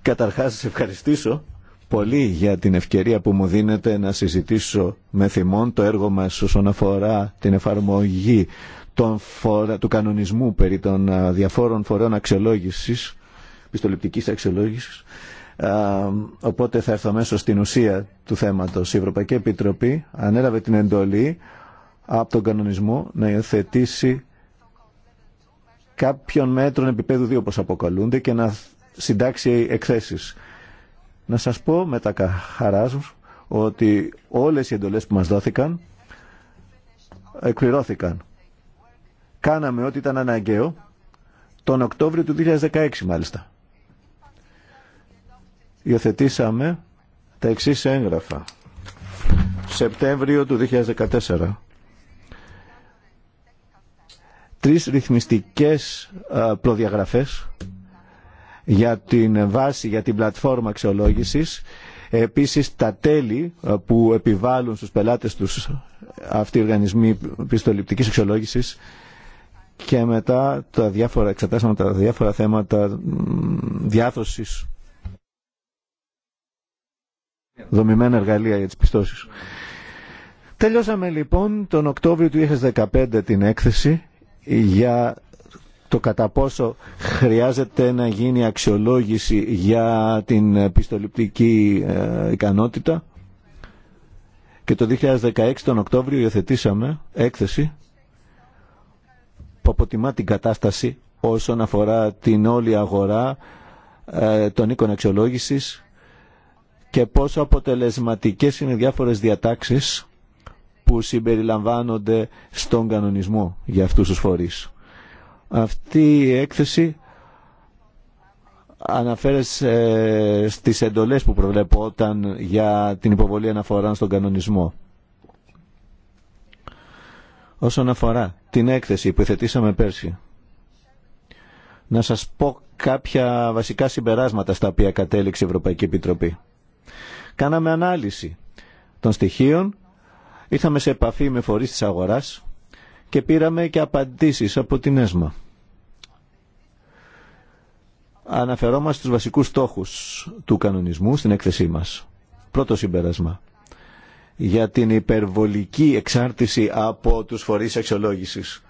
Speaker 2: Καταρχάς, σας ευχαριστήσω πολύ για την ευκαιρία που μου δίνετε να συζητήσω με θυμόν το έργο μας όσον αφορά την εφαρμογή του κανονισμού περί των διαφόρων φορέων αξιολόγησης, πιστοληπτικής αξιολόγησης. Οπότε θα έρθω μέσω στην ουσία του θέματος. Η Ευρωπαϊκή Επιτροπή ανέλαβε την εντολή από τον κανονισμό να υιοθετήσει κάποιων μέτρων επίπεδου 2 όπως αποκαλούνται και να συντάξει εκθέσεις. Να σας πω με τα ότι όλες οι εντολές που μας δόθηκαν εκπληρώθηκαν. Κάναμε ό,τι ήταν αναγκαίο τον Οκτώβριο του 2016 μάλιστα. Υιοθετήσαμε τα εξής έγγραφα. Σεπτέμβριο του 2014. Τρεις ρυθμιστικές προδιαγραφές για την βάση, για την πλατφόρμα αξιολόγησης. Επίσης τα τέλη που επιβάλλουν στους πελάτες τους αυτοί οι οργανισμοί πιστοληπτικής αξιολόγησης και μετά τα διάφορα, εξετάσαμε τα διάφορα θέματα διάθοσης. δομημένα εργαλεία για τις πιστώσεις. Τελειώσαμε λοιπόν τον Οκτώβριο του 2015 την έκθεση για το κατά πόσο χρειάζεται να γίνει αξιολόγηση για την πιστοληπτική ε, ικανότητα και το 2016 τον Οκτώβριο υιοθετήσαμε έκθεση που αποτιμά την κατάσταση όσον αφορά την όλη αγορά ε, των οίκων αξιολόγηση και πόσο αποτελεσματικές είναι οι διάφορες διατάξεις που συμπεριλαμβάνονται στον κανονισμό για αυτούς τους φορείς. Αυτή η έκθεση αναφέρεται ε, στις εντολές που προβλεπόταν για την υποβολή αναφορά στον κανονισμό. Όσον αφορά την έκθεση που θετήσαμε πέρσι. Να σας πω κάποια βασικά συμπεράσματα στα οποία κατέληξε η Ευρωπαϊκή Επιτροπή. Κάναμε ανάλυση των στοιχείων, ήρθαμε σε επαφή με φορείς της αγοράς και πήραμε και απαντήσεις από την ΕΣΜΑ. Αναφερόμαστε στους βασικούς στόχους του κανονισμού στην έκθεσή μας. Πρώτο συμπέρασμα για την υπερβολική εξάρτηση από τους φορείς αξιολόγησης.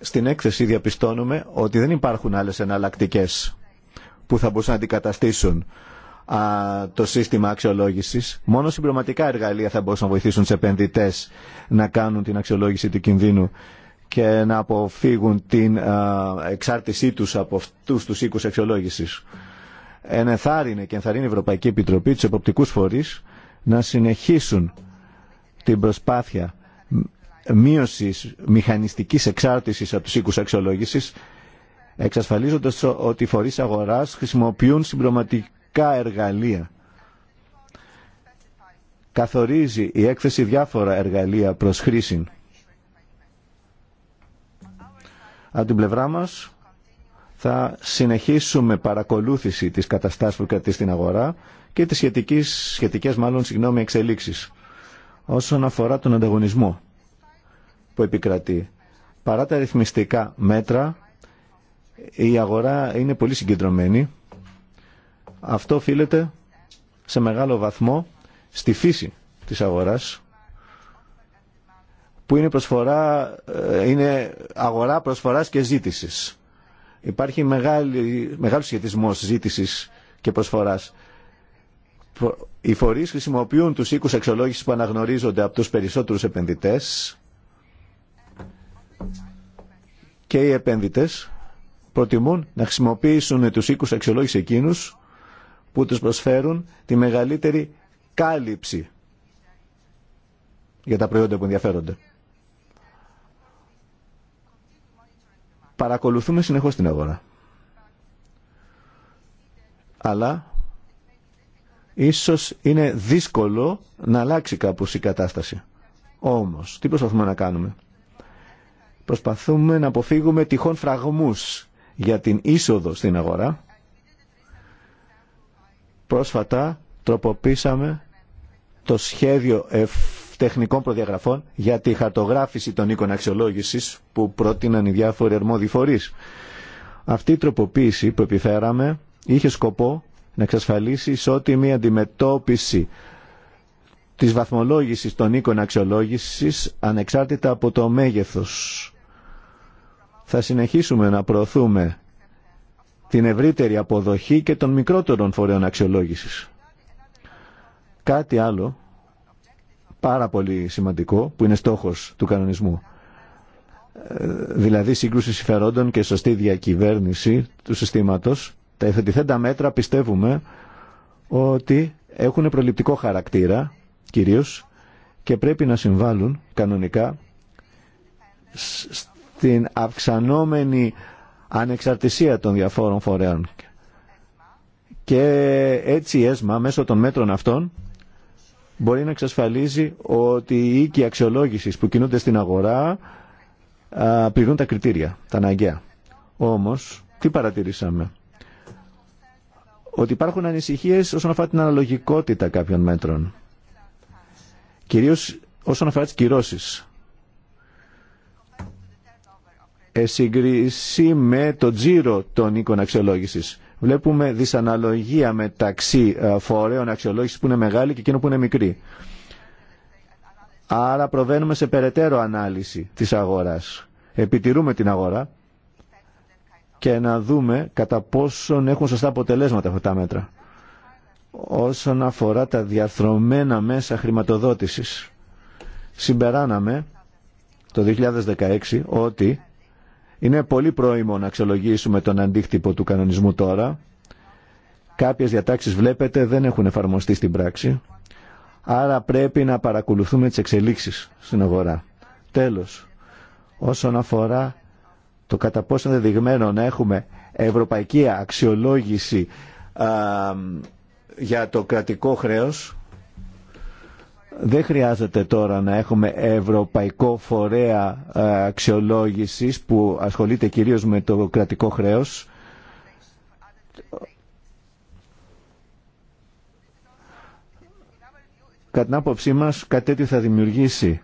Speaker 2: Στην έκθεση διαπιστώνουμε ότι δεν υπάρχουν άλλες εναλλακτικέ που θα μπορούσαν να αντικαταστήσουν το σύστημα αξιολόγησης. Μόνο συμπληρωματικά εργαλεία θα μπορούσαν να βοηθήσουν τους επενδυτέ να κάνουν την αξιολόγηση του κινδύνου και να αποφύγουν την εξάρτησή τους από αυτούς τους οίκους αξιολόγησης. Ενεθάρρυνε και ενθαρρύνει η Ευρωπαϊκή Επιτροπή, του εποπτικούς φορεί να συνεχίσουν την προσπάθεια μείωσης μηχανιστικής εξάρτησης από τους οίκους αξιολόγησης, εξασφαλίζοντας ότι οι φορείς αγοράς χρησιμοποιούν συμπληρωματικά εργαλεία. Καθορίζει η έκθεση διάφορα εργαλεία προς χρήση. Από την πλευρά μας θα συνεχίσουμε παρακολούθηση της κατάστασης που κρατεί στην αγορά και τις σχετικές, σχετικές μάλλον συγγνώμη, εξελίξεις όσον αφορά τον ανταγωνισμό που επικρατεί. Παρά τα αριθμιστικά μέτρα, η αγορά είναι πολύ συγκεντρωμένη. Αυτό οφείλεται σε μεγάλο βαθμό στη φύση της αγοράς, που είναι, προσφορά, ε, είναι αγορά προσφοράς και ζήτησης. Υπάρχει μεγάλη, μεγάλος σχετισμός ζήτησης και προσφοράς. Οι φορεί χρησιμοποιούν τους οίκου αξιολόγηση που αναγνωρίζονται από τους περισσότερου επενδυτέ. και οι επενδύτε προτιμούν να χρησιμοποιήσουν του οίκου αξιολόγηση εκείνους που τους προσφέρουν τη μεγαλύτερη κάλυψη για τα προϊόντα που ενδιαφέρονται. Παρακολουθούμε συνεχώς την αγορά. Αλλά Ίσως είναι δύσκολο να αλλάξει κάπως η κατάσταση. Όμως, τι προσπαθούμε να κάνουμε. Προσπαθούμε να αποφύγουμε τυχόν φραγμούς για την είσοδο στην αγορά. Πρόσφατα τροποποίησαμε το σχέδιο τεχνικών προδιαγραφών για τη χαρτογράφηση των οίκων αξιολόγησης που πρότειναν οι διάφοροι αρμόδιοι φορείς. Αυτή η τροποποίηση που επιφέραμε είχε σκοπό να εξασφαλίσει ισότιμη αντιμετώπιση της βαθμολόγησης των οίκων αξιολόγησης ανεξάρτητα από το μέγεθος. Θα συνεχίσουμε να προωθούμε την ευρύτερη αποδοχή και των μικρότερων φορέων αξιολόγησης. Κάτι άλλο, πάρα πολύ σημαντικό, που είναι στόχος του κανονισμού, ε, δηλαδή σύγκρουση συμφερόντων και σωστή διακυβέρνηση του συστήματος, τα εθετηθέντα μέτρα πιστεύουμε ότι έχουν προληπτικό χαρακτήρα κυρίως και πρέπει να συμβάλλουν κανονικά στην αυξανόμενη ανεξαρτησία των διαφόρων φορέων. Και έτσι η ΕΣΜΑ μέσω των μέτρων αυτών μπορεί να εξασφαλίζει ότι οι οίκοι αξιολόγησης που κινούνται στην αγορά πληρούν τα κριτήρια, τα αναγκαία. Όμως, τι παρατηρήσαμε ότι υπάρχουν ανησυχίες όσον αφορά την αναλογικότητα κάποιων μέτρων. Κυρίως όσον αφορά τις κυρώσεις. Ε, συγκρίση με το τζίρο των οίκων αξιολόγησης. Βλέπουμε δυσαναλογία μεταξύ ε, φορέων αξιολόγηση που είναι μεγάλη και εκείνο που είναι μικρή. Άρα προβαίνουμε σε περαιτέρω ανάλυση της αγοράς. Επιτηρούμε την αγορά και να δούμε κατά πόσον έχουν σωστά αποτελέσματα αυτά τα μέτρα όσον αφορά τα διαθρωμένα μέσα χρηματοδότησης. Συμπεράναμε το 2016 ότι είναι πολύ πρόημο να αξιολογήσουμε τον αντίκτυπο του κανονισμού τώρα. Κάποιες διατάξεις βλέπετε δεν έχουν εφαρμοστεί στην πράξη. Άρα πρέπει να παρακολουθούμε τις εξελίξεις στην αγορά. Τέλος, όσον αφορά το κατά πόσο να έχουμε ευρωπαϊκή αξιολόγηση για το κρατικό χρέος δεν χρειάζεται τώρα να έχουμε ευρωπαϊκό φορέα αξιολόγησης που ασχολείται κυρίως με το κρατικό χρέος κατά την άποψή μας κάτι τέτοιο θα δημιουργήσει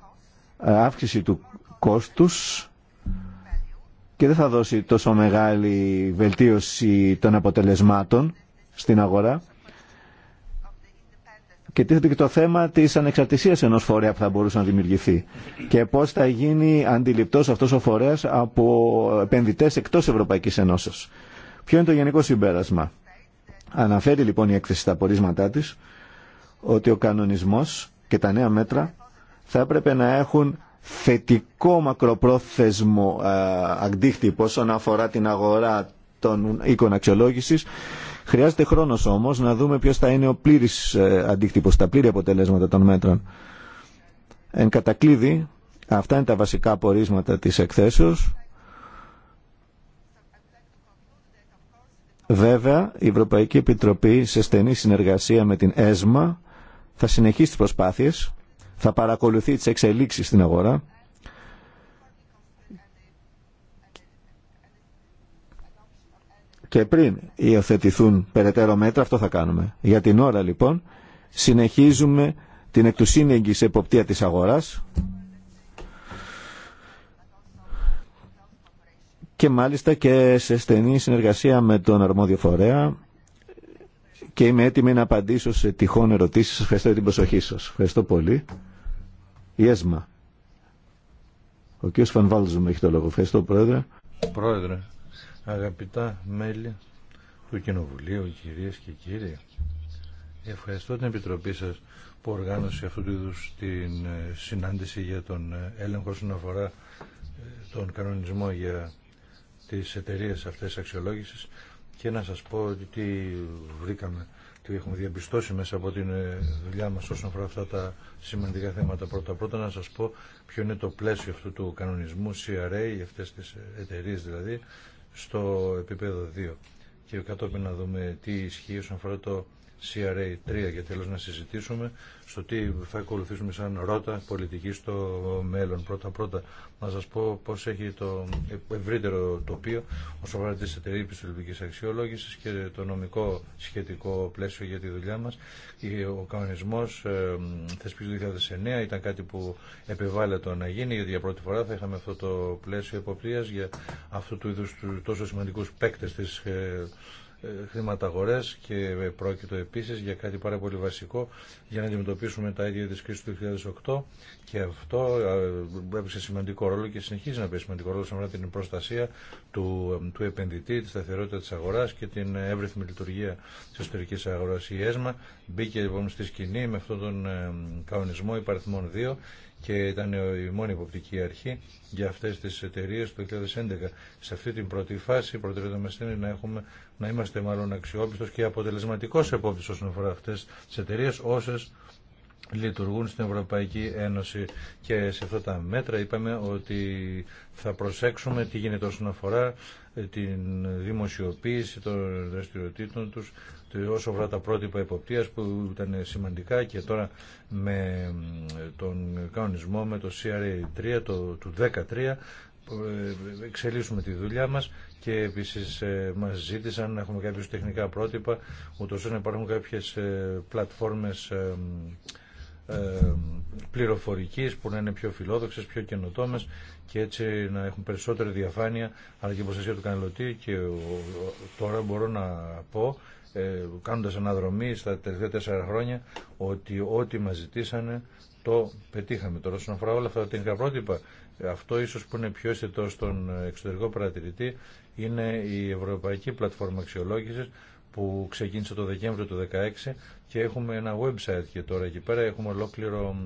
Speaker 2: αύξηση του κόστους και δεν θα δώσει τόσο μεγάλη βελτίωση των αποτελεσμάτων στην αγορά. Και τίθεται και το θέμα τη ανεξαρτησία ενό φορέα που θα μπορούσε να δημιουργηθεί. Και πώ θα γίνει αντιληπτό αυτό ο φορέα από επενδυτέ εκτό Ευρωπαϊκή Ενώσεω. Ποιο είναι το γενικό συμπέρασμα. Αναφέρει λοιπόν η έκθεση στα πορίσματά τη ότι ο κανονισμό και τα νέα μέτρα θα έπρεπε να έχουν θετικό μακροπρόθεσμο ε, αντίκτυπο όσον αφορά την αγορά των οίκων αξιολόγηση. Χρειάζεται χρόνο όμω να δούμε ποιο θα είναι ο πλήρη ε, αντίκτυπο, τα πλήρη αποτελέσματα των μέτρων. Εν κατακλείδη, αυτά είναι τα βασικά απορίσματα της εκθέσεως. Βέβαια, η Ευρωπαϊκή Επιτροπή σε στενή συνεργασία με την ΕΣΜΑ θα συνεχίσει τις προσπάθειες θα παρακολουθεί τις εξελίξεις στην αγορά και πριν υιοθετηθούν περαιτέρω μέτρα, αυτό θα κάνουμε. Για την ώρα λοιπόν συνεχίζουμε την σε εποπτεία της αγοράς και μάλιστα και σε στενή συνεργασία με τον αρμόδιο φορέα και είμαι έτοιμη να απαντήσω σε τυχόν ερωτήσεις. Ευχαριστώ για την προσοχή σας. Ευχαριστώ πολύ. Η ΕΣΜΑ. Ο κ. Φανβάλζουμ έχει το λόγο. Ευχαριστώ, Πρόεδρε.
Speaker 3: Πρόεδρε, αγαπητά μέλη του Κοινοβουλίου, κυρίες και κύριοι, ευχαριστώ την Επιτροπή σας που οργάνωσε αυτού του είδους την ε, συνάντηση για τον ε, έλεγχο όσον αφορά ε, τον κανονισμό για τις εταιρείες αυτές αξιολόγησης και να σας πω ότι τι βρήκαμε, τι έχουμε διαπιστώσει μέσα από την ε, δουλειά μας όσον αφορά αυτά τα σημαντικά θέματα. Πρώτα πρώτα να σας πω ποιο είναι το πλαίσιο αυτού του κανονισμού CRA, αυτές τις εταιρείε δηλαδή, στο επίπεδο 2. Και κατόπιν να δούμε τι ισχύει όσον αφορά το CRA 3 και τέλος να συζητήσουμε στο τι θα ακολουθήσουμε σαν ρότα πολιτική στο μέλλον. Πρώτα-πρώτα να σας πω πώς έχει το ευρύτερο τοπίο όσον αφορά της εταιρείας επιστολικής αξιολόγησης και το νομικό σχετικό πλαίσιο για τη δουλειά μας. Ο κανονισμός ε, θεσπής του 2009 ήταν κάτι που το να γίνει γιατί για πρώτη φορά θα είχαμε αυτό το πλαίσιο εποπτείας για αυτού του είδους τόσο σημαντικούς παίκτες της ε, ε, χρηματαγορές και πρόκειτο επίσης για κάτι πάρα πολύ βασικό για να αντιμετωπίσουμε τα ίδια της κρίσης του 2008 και αυτό ε, έπαιξε σημαντικό ρόλο και συνεχίζει να παίξει σημαντικό ρόλο σε την προστασία του, ε, του επενδυτή, τη σταθερότητα της αγοράς και την εύρυθμη λειτουργία της εσωτερικής αγοράς. Η ΕΣΜΑ μπήκε λοιπόν στη σκηνή με αυτόν τον κανονισμό υπαριθμών 2 και ήταν η μόνη υποπτική αρχή για αυτές τις εταιρείες το 2011. Σε αυτή την πρώτη φάση η να έχουμε να είμαστε μάλλον αξιόπιστος και αποτελεσματικός επόπτης όσον αφορά αυτές τις εταιρείε όσες λειτουργούν στην Ευρωπαϊκή Ένωση και σε αυτά τα μέτρα είπαμε ότι θα προσέξουμε τι γίνεται όσον αφορά ε, την δημοσιοποίηση των δραστηριοτήτων τους όσο αφορά τα πρότυπα υποπτίας που ήταν σημαντικά και τώρα με τον κανονισμό με το CRA 3 το, του 13 ε, ε, εξελίσσουμε τη δουλειά μας και επίσης ε, μας ζήτησαν να έχουμε κάποιους τεχνικά πρότυπα ούτω ώστε να υπάρχουν κάποιες ε, πλατφόρμες ε, πληροφορική που να είναι πιο φιλόδοξες, πιο καινοτόμε, και έτσι να έχουν περισσότερη διαφάνεια αλλά και προστασία του καναλωτή και τώρα μπορώ να πω κάνοντας αναδρομή στα τελευταία τέσσερα χρόνια ότι ό,τι μας ζητήσανε το πετύχαμε. Τώρα, όσον αφορά όλα αυτά τα τεχνικά πρότυπα, αυτό ίσως που είναι πιο αισθητό στον εξωτερικό παρατηρητή είναι η Ευρωπαϊκή Πλατφόρμα Αξιολόγησης που ξεκίνησε το Δεκέμβριο του 2016 και έχουμε ένα website και τώρα εκεί πέρα έχουμε ολόκληρο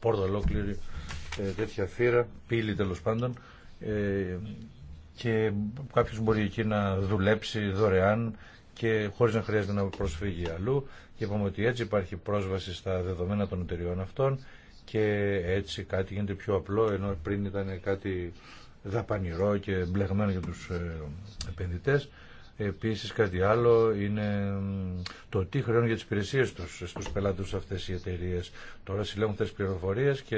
Speaker 3: πόρτα, ολόκληρη ε, τέτοια θύρα, πύλη τέλος πάντων ε, και κάποιος μπορεί εκεί να δουλέψει δωρεάν και χωρίς να χρειάζεται να προσφύγει αλλού και είπαμε ότι έτσι υπάρχει πρόσβαση στα δεδομένα των εταιριών αυτών και έτσι κάτι γίνεται πιο απλό ενώ πριν ήταν κάτι δαπανηρό και μπλεγμένο για τους ε, επενδυτές Επίσης κάτι άλλο είναι το τι χρεώνουν για τις υπηρεσίες τους στους πελάτες αυτές οι εταιρείε. Τώρα συλλέγουν αυτές τις πληροφορίες και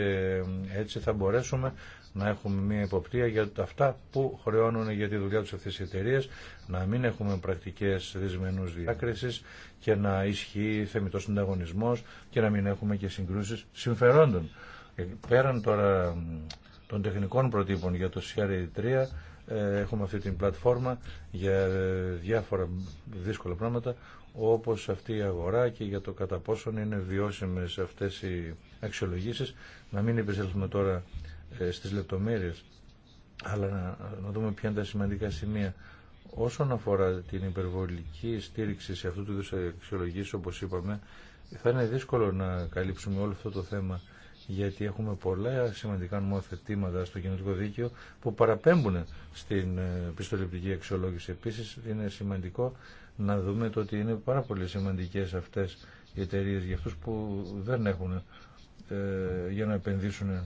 Speaker 3: έτσι θα μπορέσουμε να έχουμε μια υποπτία για αυτά που χρεώνουν για τη δουλειά τους αυτές οι εταιρείε, να μην έχουμε πρακτικές δυσμενούς διάκρισης και να ισχύει θεμητός συνταγωνισμό και να μην έχουμε και συγκρούσεις συμφερόντων. Ε, πέραν τώρα των τεχνικών προτύπων για το CRE3 ε, έχουμε αυτή την πλατφόρμα για διάφορα δύσκολα πράγματα όπως αυτή η αγορά και για το κατά πόσον είναι βιώσιμες αυτές οι αξιολογήσεις. Να μην επιστρέψουμε τώρα ε, στις λεπτομέρειες, αλλά να, δούμε ποια είναι τα σημαντικά σημεία. Όσον αφορά την υπερβολική στήριξη σε αυτού του είδους αξιολογήσεις, όπως είπαμε, θα είναι δύσκολο να καλύψουμε όλο αυτό το θέμα γιατί έχουμε πολλά σημαντικά νομοθετήματα στο κοινωτικό δίκαιο που παραπέμπουν στην ε, πιστοληπτική αξιολόγηση. Επίση, είναι σημαντικό να δούμε το ότι είναι πάρα πολύ σημαντικέ αυτέ οι εταιρείε για αυτού που δεν έχουν ε, για να επενδύσουν ε,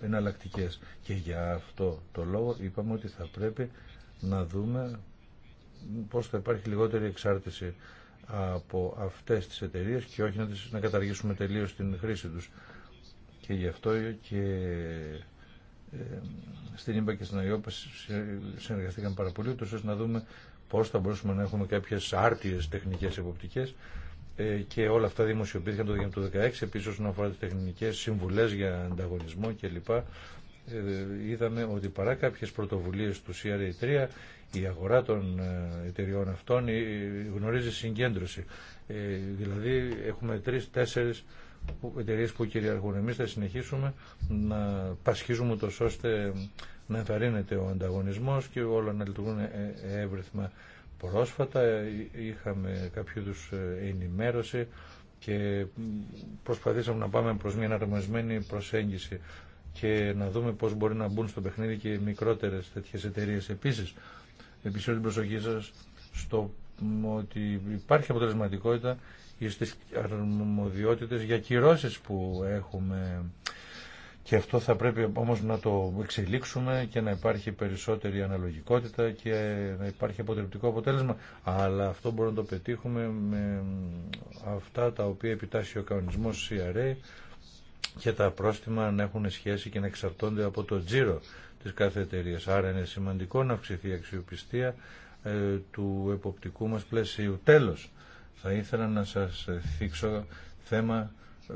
Speaker 3: εναλλακτικέ. Και για αυτό το λόγο είπαμε ότι θα πρέπει να δούμε πώς θα υπάρχει λιγότερη εξάρτηση από αυτές τις εταιρείες και όχι να, τις, να καταργήσουμε τελείως την χρήση τους και γι' αυτό και ε, στην έμπα και στην ΑΙΟΠΑ συνεργαστήκαμε πάρα πολύ, ώστε να δούμε πώς θα μπορούσαμε να έχουμε κάποιες άρτιες τεχνικές εποπτικές ε, και όλα αυτά δημοσιοποιήθηκαν το 2016. Επίσης όσον αφορά τις τεχνικές συμβουλές για ανταγωνισμό κλπ. Ε, είδαμε ότι παρά κάποιες πρωτοβουλίες του CRA3 η αγορά των εταιριών αυτών γνωρίζει συγκέντρωση. δηλαδή έχουμε τρεις-τέσσερις εταιρείε που κυριαρχούν. Εμεί θα συνεχίσουμε να πασχίζουμε το ώστε να ενθαρρύνεται ο ανταγωνισμό και όλα να λειτουργούν ε, ε, εύρυθμα. Πρόσφατα είχαμε κάποιο είδου ε, ενημέρωση και προσπαθήσαμε να πάμε προς μια αναρμοσμένη προσέγγιση και να δούμε πώς μπορεί να μπουν στο παιχνίδι και μικρότερες τέτοιες εταιρείες. Επίσης, επισύρω την προσοχή σας στο ότι υπάρχει αποτελεσματικότητα στις αρμοδιότητες για κυρώσεις που έχουμε. Και αυτό θα πρέπει όμως να το εξελίξουμε και να υπάρχει περισσότερη αναλογικότητα και να υπάρχει αποτρεπτικό αποτέλεσμα. Αλλά αυτό μπορούμε να το πετύχουμε με αυτά τα οποία επιτάσσει ο κανονισμός CRA και τα πρόστιμα να έχουν σχέση και να εξαρτώνται από το τζίρο της κάθε εταιρεία. Άρα είναι σημαντικό να αυξηθεί η αξιοπιστία ε, του εποπτικού μας πλαισίου. Τέλος, θα ήθελα να σας θίξω θέμα ε,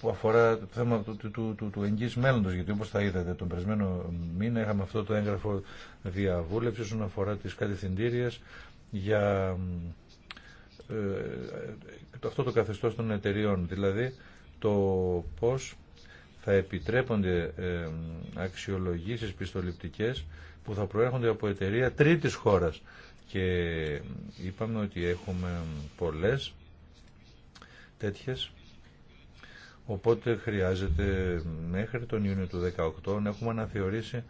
Speaker 3: που αφορά το θέμα του, του, του, του μέλλοντος, γιατί όπως θα είδατε τον περασμένο μήνα είχαμε αυτό το έγγραφο διαβούλευση όσον αφορά τις κατευθυντήριες για ε, ε, αυτό το καθεστώς των εταιριών, δηλαδή το πώς θα επιτρέπονται ε, αξιολογήσεις πιστοληπτικές που θα προέρχονται από εταιρεία τρίτης χώρας και είπαμε ότι έχουμε πολλές τέτοιες οπότε χρειάζεται μέχρι τον Ιούνιο του 2018 να έχουμε αναθεωρήσει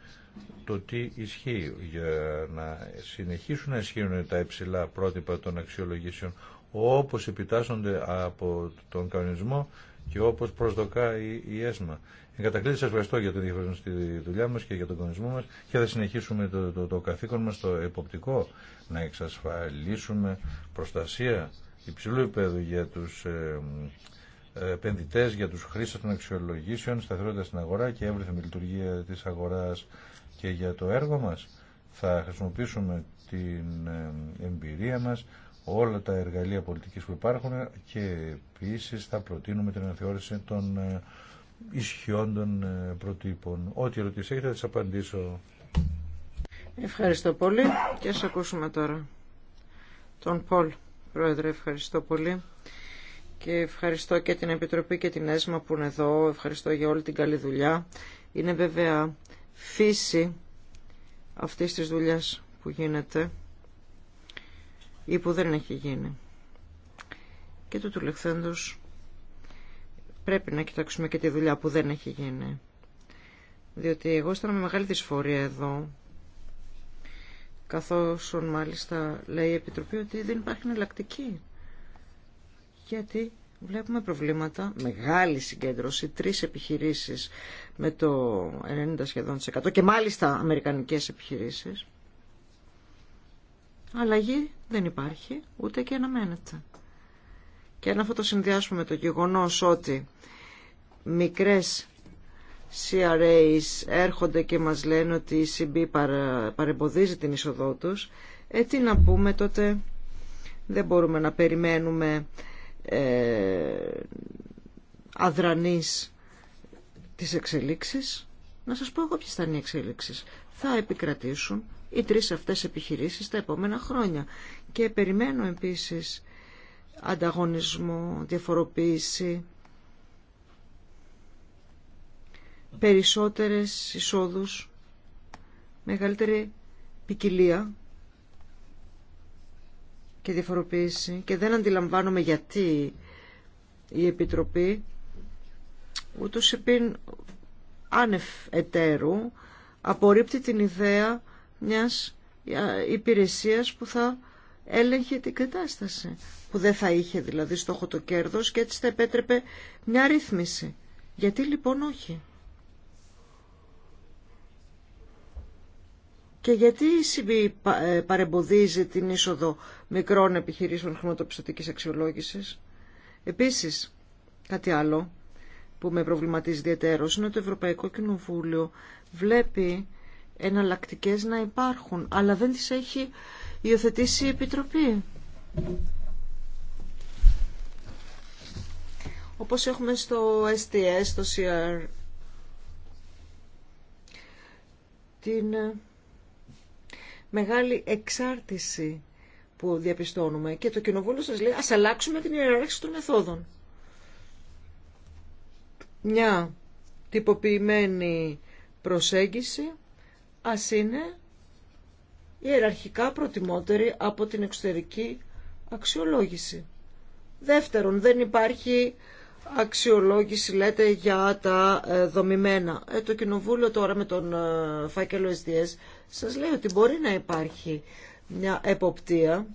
Speaker 3: το τι ισχύει για να συνεχίσουν να ισχύουν τα υψηλά πρότυπα των αξιολογήσεων όπως επιτάσσονται από τον κανονισμό και όπως προσδοκά η, η ΕΣΜΑ. Εγκατακλείδη σα ευχαριστώ για την διαφορετική στη δουλειά μα και για τον κονισμό μα και θα συνεχίσουμε το, το, το καθήκον μα το εποπτικό να εξασφαλίσουμε προστασία υψηλού επίπεδου για του ε, ε επενδυτέ, για του χρήστε των αξιολογήσεων, σταθερότητα στην αγορά και εύρυθμη λειτουργία τη αγορά και για το έργο μα. Θα χρησιμοποιήσουμε την ε, εμπειρία μας, όλα τα εργαλεία πολιτικής που υπάρχουν και επίσης θα προτείνουμε την αναθεώρηση των ε, ισχυών των ε, Ό,τι ερωτήσει έχετε θα απαντήσω.
Speaker 1: Ευχαριστώ πολύ και σας ακούσουμε τώρα τον Πολ. Πρόεδρε, ευχαριστώ πολύ. Και ευχαριστώ και την Επιτροπή και την ΕΣΜΑ που είναι εδώ. Ευχαριστώ για όλη την καλή δουλειά. Είναι βέβαια φύση αυτής της δουλειάς που γίνεται ή που δεν έχει γίνει. Και του τουλεχθέντος πρέπει να κοιτάξουμε και τη δουλειά που δεν έχει γίνει. Διότι εγώ αισθάνομαι μεγάλη δυσφορία εδώ, καθώς μάλιστα λέει η Επιτροπή ότι δεν υπάρχει εναλλακτική. Γιατί βλέπουμε προβλήματα, μεγάλη συγκέντρωση, τρεις επιχειρήσεις με το 90 και μάλιστα αμερικανικές επιχειρήσεις. Αλλαγή δεν υπάρχει, ούτε και αναμένεται. Και αν αυτό το συνδυάσουμε με το γεγονός ότι μικρές CRAs έρχονται και μας λένε ότι η ECB παρεμποδίζει την είσοδό τους, ε, τι να πούμε τότε, δεν μπορούμε να περιμένουμε ε, αδρανείς τις εξελίξεις. Να σας πω εγώ ποιες θα είναι οι εξελίξεις. Θα επικρατήσουν οι τρεις αυτές επιχειρήσεις τα επόμενα χρόνια. Και περιμένω επίσης ανταγωνισμό, διαφοροποίηση, περισσότερες εισόδους, μεγαλύτερη ποικιλία και διαφοροποίηση και δεν αντιλαμβάνομαι γιατί η Επιτροπή ούτως επίν άνευ εταίρου απορρίπτει την ιδέα μιας ε, υπηρεσίας που θα έλεγχε την κατάσταση που δεν θα είχε δηλαδή στόχο το κέρδος και έτσι θα επέτρεπε μια ρύθμιση. Γιατί λοιπόν όχι. Και γιατί η ΣΥΒΗ ε, παρεμποδίζει την είσοδο μικρών επιχειρήσεων χρηματοπιστωτικής αξιολόγησης. Επίσης, κάτι άλλο που με προβληματίζει ιδιαίτερος είναι ότι το Ευρωπαϊκό Κοινοβούλιο βλέπει εναλλακτικές να υπάρχουν, αλλά δεν τις έχει υιοθετήσει η Επιτροπή. Όπως έχουμε στο STS, στο CR, την ε, μεγάλη εξάρτηση που διαπιστώνουμε και το κοινοβούλιο σας λέει ας αλλάξουμε την ιεράρχηση των μεθόδων. Μια τυποποιημένη προσέγγιση ας είναι ιεραρχικά προτιμότερη από την εξωτερική αξιολόγηση. Δεύτερον, δεν υπάρχει αξιολόγηση, λέτε, για τα ε, δομημένα. Ε, το Κοινοβούλιο τώρα με τον ε, φάκελο SDS σας λέει ότι μπορεί να υπάρχει μια εποπτεία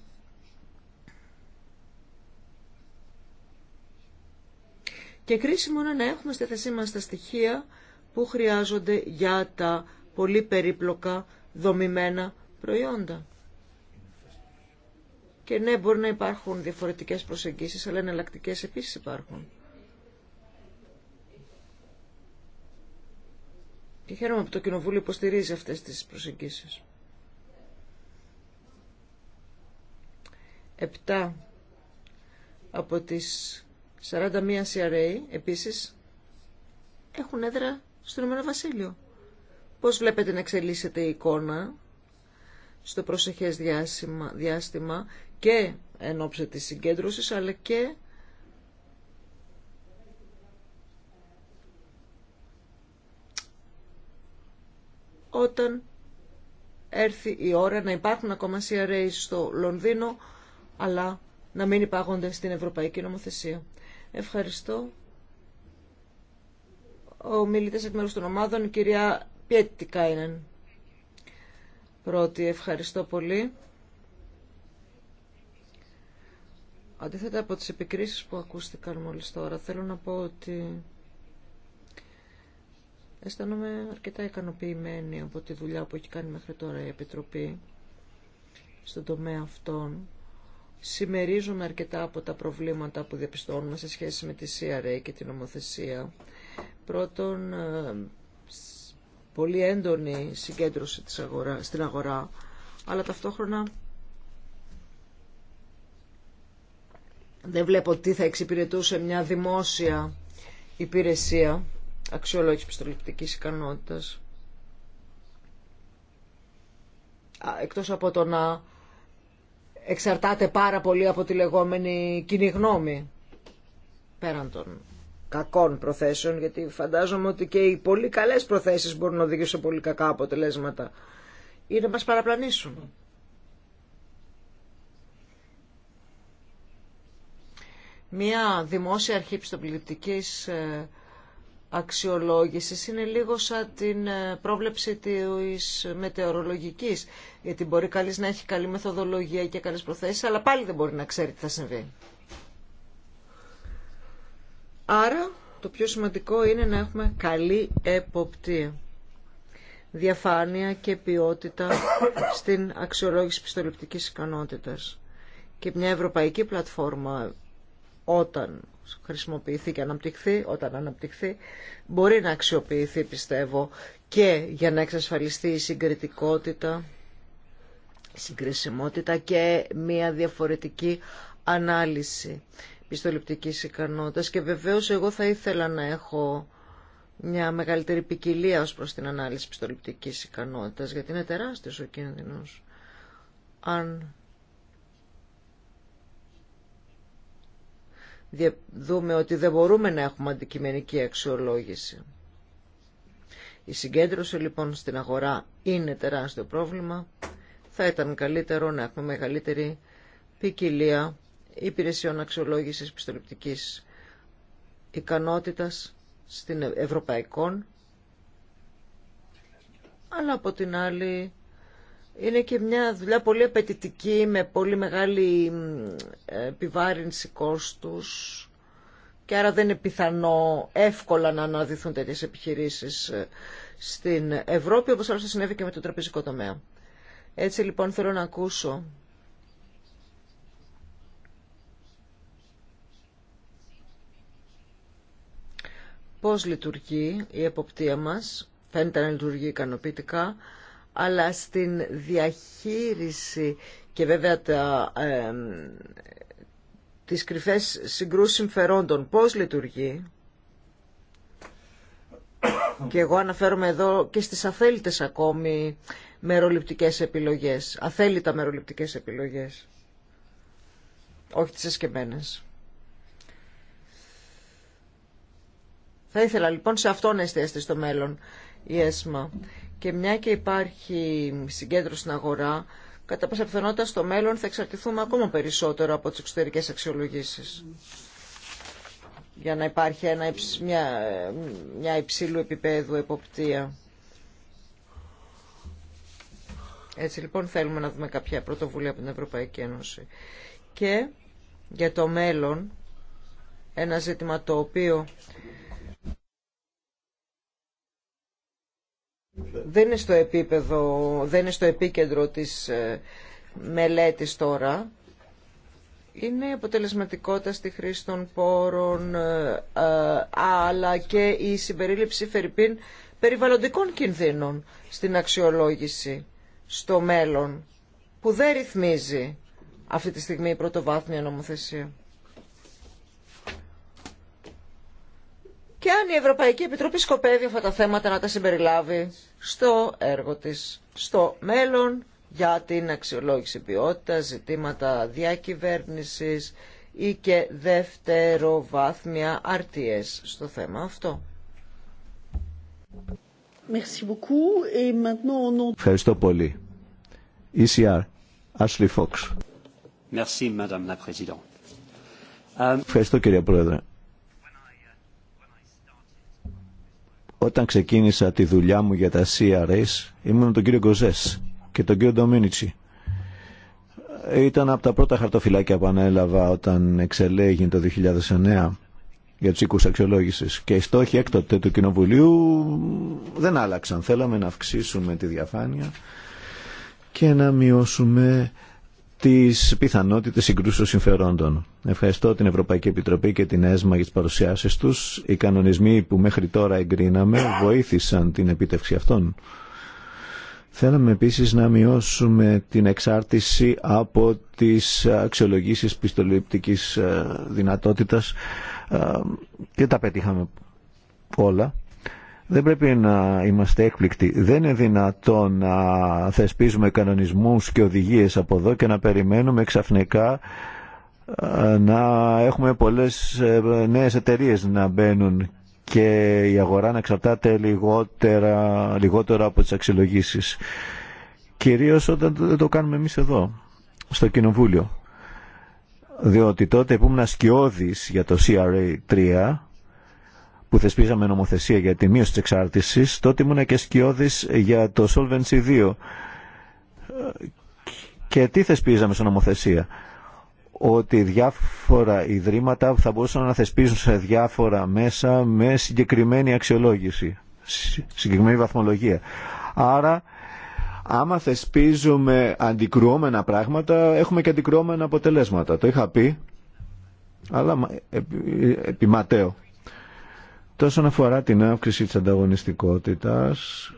Speaker 1: και κρίσιμο είναι να έχουμε στη θέση μας τα στοιχεία που χρειάζονται για τα πολύ περίπλοκα δομημένα προϊόντα. Και ναι, μπορεί να υπάρχουν διαφορετικές προσεγγίσεις, αλλά εναλλακτικέ επίσης υπάρχουν. Και χαίρομαι που το Κοινοβούλιο υποστηρίζει αυτές τις προσεγγίσεις. Επτά από τις 41 CRA επίσης έχουν έδρα στο Ηνωμένο Βασίλειο. Πώς βλέπετε να εξελίσσεται η εικόνα στο προσεχές διάστημα, διάστημα και εν ώψη της συγκέντρωσης αλλά και όταν έρθει η ώρα να υπάρχουν ακόμα CRA στο Λονδίνο αλλά να μην υπάγονται στην Ευρωπαϊκή Νομοθεσία. Ευχαριστώ. Ο μιλητής εκ μέρους των ομάδων, η κυρία Κάινεν πρώτη. Ευχαριστώ πολύ. Αντίθετα από τις επικρίσεις που ακούστηκαν μόλις τώρα, θέλω να πω ότι αισθάνομαι αρκετά ικανοποιημένη από τη δουλειά που έχει κάνει μέχρι τώρα η Επιτροπή στον τομέα αυτών. Σημερίζομαι αρκετά από τα προβλήματα που διαπιστώνουμε σε σχέση με τη CRA και την νομοθεσία. Πρώτον, ε, πολύ έντονη συγκέντρωση της αγορά, στην αγορά, αλλά ταυτόχρονα δεν βλέπω τι θα εξυπηρετούσε μια δημόσια υπηρεσία αξιολόγηση πιστοληπτικής ικανότητας εκτός από το να εξαρτάται πάρα πολύ από τη λεγόμενη κοινή γνώμη πέραν των κακών προθέσεων, γιατί φαντάζομαι ότι και οι πολύ καλές προθέσεις μπορούν να οδηγήσουν σε πολύ κακά αποτελέσματα ή να μας παραπλανήσουν. Μία δημόσια αρχή πιστοποιητικής ε, αξιολόγησης είναι λίγο σαν την ε, πρόβλεψη της μετεωρολογικής, γιατί μπορεί καλής να έχει καλή μεθοδολογία και καλές προθέσεις, αλλά πάλι δεν μπορεί να ξέρει τι θα συμβεί. Άρα το πιο σημαντικό είναι να έχουμε καλή εποπτεία. Διαφάνεια και ποιότητα στην αξιολόγηση πιστοληπτικής ικανότητας. Και μια ευρωπαϊκή πλατφόρμα όταν χρησιμοποιηθεί και αναπτυχθεί, όταν αναπτυχθεί, μπορεί να αξιοποιηθεί πιστεύω και για να εξασφαλιστεί η συγκριτικότητα, η συγκρισιμότητα και μια διαφορετική ανάλυση πιστοληπτικής ικανότητας και βεβαίως εγώ θα ήθελα να έχω μια μεγαλύτερη ποικιλία ως προς την ανάλυση πιστοληπτικής ικανότητας γιατί είναι τεράστιος ο κίνδυνος αν δούμε ότι δεν μπορούμε να έχουμε αντικειμενική αξιολόγηση. Η συγκέντρωση λοιπόν στην αγορά είναι τεράστιο πρόβλημα. Θα ήταν καλύτερο να έχουμε μεγαλύτερη ποικιλία υπηρεσιών αξιολόγησης πιστοληπτικής ικανότητας στην ευρωπαϊκών αλλά από την άλλη είναι και μια δουλειά πολύ απαιτητική με πολύ μεγάλη επιβάρυνση κόστους και άρα δεν είναι πιθανό εύκολα να αναδυθούν τέτοιες επιχειρήσεις ε, στην Ευρώπη όπως άλλωστε συνέβη και με το τραπεζικό τομέα. Έτσι λοιπόν θέλω να ακούσω πώς λειτουργεί η εποπτεία μας, φαίνεται να λειτουργεί ικανοποιητικά, αλλά στην διαχείριση και βέβαια τα, ε, τις κρυφές συγκρούσεις συμφερόντων, πώς λειτουργεί. Και εγώ αναφέρομαι εδώ και στις αθέλητες ακόμη μεροληπτικές επιλογές, αθέλητα μεροληπτικές επιλογές, όχι τις εσκεμμένες. Θα ήθελα λοιπόν σε αυτό να εστιαστεί στο μέλλον η ΕΣΜΑ. Και μια και υπάρχει συγκέντρωση στην αγορά, κατά πάσα πιθανότητα στο μέλλον θα εξαρτηθούμε ακόμα περισσότερο από τις εξωτερικές αξιολογήσεις. Για να υπάρχει ένα, μια, μια υψηλού επίπεδου εποπτεία. Έτσι λοιπόν θέλουμε να δούμε κάποια πρωτοβουλία από την Ευρωπαϊκή Ένωση. Και για το μέλλον, ένα ζήτημα το οποίο δεν είναι στο επίπεδο, δεν είναι στο επίκεντρο της ε, μελέτης τώρα. Είναι αποτελεσματικότητα στη χρήση των πόρων, ε, ε, αλλά και η συμπερίληψη φερρυπίν περιβαλλοντικών κινδύνων στην αξιολόγηση στο μέλλον, που δεν ρυθμίζει αυτή τη στιγμή η πρωτοβάθμια νομοθεσία. και αν η Ευρωπαϊκή Επιτροπή σκοπεύει αυτά τα θέματα να τα συμπεριλάβει στο έργο της, στο μέλλον για την αξιολόγηση ποιότητα, ζητήματα διακυβέρνησης ή και δευτεροβάθμια αρτίες στο θέμα αυτό.
Speaker 2: Ευχαριστώ πολύ. ECR, Ashley Fox. Ευχαριστώ κύριε Πρόεδρε. Όταν ξεκίνησα τη δουλειά μου για τα CRS, ήμουν τον κύριο Γκοζές και τον κύριο Ντομίνιτσι. Ήταν από τα πρώτα χαρτοφυλάκια που ανέλαβα όταν εξελέγει το 2009 για τους οίκους αξιολόγησης. Και οι στόχοι έκτοτε του Κοινοβουλίου δεν άλλαξαν. Θέλαμε να αυξήσουμε τη διαφάνεια και να μειώσουμε τις πιθανότητε συγκρούσεων συμφερόντων. Ευχαριστώ την Ευρωπαϊκή Επιτροπή και την ΕΣΜΑ για τι παρουσιάσει τους. Οι κανονισμοί που μέχρι τώρα εγκρίναμε βοήθησαν την επίτευξη αυτών. Θέλαμε επίσης να μειώσουμε την εξάρτηση από τις αξιολογήσεις πιστοληπτικής ε, δυνατότητας ε, και τα πετύχαμε όλα. Δεν πρέπει να είμαστε έκπληκτοι. Δεν είναι δυνατόν να θεσπίζουμε κανονισμούς και οδηγίες από εδώ και να περιμένουμε ξαφνικά ε, να έχουμε πολλές ε, νέες εταιρείες να μπαίνουν και η αγορά να εξαρτάται λιγότερα, λιγότερο από τις αξιολογήσεις. Κυρίως όταν το κάνουμε εμείς εδώ, στο Κοινοβούλιο. Διότι τότε που ήμουν ασκιώδης για το CRA 3, που θεσπίζαμε νομοθεσία για τη μείωση τη εξάρτηση, τότε ήμουν και σκιώδη για το Solvency 2. Και τι θεσπίζαμε σε νομοθεσία. Ότι διάφορα ιδρύματα θα μπορούσαν να θεσπίζουν σε διάφορα μέσα με συγκεκριμένη αξιολόγηση, συγκεκριμένη βαθμολογία. Άρα, άμα θεσπίζουμε αντικρουόμενα πράγματα, έχουμε και αντικρουόμενα αποτελέσματα. Το είχα πει, αλλά επιματέω. Τόσον αφορά την αύξηση της ανταγωνιστικότητας,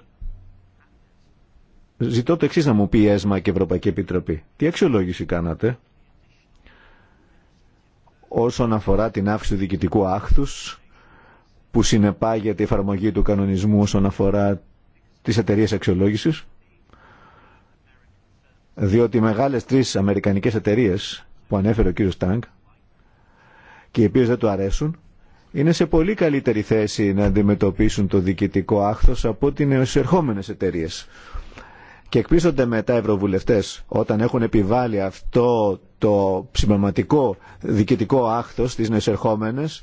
Speaker 2: ζητώ το εξής να μου πει η ΕΣΜΑ και η Ευρωπαϊκή Επιτροπή. Τι αξιολόγηση κάνατε όσον αφορά την αύξηση του διοικητικού άχθους που συνεπάγεται η εφαρμογή του κανονισμού όσον αφορά τις εταιρείε αξιολόγησης διότι οι μεγάλες τρεις αμερικανικές εταιρείε που ανέφερε ο κύριος Τάγκ και οι οποίες δεν του αρέσουν είναι σε πολύ καλύτερη θέση να αντιμετωπίσουν το διοικητικό άχθος από ότι είναι ερχόμενες εταιρείε. Και τα μετά ευρωβουλευτές όταν έχουν επιβάλει αυτό το συμπληρωματικό διοικητικό άχθος στις νεοσερχόμενες,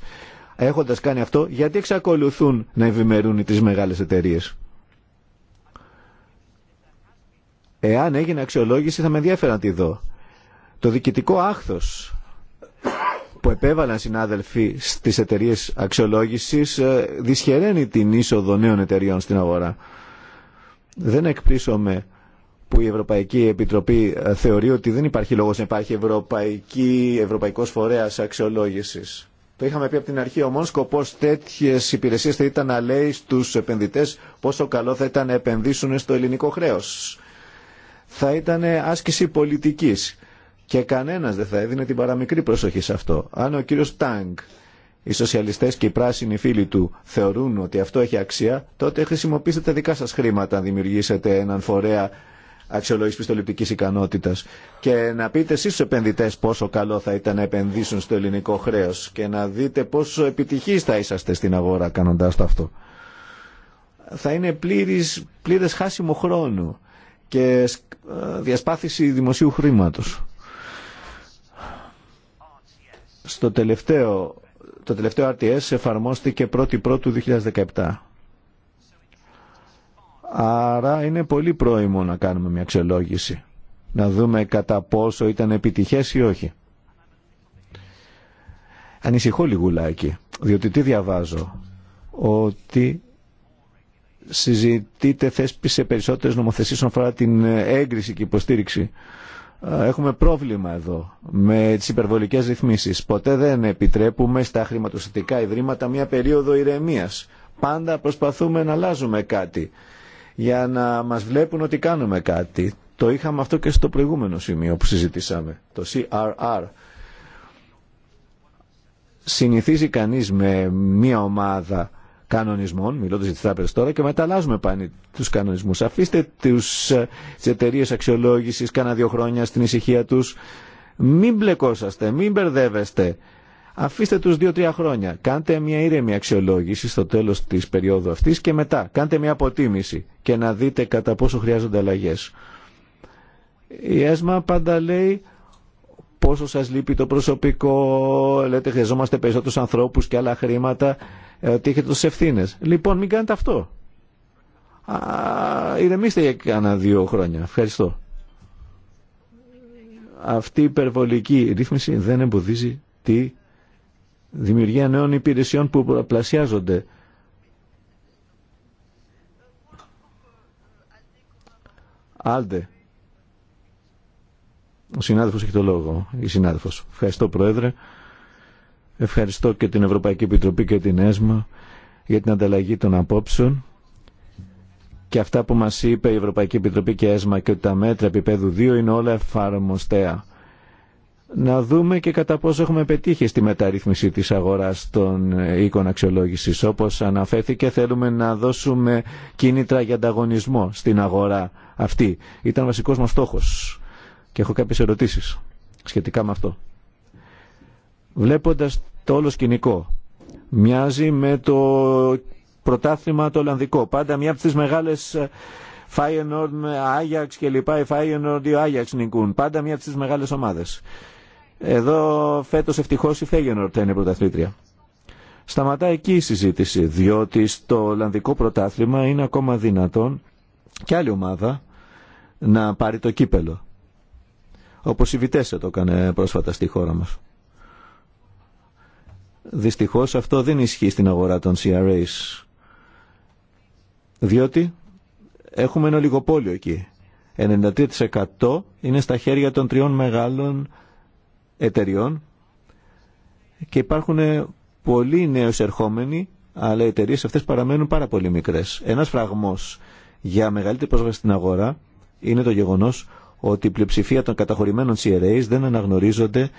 Speaker 2: έχοντας κάνει αυτό, γιατί εξακολουθούν να ευημερούν οι τρεις μεγάλες εταιρείε. Εάν έγινε αξιολόγηση θα με ενδιαφέραν τη δω. Το διοικητικό άχθος που επέβαλαν συνάδελφοι στις εταιρείε αξιολόγησης ε, δυσχεραίνει την είσοδο νέων εταιρείων στην αγορά. Δεν εκπλήσωμε που η Ευρωπαϊκή Επιτροπή ε, θεωρεί ότι δεν υπάρχει λόγος να υπάρχει ευρωπαϊκή, ευρωπαϊκός φορέας αξιολόγησης. Το είχαμε πει από την αρχή, ο μόνος σκοπός τέτοιες υπηρεσίες θα ήταν να λέει στους επενδυτές πόσο καλό θα ήταν να επενδύσουν στο ελληνικό χρέος. Θα ήταν άσκηση πολιτικής και κανένας δεν θα έδινε την παραμικρή προσοχή σε αυτό. Αν ο κύριος Τάγκ, οι σοσιαλιστές και οι πράσινοι φίλοι του θεωρούν ότι αυτό έχει αξία, τότε χρησιμοποιήστε τα δικά σας χρήματα αν δημιουργήσετε έναν φορέα αξιολόγηση πιστοληπτική ικανότητα και να πείτε εσεί στου επενδυτέ πόσο καλό θα ήταν να επενδύσουν στο ελληνικό χρέο και να δείτε πόσο επιτυχεί θα είσαστε στην αγορά κάνοντά το αυτό. Θα είναι πλήρε χάσιμο χρόνου και ε, διασπάθηση δημοσίου χρήματο. Στο τελευταίο, το τελευταίο RTS εφαρμόστηκε 1η Πρώτου 2017. Άρα είναι πολύ πρόημο να κάνουμε μια αξιολόγηση. Να δούμε κατά πόσο ήταν επιτυχές ή όχι. Ανησυχώ λιγουλάκι, διότι τι διαβάζω. Ότι συζητείται θέσπιση σε περισσότερες νομοθεσίες όσον αφορά την έγκριση και υποστήριξη έχουμε πρόβλημα εδώ με τι υπερβολικές ρυθμίσει. Ποτέ δεν επιτρέπουμε στα χρηματοστατικά ιδρύματα μια περίοδο ηρεμία. Πάντα προσπαθούμε να αλλάζουμε κάτι για να μας βλέπουν ότι κάνουμε κάτι. Το είχαμε αυτό και στο προηγούμενο σημείο που συζητήσαμε, το CRR. Συνηθίζει κανείς με μια ομάδα κανονισμών, μιλώντα για τι τράπεζε τώρα, και μεταλλάζουμε πάλι του κανονισμού. Αφήστε ε, τι εταιρείε αξιολόγηση κάνα δύο χρόνια στην ησυχία του. Μην μπλεκόσαστε, μην μπερδεύεστε. Αφήστε του δύο-τρία χρόνια. Κάντε μια ήρεμη αξιολόγηση στο τέλο τη περίοδου αυτή και μετά. Κάντε μια αποτίμηση και να δείτε κατά πόσο χρειάζονται αλλαγέ. Η ΕΣΜΑ πάντα λέει πόσο σας λείπει το προσωπικό, λέτε χρειαζόμαστε περισσότερους ανθρώπους και άλλα χρήματα. Ε, ότι έχετε τους ευθύνε. Λοιπόν, μην κάνετε αυτό. Ηρεμήστε για κάνα δύο χρόνια. Ευχαριστώ. Αυτή η υπερβολική ρύθμιση δεν εμποδίζει τη δημιουργία νέων υπηρεσιών που πλασιάζονται. Άλτε. Ο συνάδελφος έχει το λόγο. Η συνάδελφος. Ευχαριστώ Πρόεδρε. Ευχαριστώ και την Ευρωπαϊκή Επιτροπή και την ΕΣΜΑ για την ανταλλαγή των απόψεων και αυτά που μας είπε η Ευρωπαϊκή Επιτροπή και ΕΣΜΑ και ότι τα μέτρα επίπεδου 2 είναι όλα εφαρμοστέα. Να δούμε και κατά πόσο έχουμε πετύχει στη μεταρρύθμιση της αγοράς των οίκων αξιολόγησης. Όπως αναφέρθηκε θέλουμε να δώσουμε κίνητρα για ανταγωνισμό στην αγορά αυτή. Ήταν βασικός μας στόχος και έχω κάποιες ερωτήσεις σχετικά με αυτό. Βλέποντας το όλο σκηνικό μοιάζει με το πρωτάθλημα το Ολλανδικό. Πάντα μια από τι μεγάλες Φάιενορντ με Άγιαξ και λοιπά, η Φάιενορντ ή ο Άγιαξ νικούν. Πάντα μια από τις μεγάλες ομάδες. Εδώ φέτος ευτυχώς αγιαξ νικουν είναι πρωταθλήτρια. Σταματά φετος είναι προταλήτρια. Σταματάει η συζήτηση, διότι στο Ολλανδικό πρωτάθλημα είναι ακόμα δυνατόν και άλλη ομάδα να πάρει το κύπελο. Όπως η Βιτέσε το κυπελο οπως η πρόσφατα στη χώρα μας. Δυστυχώς αυτό δεν ισχύει στην αγορά των CRAs. Διότι έχουμε ένα λιγοπόλιο εκεί. 93% είναι στα χέρια των τριών μεγάλων εταιριών και υπάρχουν πολλοί νέοι ερχόμενοι, αλλά οι εταιρείε αυτές παραμένουν πάρα πολύ μικρές. Ένας φραγμός για μεγαλύτερη πρόσβαση στην αγορά είναι το γεγονός ότι η πλειοψηφία των καταχωρημένων CRAs δεν αναγνωρίζονται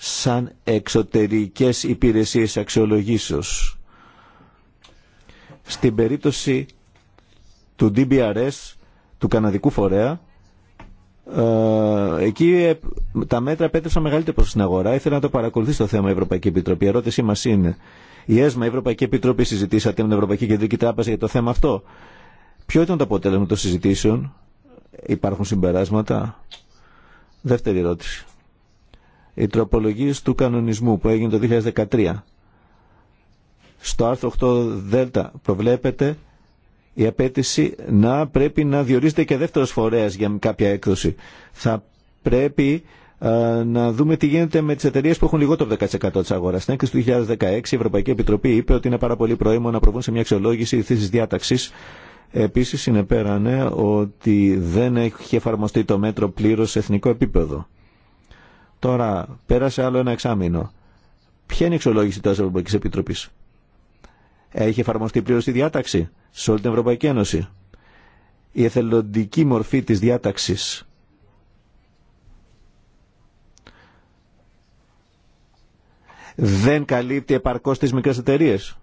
Speaker 2: σαν εξωτερικές υπηρεσίες αξιολογήσεως. Στην περίπτωση του DBRS, του Καναδικού Φορέα, ε, εκεί ε, τα μέτρα επέτρεψαν μεγαλύτερη προς την αγορά. Ήθελα να το παρακολουθήσει το θέμα Ευρωπαϊκή Επιτροπή. Η ερώτησή μας είναι, η ΕΣΜΑ, η Ευρωπαϊκή Επιτροπή, συζητήσατε με την Ευρωπαϊκή Κεντρική Τράπεζα για το θέμα αυτό. Ποιο ήταν το αποτέλεσμα των συζητήσεων, υπάρχουν συμπεράσματα. Δεύτερη ερώτηση οι τροπολογίες του κανονισμού που έγινε το 2013. Στο άρθρο 8 Δέλτα προβλέπεται η απέτηση να πρέπει να διορίζεται και δεύτερος φορέας για κάποια έκδοση. Θα πρέπει να δούμε τι γίνεται με τι εταιρείε που έχουν λιγότερο 10% τη αγορά. Στην έκθεση του 2016 η Ευρωπαϊκή Επιτροπή είπε ότι είναι πάρα πολύ προήμο να προβούν σε μια αξιολόγηση τη διάταξη. Επίση, συνεπέρανε ότι δεν έχει εφαρμοστεί το μέτρο πλήρω σε εθνικό επίπεδο. Τώρα πέρασε άλλο ένα εξάμεινο. Ποια είναι η εξολόγηση τη Ευρωπαϊκή Επιτροπή. Έχει εφαρμοστεί πλήρω η διάταξη σε όλη την Ευρωπαϊκή Ένωση. Η εθελοντική μορφή τη διάταξης δεν καλύπτει επαρκώς τις μικρές εταιρείες.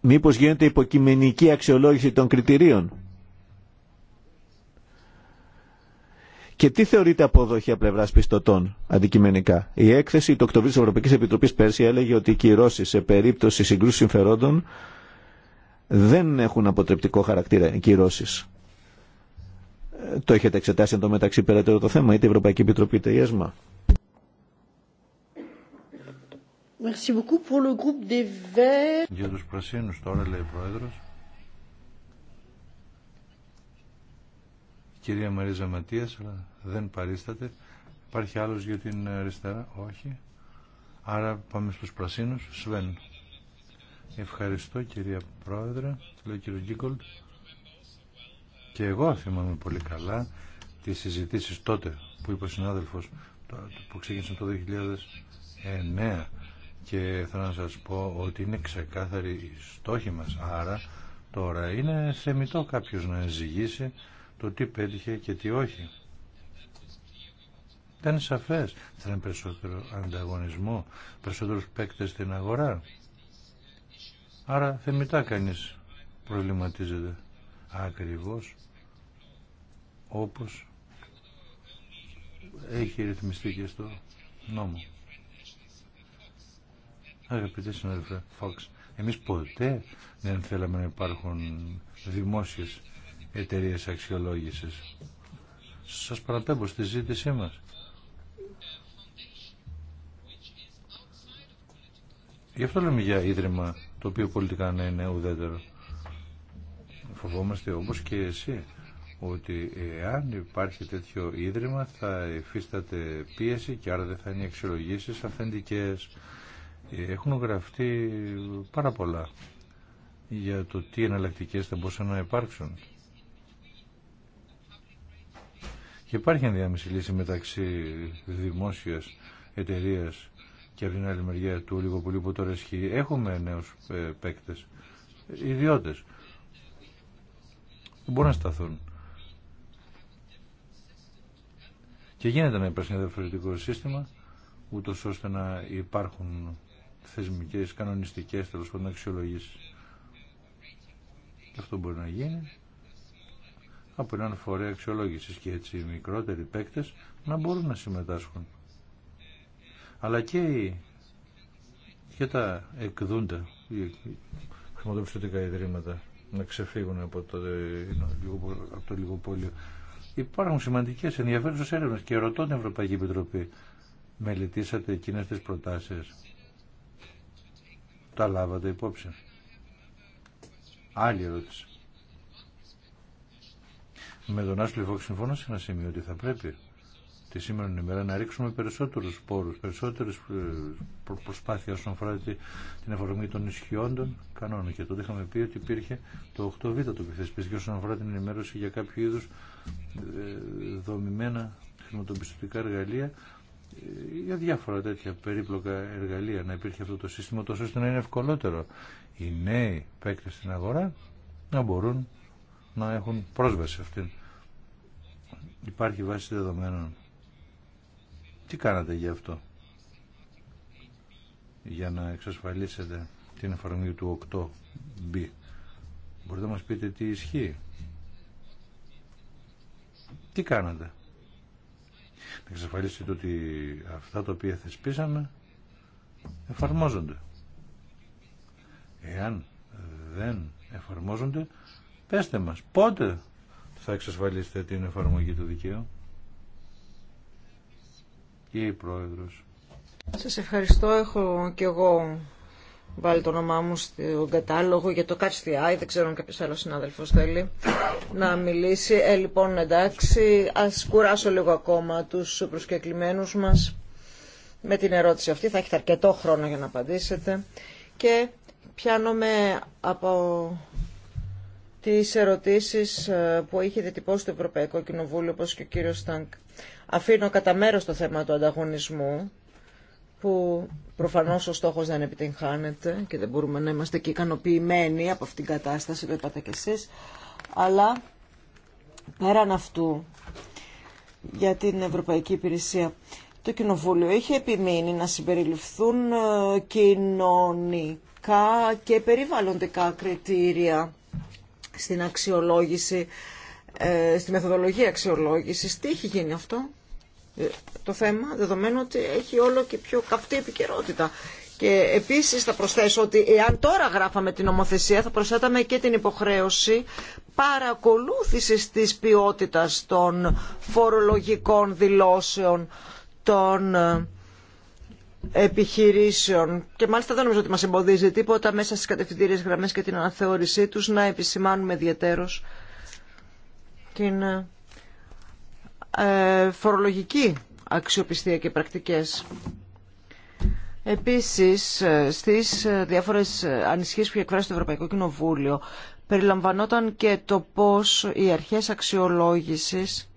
Speaker 2: Μήπως γίνεται υποκειμενική αξιολόγηση των κριτηρίων. Και τι θεωρείται αποδοχή από πλευρά πιστωτών αντικειμενικά. Η έκθεση του Οκτωβρίου τη Ευρωπαϊκή Επιτροπή πέρσι έλεγε ότι οι κυρώσει σε περίπτωση συγκρούσεων συμφερόντων δεν έχουν αποτρεπτικό χαρακτήρα οι ε, Το έχετε εξετάσει εν τω μεταξύ περαιτέρω το θέμα, είτε η Ευρωπαϊκή Επιτροπή είτε η ΕΣΜΑ.
Speaker 3: Για τους πρασίνους τώρα λέει ο Πρόεδρος. κυρία Μαρίζα Ματίας, αλλά δεν παρίσταται. Υπάρχει άλλος για την αριστερά, όχι. Άρα πάμε στους πρασίνους. Σβέν. Ευχαριστώ κυρία Πρόεδρε, λέει ο κύριο Γκίκολτ. Και εγώ θυμάμαι πολύ καλά τις συζητήσεις τότε που είπε ο συνάδελφος που ξεκίνησε το 2009 και θέλω να σας πω ότι είναι ξεκάθαρη η στόχη μας. Άρα τώρα είναι θεμητό κάποιος να ζυγίσει το τι πέτυχε και τι όχι. Δεν είναι σαφές. Θέλει περισσότερο ανταγωνισμό, περισσότερους παίκτες στην αγορά. Άρα θεμητά κανείς προβληματίζεται. Ακριβώς όπως έχει ρυθμιστεί και στο νόμο. Αγαπητέ συνάδελφε Fox, εμείς ποτέ δεν θέλαμε να υπάρχουν δημόσιε εταιρείε αξιολόγηση. Σας παραπέμπω στη ζήτησή μας. Γι' αυτό λέμε για ίδρυμα το οποίο πολιτικά να είναι ουδέτερο. Φοβόμαστε όπως και εσύ ότι εάν υπάρχει τέτοιο ίδρυμα θα υφίσταται πίεση και άρα δεν θα είναι αξιολογήσεις αυθεντικές έχουν γραφτεί πάρα πολλά για το τι εναλλακτικές θα μπορούσαν να υπάρξουν. Και υπάρχει ενδιάμεση λύση μεταξύ δημόσιας εταιρεία και από την άλλη μεριά του ολιγοπολίου που τώρα ισχύει. Έχουμε νέους ε, παίκτες, ιδιώτες. που μπορούν να σταθούν. Και γίνεται να υπάρχει ένα διαφορετικό σύστημα, ούτω ώστε να υπάρχουν θεσμικές, κανονιστικές τέλο πάντων αξιολογήσεις. Και αυτό μπορεί να γίνει από έναν φορέα αξιολόγησης και έτσι οι μικρότεροι παίκτες να μπορούν να συμμετάσχουν. Αλλά και, και τα εκδούντα, οι χρηματοπιστωτικά ιδρύματα να ξεφύγουν από το, από το λιγοπόλιο. Υπάρχουν σημαντικέ ενδιαφέρουσες έρευνες και ρωτώ την Ευρωπαϊκή Επιτροπή μελετήσατε εκείνες τι προτάσει. Τα λάβατε υπόψη. Άλλη ερώτηση. Με τον Άσπλη Φόξ συμφωνώ σε ένα σημείο ότι θα πρέπει τη σήμερα ημέρα να ρίξουμε περισσότερους πόρους, περισσότερες ε, προσπάθειες όσον αφορά την εφαρμογή των ισχυόντων κανόνων. Και τότε είχαμε πει ότι υπήρχε το 8β το και όσον αφορά την ενημέρωση για κάποιο είδους ε, δομημένα χρηματοπιστωτικά εργαλεία για διάφορα τέτοια περίπλοκα εργαλεία να υπήρχε αυτό το σύστημα τόσο ώστε να είναι ευκολότερο οι νέοι παίκτες στην αγορά να μπορούν να έχουν πρόσβαση σε αυτήν. Υπάρχει βάση δεδομένων. Τι κάνατε γι' αυτό για να εξασφαλίσετε την εφαρμογή του 8B. Μπορείτε να μας πείτε τι ισχύει. Τι κάνατε να εξασφαλίσετε ότι αυτά τα οποία θεσπίσαμε εφαρμόζονται. Εάν δεν εφαρμόζονται, πέστε μας πότε θα εξασφαλίσετε την εφαρμογή του δικαίου. Και Πρόεδρος.
Speaker 1: Σας ευχαριστώ. Έχω και εγώ βάλει το όνομά μου στον κατάλογο για το Catch Δεν ξέρω αν κάποιο άλλο συνάδελφο θέλει να μιλήσει. Ε, λοιπόν, εντάξει, Ας κουράσω λίγο ακόμα τους προσκεκλημένους μας με την ερώτηση αυτή. Θα έχετε αρκετό χρόνο για να απαντήσετε. Και πιάνομαι από τις ερωτήσεις ε, που είχε διατυπώσει το Ευρωπαϊκό Κοινοβούλιο, όπως και ο κύριος Στάνκ. Αφήνω κατά μέρο το θέμα του ανταγωνισμού, που προφανώς ο στόχος δεν επιτυγχάνεται και δεν μπορούμε να είμαστε και ικανοποιημένοι από αυτήν την κατάσταση, το είπατε κι εσείς, αλλά πέραν αυτού για την Ευρωπαϊκή Υπηρεσία το Κοινοβούλιο είχε επιμείνει να συμπεριληφθούν ε, κοινωνικά και περιβαλλοντικά κριτήρια στην αξιολόγηση, ε, στη μεθοδολογία αξιολόγησης. Τι έχει γίνει αυτό? Ε, το θέμα, δεδομένου ότι έχει όλο και πιο καυτή επικαιρότητα. Και επίσης θα προσθέσω ότι εάν τώρα γράφαμε την νομοθεσία θα προσθέταμε και την υποχρέωση παρακολούθησης της ποιότητας των φορολογικών δηλώσεων των ε, επιχειρήσεων και μάλιστα δεν νομίζω ότι μας εμποδίζει τίποτα μέσα στις κατευθυντήριες γραμμές και την αναθεώρησή τους να επισημάνουμε ιδιαίτερως την ε, ε, φορολογική αξιοπιστία και πρακτικές. Επίσης, ε, στις ε, διάφορες ανισχύσεις που εκφράσει το Ευρωπαϊκό Κοινοβούλιο, περιλαμβανόταν και το πώς οι αρχές αξιολόγησης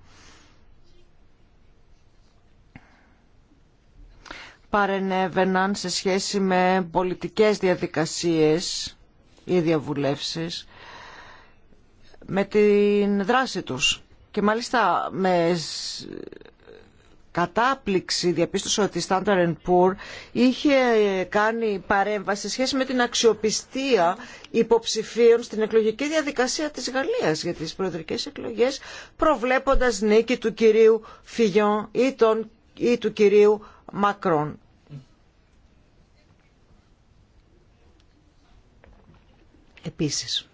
Speaker 1: παρενέβαιναν σε σχέση με πολιτικές διαδικασίες ή διαβουλεύσεις με την δράση τους και μάλιστα με κατάπληξη διαπίστωσα ότι η Standard Poor είχε κάνει παρέμβαση σε σχέση με την αξιοπιστία υποψηφίων στην εκλογική διαδικασία της Γαλλίας για τις προεδρικές εκλογές προβλέποντας νίκη του κυρίου Φιγιόν ή, ή του κυρίου Μακρόν. Επίσης.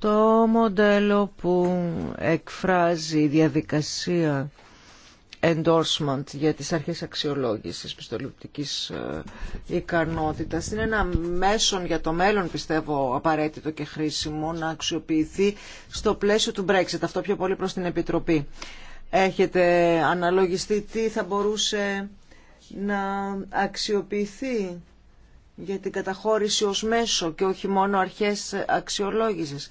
Speaker 1: Το μοντέλο που εκφράζει η διαδικασία endorsement για τις αρχές αξιολόγησης πιστοληπτικής ε, ικανότητας. Είναι ένα μέσον για το μέλλον πιστεύω απαραίτητο και χρήσιμο να αξιοποιηθεί στο πλαίσιο του Brexit. Αυτό πιο πολύ προς την Επιτροπή. Έχετε αναλογιστεί τι θα μπορούσε να αξιοποιηθεί για την καταχώρηση ως μέσο και όχι μόνο αρχές αξιολόγησης.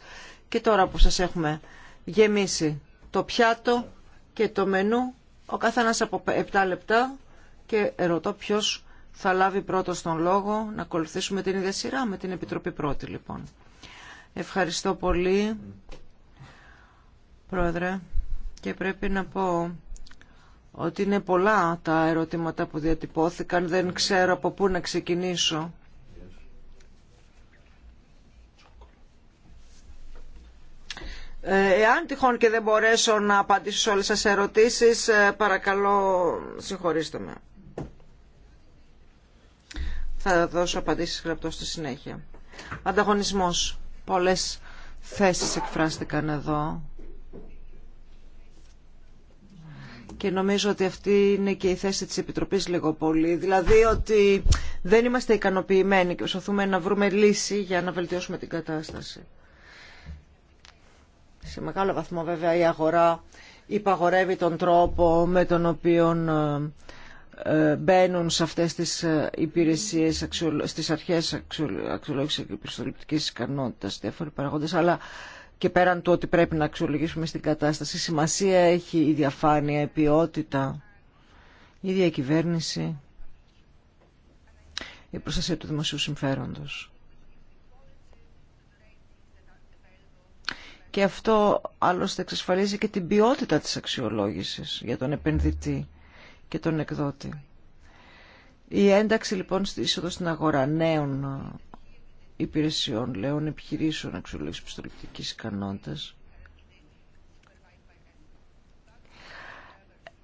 Speaker 1: Και τώρα που σας έχουμε γεμίσει το πιάτο και το μενού, ο καθένας από 7 λεπτά και ρωτώ ποιος θα λάβει πρώτος τον λόγο να ακολουθήσουμε την ίδια σειρά με την Επιτροπή πρώτη λοιπόν. Ευχαριστώ πολύ, Πρόεδρε, και πρέπει να πω ότι είναι πολλά τα ερωτήματα που διατυπώθηκαν. Δεν ξέρω από πού να ξεκινήσω. Ε, εάν τυχόν και δεν μπορέσω να απαντήσω σε όλες σας ερωτήσεις, ε, παρακαλώ συγχωρήστε με. Θα δώσω απαντήσεις γραπτό στη συνέχεια. Ανταγωνισμός. Πολλές θέσεις εκφράστηκαν εδώ και νομίζω ότι αυτή είναι και η θέση της Επιτροπής λίγο πολύ. Δηλαδή ότι δεν είμαστε ικανοποιημένοι και προσπαθούμε να βρούμε λύση για να βελτιώσουμε την κατάσταση. Σε μεγάλο βαθμό βέβαια η αγορά υπαγορεύει τον τρόπο με τον οποίο ε, ε, μπαίνουν σε αυτές τις ε, υπηρεσίες, στις αρχές αξιολόγησης και πιστοληπτικής ικανότητας διάφοροι παραγόντες, αλλά και πέραν του ότι πρέπει να αξιολογήσουμε στην κατάσταση, σημασία έχει η διαφάνεια, η ποιότητα, η διακυβέρνηση, η προστασία του δημοσίου συμφέροντος. Και αυτό άλλωστε εξασφαλίζει και την ποιότητα της αξιολόγησης για τον επενδυτή και τον εκδότη. Η ένταξη λοιπόν στη είσοδο στην αγορά νέων υπηρεσιών, λέω, επιχειρήσεων αξιολόγηση πιστοληπτική ικανότητα.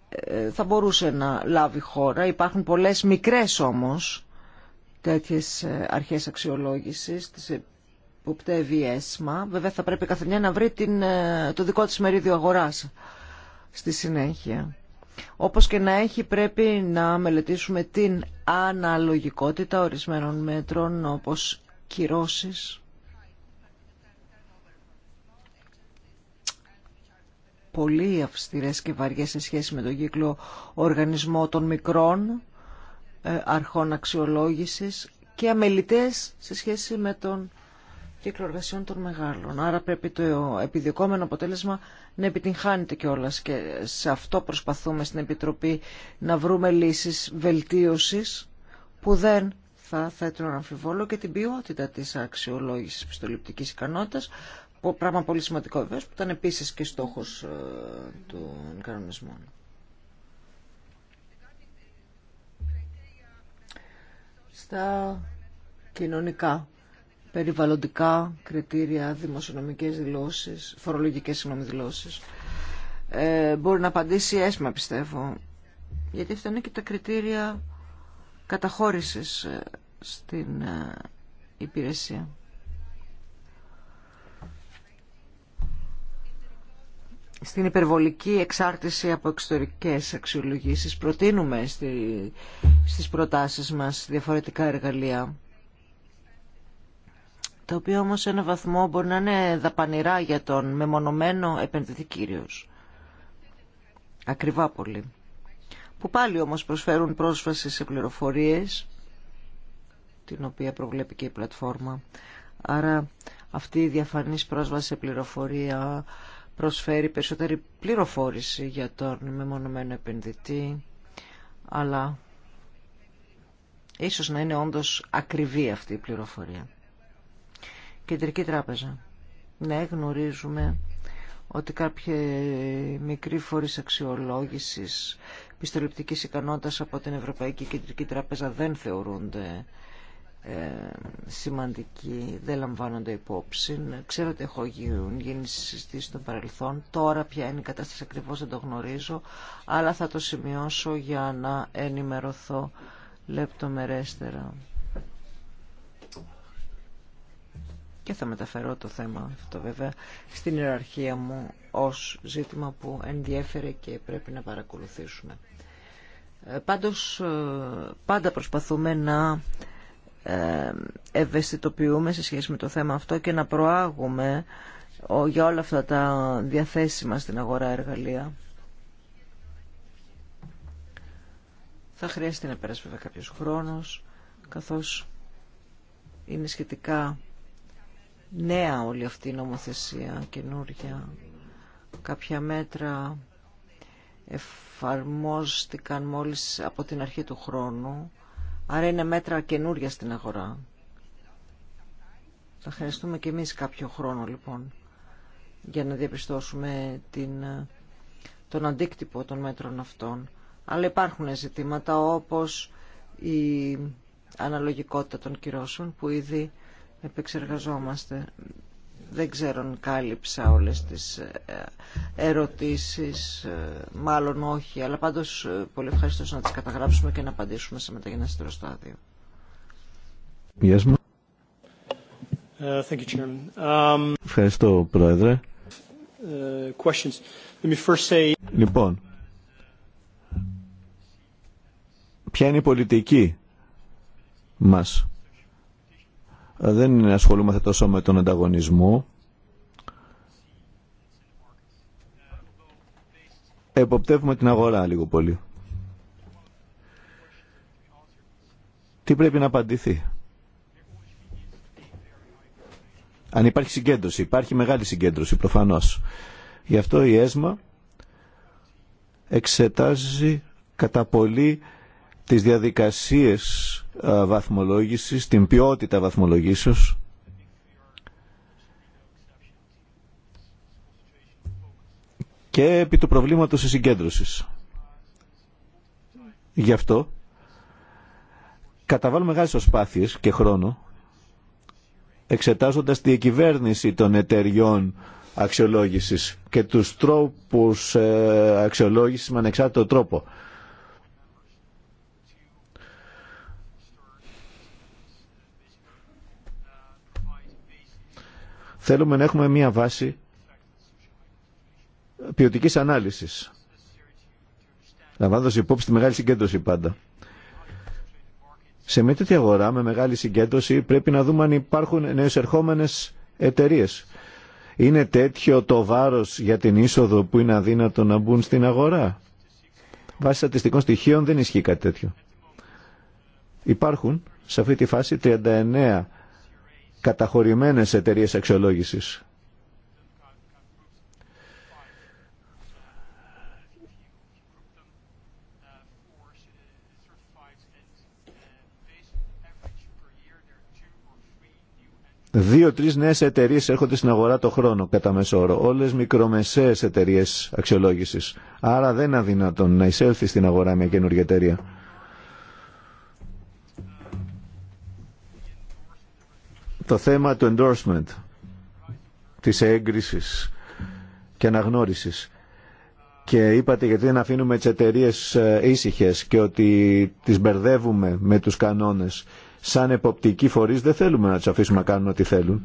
Speaker 1: Ε, θα μπορούσε να λάβει χώρα. Υπάρχουν πολλές μικρές όμως τέτοιες ε, αρχές αξιολόγησης, τις υποπτεύει ΕΣΜΑ. Βέβαια θα πρέπει καθεμιά να βρει την, ε, το δικό της μερίδιο αγοράς στη συνέχεια. Όπως και να έχει πρέπει να μελετήσουμε την αναλογικότητα ορισμένων μέτρων όπως κυρώσεις πολύ αυστηρές και βαριές σε σχέση με τον κύκλο οργανισμό των μικρών ε, αρχών αξιολόγησης και αμελητές σε σχέση με τον κύκλο εργασιών των μεγάλων. Άρα πρέπει το επιδιωκόμενο αποτέλεσμα να επιτυγχάνεται κιόλα και σε αυτό προσπαθούμε στην Επιτροπή να βρούμε λύσεις βελτίωσης που δεν θα θέτουν αμφιβόλο και την ποιότητα της αξιολόγησης πιστοληπτικής ικανότητας, πράγμα πολύ σημαντικό βεβαίω που ήταν επίσης και στόχος ε, των κανονισμών. Στα κοινωνικά, περιβαλλοντικά κριτήρια, δημοσιονομικές δηλώσεις, φορολογικές δηλώσεις, ε, μπορεί να απαντήσει ΕΣΜΑ πιστεύω, γιατί αυτά είναι και τα κριτήρια καταχώρησης ε, στην ε, υπηρεσία. Στην υπερβολική εξάρτηση από εξωτερικές αξιολογήσεις προτείνουμε στη, στις προτάσεις μας διαφορετικά εργαλεία τα οποία όμως σε ένα βαθμό μπορεί να είναι δαπανηρά για τον μεμονωμένο επενδυτή κύριος. Ακριβά πολύ που πάλι όμως προσφέρουν πρόσβαση σε πληροφορίες, την οποία προβλέπει και η πλατφόρμα. Άρα αυτή η διαφανής πρόσβαση σε πληροφορία προσφέρει περισσότερη πληροφόρηση για τον μεμονωμένο επενδυτή, αλλά ίσως να είναι όντως ακριβή αυτή η πληροφορία. Κεντρική τράπεζα. Ναι, γνωρίζουμε ότι κάποιοι μικροί φορείς αξιολόγησης πιστοληπτικής ικανότητας από την Ευρωπαϊκή Κεντρική Τράπεζα δεν θεωρούνται ε, σημαντικοί, δεν λαμβάνονται υπόψη. Ξέρω ότι έχω γίνει συζητήσει των παρελθόν. Τώρα πια είναι η κατάσταση ακριβώς δεν το γνωρίζω, αλλά θα το σημειώσω για να ενημερωθώ λεπτομερέστερα. και θα μεταφερώ το θέμα αυτό βέβαια στην ιεραρχία μου ως ζήτημα που ενδιέφερε και πρέπει να παρακολουθήσουμε. Ε, πάντως ε, πάντα προσπαθούμε να ε, ευαισθητοποιούμε σε σχέση με το θέμα αυτό και να προάγουμε για όλα αυτά τα διαθέσιμα στην αγορά εργαλεία. Θα χρειαστεί να περάσει βέβαια κάποιος χρόνος καθώς είναι σχετικά νέα όλη αυτή η νομοθεσία, καινούρια. Κάποια μέτρα εφαρμόστηκαν μόλις από την αρχή του χρόνου, άρα είναι μέτρα καινούρια στην αγορά. Θα χρειαστούμε και εμείς κάποιο χρόνο λοιπόν για να διαπιστώσουμε την, τον αντίκτυπο των μέτρων αυτών. Αλλά υπάρχουν ζητήματα όπως η αναλογικότητα των κυρώσεων που ήδη επεξεργαζόμαστε. Δεν ξέρω αν κάλυψα όλες τις ε, ερωτήσεις, ε, μάλλον όχι, αλλά πάντως ε, πολύ ευχαριστώ να τις καταγράψουμε και να απαντήσουμε σε μεταγενέστερο στάδιο. Thank you, um...
Speaker 2: Ευχαριστώ, Πρόεδρε. questions. Let me first say... Λοιπόν, ποια είναι η πολιτική μας ε, δεν ασχολούμαστε τόσο με τον ανταγωνισμό. Εποπτεύουμε την αγορά λίγο πολύ. Τι πρέπει να απαντηθεί. Αν υπάρχει συγκέντρωση, υπάρχει μεγάλη συγκέντρωση προφανώς. Γι' αυτό η ΕΣΜΑ εξετάζει κατά πολύ τις διαδικασίες βαθμολόγησης, την ποιότητα βαθμολογήσεως. και επί του προβλήματος της συγκέντρωσης. Γι' αυτό καταβάλουμε μεγάλες προσπάθειες και χρόνο εξετάζοντας τη κυβέρνηση των εταιριών αξιολόγησης και τους τρόπους ε, αξιολόγησης με ανεξάρτητο τρόπο. Θέλουμε να έχουμε μία βάση ποιοτική ανάλυση. Λαμβάνοντα υπόψη τη μεγάλη συγκέντρωση πάντα. Σε μια τέτοια αγορά με μεγάλη συγκέντρωση πρέπει να δούμε αν υπάρχουν νέε ερχόμενε εταιρείε. Είναι τέτοιο το βάρο για την είσοδο που είναι αδύνατο να μπουν στην αγορά. Βάσει στατιστικών στοιχείων δεν ισχύει κάτι τέτοιο. Υπάρχουν σε αυτή τη φάση 39 καταχωρημένες εταιρείες αξιολόγησης. Δύο-τρει νέε εταιρείε έρχονται στην αγορά το χρόνο κατά μέσο όρο. Όλε μικρομεσαίε εταιρείε αξιολόγηση. Άρα δεν είναι αδύνατον να εισέλθει στην αγορά μια καινούργια εταιρεία. το θέμα του endorsement, της έγκρισης και αναγνώρισης. Και είπατε γιατί δεν αφήνουμε τις εταιρείε ε, ήσυχε και ότι τις μπερδεύουμε με τους κανόνες. Σαν εποπτικοί φορείς δεν θέλουμε να τις αφήσουμε να κάνουν ό,τι θέλουν.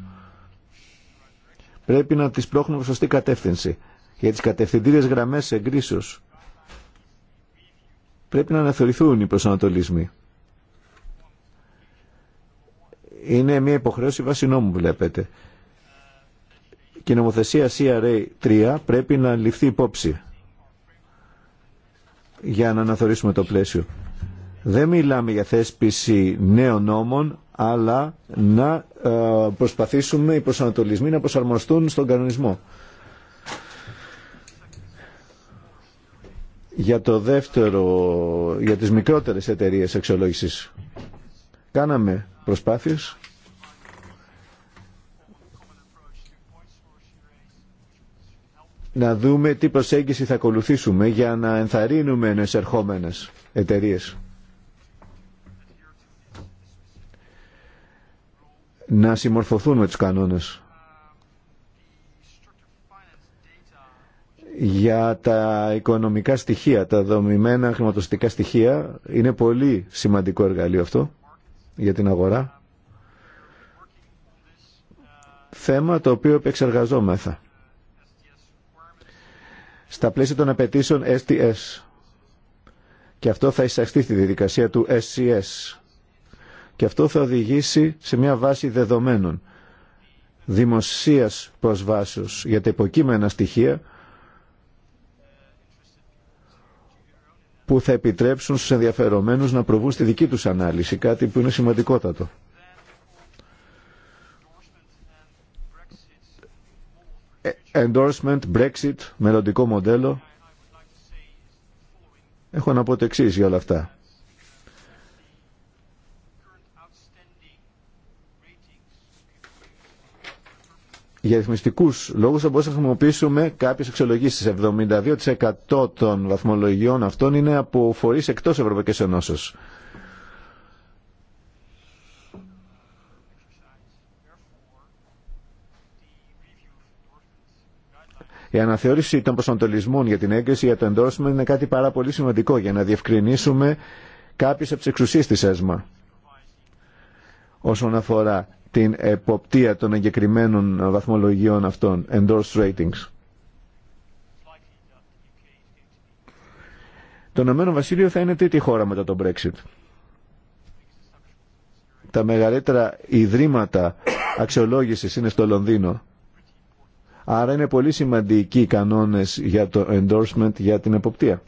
Speaker 2: Πρέπει να τις πρόχνουμε σωστή κατεύθυνση. Για τις κατευθυντήριες γραμμές εγκρίσεως πρέπει να αναθεωρηθούν οι προσανατολισμοί είναι μια υποχρέωση βάση νόμου βλέπετε. Και η νομοθεσία CRA 3 πρέπει να ληφθεί υπόψη για να αναθεωρήσουμε το πλαίσιο. Δεν μιλάμε για θέσπιση νέων νόμων, αλλά να ε, προσπαθήσουμε οι προσανατολισμοί να προσαρμοστούν στον κανονισμό. Για το δεύτερο, για τις μικρότερες εταιρείες αξιολόγησης Κάναμε προσπάθειες να δούμε τι προσέγγιση θα ακολουθήσουμε για να ενθαρρύνουμε ερχόμένες εταιρείε. να συμμορφωθούν με τους κανόνες. Για τα οικονομικά στοιχεία, τα δομημένα χρηματοστικά στοιχεία, είναι πολύ σημαντικό εργαλείο αυτό για την αγορά. Θέμα το οποίο επεξεργαζόμεθα. Στα πλαίσια των απαιτήσεων STS. Και αυτό θα εισαχθεί στη διαδικασία του SCS. Και αυτό θα οδηγήσει σε μια βάση δεδομένων δημοσίας προσβάσεως για τα υποκείμενα στοιχεία που θα επιτρέψουν στους ενδιαφερομένους να προβούν στη δική τους ανάλυση, κάτι που είναι σημαντικότατο. Endorsement, Brexit, μελλοντικό μοντέλο. Έχω να πω το εξής για όλα αυτά. Για ρυθμιστικού λόγου θα μπορούσαμε να χρησιμοποιήσουμε κάποιε αξιολογήσει. 72% των βαθμολογιών αυτών είναι από φορεί εκτό Ευρωπαϊκή Ενώσεω. Η αναθεώρηση των προσανατολισμών για την έγκριση για το endorsement είναι κάτι πάρα πολύ σημαντικό για να διευκρινίσουμε κάποιε από τι εξουσίε τη ΕΣΜΑ όσον αφορά την εποπτεία των εγκεκριμένων βαθμολογιών αυτών, endorsed ratings. Το Ηνωμένο Βασίλειο θα είναι τρίτη χώρα μετά τον Brexit. Τα μεγαλύτερα ιδρύματα αξιολόγησης είναι στο Λονδίνο. Άρα είναι πολύ σημαντικοί οι κανόνες για το endorsement, για την εποπτεία.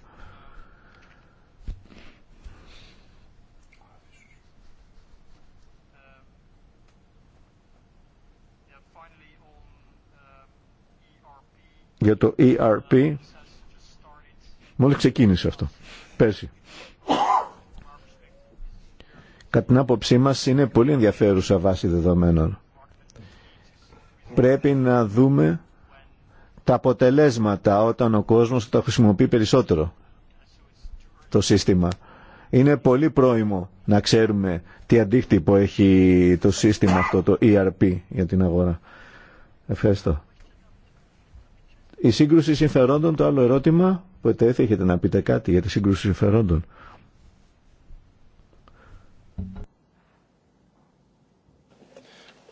Speaker 2: για το ERP μόλις ξεκίνησε αυτό πέρσι κατά την άποψή μας είναι πολύ ενδιαφέρουσα βάση δεδομένων πρέπει να δούμε τα αποτελέσματα όταν ο κόσμος τα χρησιμοποιεί περισσότερο το σύστημα είναι πολύ πρόημο να ξέρουμε τι αντίκτυπο έχει το σύστημα αυτό το ERP για την αγορά ευχαριστώ η σύγκρουση συμφερόντων, το άλλο ερώτημα που ετέθη, έχετε να πείτε κάτι για τη σύγκρουση συμφερόντων.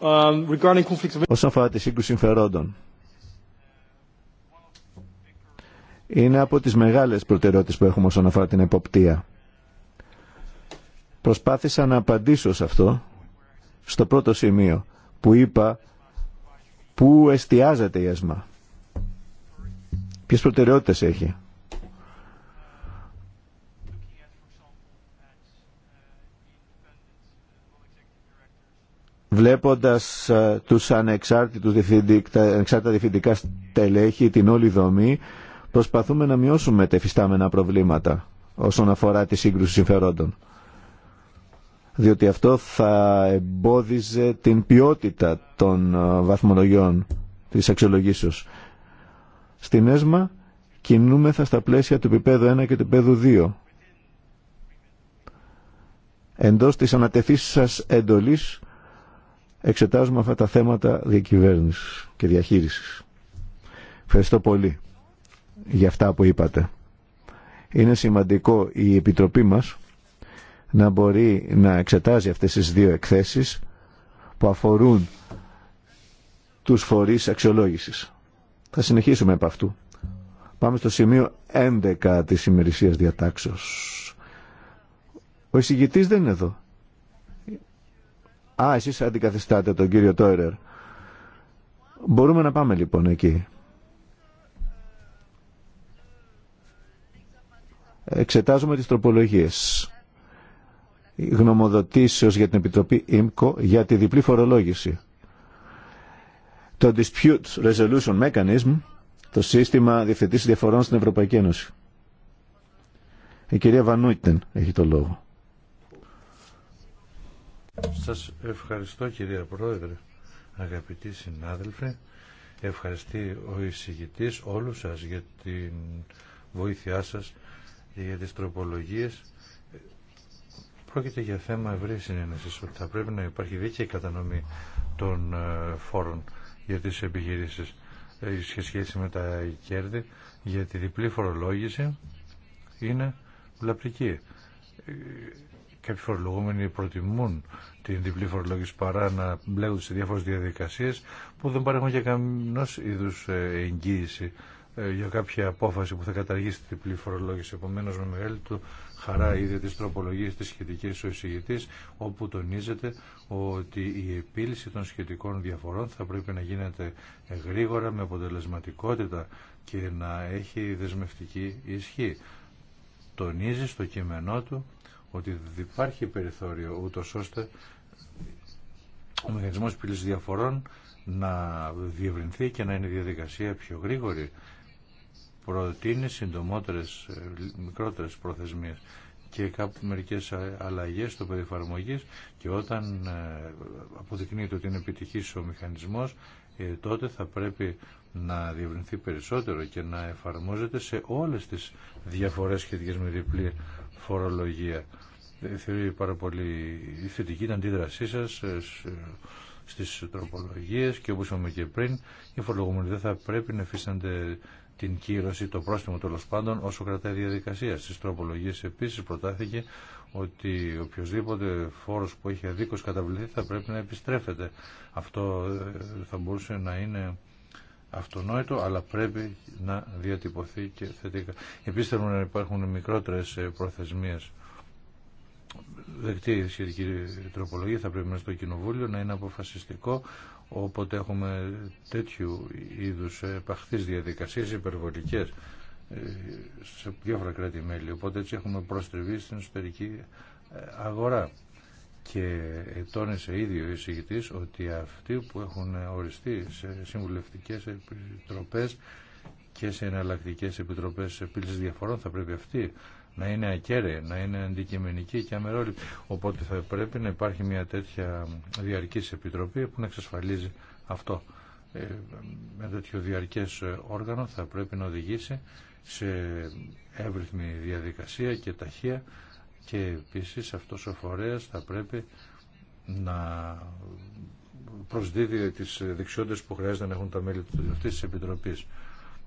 Speaker 2: Um, όσον αφορά τη σύγκρουση συμφερόντων, είναι από τις μεγάλες προτεραιότητες που έχουμε όσον αφορά την εποπτεία. Προσπάθησα να απαντήσω σε αυτό, στο πρώτο σημείο, που είπα πού εστιάζεται η ΕΣΜΑ ποιε προτεραιότητε. έχει. βλέποντας ε, τους ανεξάρτητους τα ανεξάρτητα διευθυντικά στελέχη, την όλη δομή, προσπαθούμε να μειώσουμε τα εφιστάμενα προβλήματα όσον αφορά τη σύγκρουση συμφερόντων. Διότι αυτό θα εμπόδιζε την ποιότητα των ε, βαθμολογιών της αξιολογήσεως. Στην ΕΣΜΑ κινούμεθα στα πλαίσια του επίπεδου 1 και του επίπεδου 2. Εντός της ανατεθής σας εντολής εξετάζουμε αυτά τα θέματα διακυβέρνησης και διαχείρισης. Ευχαριστώ πολύ για αυτά που είπατε. Είναι σημαντικό η Επιτροπή μας να μπορεί να εξετάζει αυτές τις δύο εκθέσεις που αφορούν τους φορείς αξιολόγησης. Θα συνεχίσουμε από αυτού. Πάμε στο σημείο 11 της ημερησίας διατάξεως. Ο εισηγητής δεν είναι εδώ. Α, εσείς αντικαθιστάτε τον κύριο Τόιρερ. Μπορούμε να πάμε λοιπόν εκεί. Εξετάζουμε τις τροπολογίες. Γνωμοδοτήσεως για την Επιτροπή ΙΜΚΟ για τη διπλή φορολόγηση το Dispute Resolution Mechanism, το σύστημα διευθετήσης διαφορών στην Ευρωπαϊκή Ένωση. Η κυρία Βανούιτεν έχει το λόγο.
Speaker 3: Σας ευχαριστώ κυρία Πρόεδρε, αγαπητοί συνάδελφοι. Ευχαριστεί ο εισηγητής όλους σας για την βοήθειά σας και για τις τροπολογίες. Πρόκειται για θέμα ευρύ συνένεσης ότι θα πρέπει να υπάρχει δίκαιη κατανομή των ε, φόρων για τις επιχειρήσεις ε, σε σχέση με τα κέρδη για τη διπλή φορολόγηση είναι βλαπτική. Ε, κάποιοι φορολογούμενοι προτιμούν την διπλή φορολόγηση παρά να μπλέουν σε διάφορες διαδικασίες που δεν παρέχουν για καμιά είδους ε, εγγύηση ε, για κάποια απόφαση που θα καταργήσει την διπλή φορολόγηση. Επομένω, με μεγάλη του χαρά είδε τι τροπολογίε τη σχετική ο εισηγητή, όπου τονίζεται ότι η επίλυση των σχετικών διαφορών θα πρέπει να γίνεται γρήγορα, με αποτελεσματικότητα και να έχει δεσμευτική ισχύ. Τονίζει στο κείμενό του ότι υπάρχει περιθώριο ούτω ώστε ο μηχανισμός πύλης διαφορών να διευρυνθεί και να είναι η διαδικασία πιο γρήγορη προτείνει συντομότερες, ε, μικρότερες προθεσμίες και κάπου μερικές αλλαγές στο περιφαρμογή και όταν ε, αποδεικνύεται ότι είναι επιτυχής ο μηχανισμός ε, τότε θα πρέπει να διευρυνθεί περισσότερο και να εφαρμόζεται σε όλες τις διαφορές σχετικές με διπλή φορολογία. Θεωρεί πάρα πολύ θετική αντίδρασή σας στις τροπολογίες και όπως είπαμε και πριν οι φορολογούμενοι δεν θα πρέπει να εφίστανται την κύρωση, το πρόστιμο τέλο πάντων όσο κρατάει διαδικασία. Στι τροπολογίε επίση προτάθηκε ότι οποιοδήποτε φόρο που έχει αδίκω καταβληθεί θα πρέπει να επιστρέφεται. Αυτό ε, θα μπορούσε να είναι αυτονόητο, αλλά πρέπει να διατυπωθεί και θετικά. Επίση θέλουμε να υπάρχουν μικρότερε προθεσμίε. Δεκτή η σχετική τροπολογία θα πρέπει να στο Κοινοβούλιο να είναι αποφασιστικό όποτε έχουμε τέτοιου είδους επαχθείς διαδικασίες υπερβολικές ε, σε διάφορα κράτη-μέλη. Οπότε έτσι έχουμε προστριβεί στην εσωτερική ε, αγορά. Και τόνισε ίδιο ο εισηγητής ότι αυτοί που έχουν οριστεί σε συμβουλευτικές επιτροπές και σε εναλλακτικές επιτροπές επίλυσης διαφορών θα πρέπει αυτοί να είναι ακέραιοι, να είναι αντικειμενική και αμερόληπτη. Οπότε θα πρέπει να υπάρχει μια τέτοια διαρκής επιτροπή που να εξασφαλίζει αυτό. Ε, με τέτοιο διαρκές όργανο θα πρέπει να οδηγήσει σε εύρυθμη διαδικασία και ταχεία και επίσης αυτός ο φορέας θα πρέπει να προσδίδει τις δεξιότητες που χρειάζεται να έχουν τα μέλη αυτή της Επιτροπής.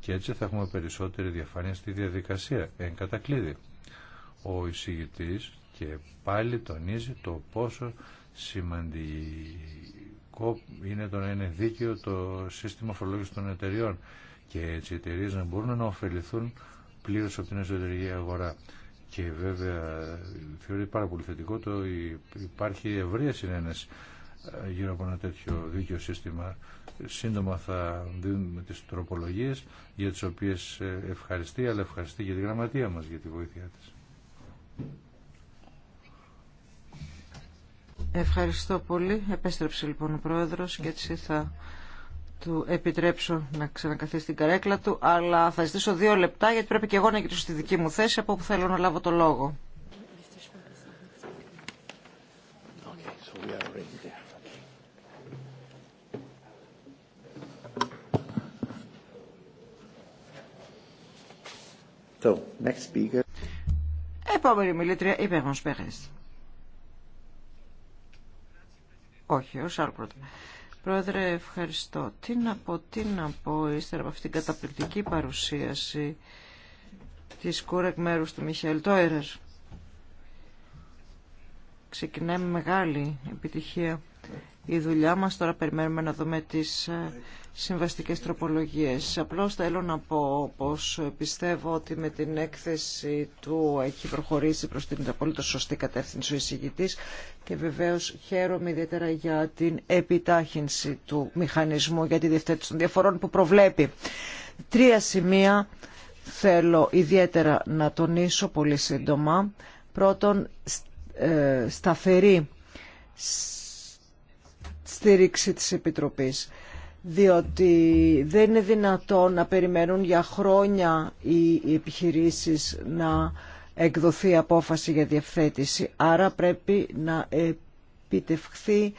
Speaker 3: Και έτσι θα έχουμε περισσότερη διαφάνεια στη διαδικασία, εν κατακλείδη ο εισηγητής και πάλι τονίζει το πόσο σημαντικό είναι το να είναι δίκαιο το σύστημα φορολόγηση των εταιριών και έτσι οι εταιρείε να μπορούν να ωφεληθούν πλήρω από την εσωτερική αγορά. Και βέβαια θεωρεί πάρα πολύ θετικό το υπάρχει ευρεία συνένεση ε, γύρω από ένα τέτοιο δίκαιο σύστημα. Σύντομα θα δίνουμε τις τροπολογίες για τις οποίες ε, ευχαριστεί, αλλά ευχαριστεί και τη γραμματεία μας για τη βοήθειά της.
Speaker 1: Ευχαριστώ πολύ. Επέστρεψε λοιπόν ο Πρόεδρος και έτσι θα του επιτρέψω να ξανακαθίσει την καρέκλα του, αλλά θα ζητήσω δύο λεπτά γιατί πρέπει και εγώ να γυρίσω στη δική μου θέση από όπου θέλω να λάβω το λόγο. So, next speaker. Επόμενη μιλήτρια, η Πέγμος Σπέχες. Όχι, ο Σάρλ πρώτα. Πρόεδρε, ευχαριστώ. Τι να πω, τι να πω, ύστερα από αυτήν την καταπληκτική παρουσίαση της Κούρεκ μέρους του Μιχαήλ Τόερερ. Ξεκινάμε μεγάλη επιτυχία η δουλειά μας. Τώρα περιμένουμε να δούμε τις ε, συμβαστικές τροπολογίες. Απλώς θέλω να πω πως πιστεύω ότι με την έκθεση του έχει προχωρήσει προς την απόλυτα σωστή κατεύθυνση ο εισηγητής και βεβαίως χαίρομαι ιδιαίτερα για την επιτάχυνση του μηχανισμού για τη διευθέτηση των διαφορών που προβλέπει. Τρία σημεία θέλω ιδιαίτερα να τονίσω πολύ σύντομα. Πρώτον, ε, σταθερή στήριξη της Επιτροπής διότι δεν είναι δυνατόν να περιμένουν για χρόνια οι επιχειρήσεις να εκδοθεί απόφαση για διευθέτηση. Άρα πρέπει να επιτευχθεί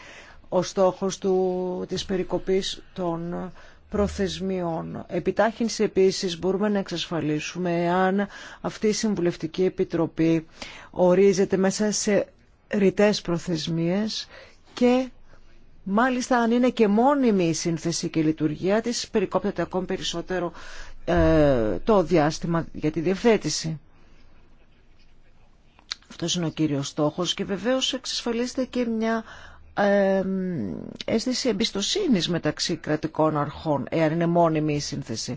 Speaker 1: ο στόχος του, της περικοπής των προθεσμιών. Επιτάχυνση επίσης μπορούμε να εξασφαλίσουμε εάν αυτή η Συμβουλευτική Επιτροπή ορίζεται μέσα σε ρητές προθεσμίες και Μάλιστα αν είναι και μόνιμη η σύνθεση και η λειτουργία της περικόπτεται ακόμη περισσότερο ε, το διάστημα για τη διευθέτηση. Αυτός είναι ο κύριος στόχος και βεβαίως εξασφαλίζεται και μια ε, αίσθηση εμπιστοσύνης μεταξύ κρατικών αρχών, εάν είναι μόνιμη η σύνθεση.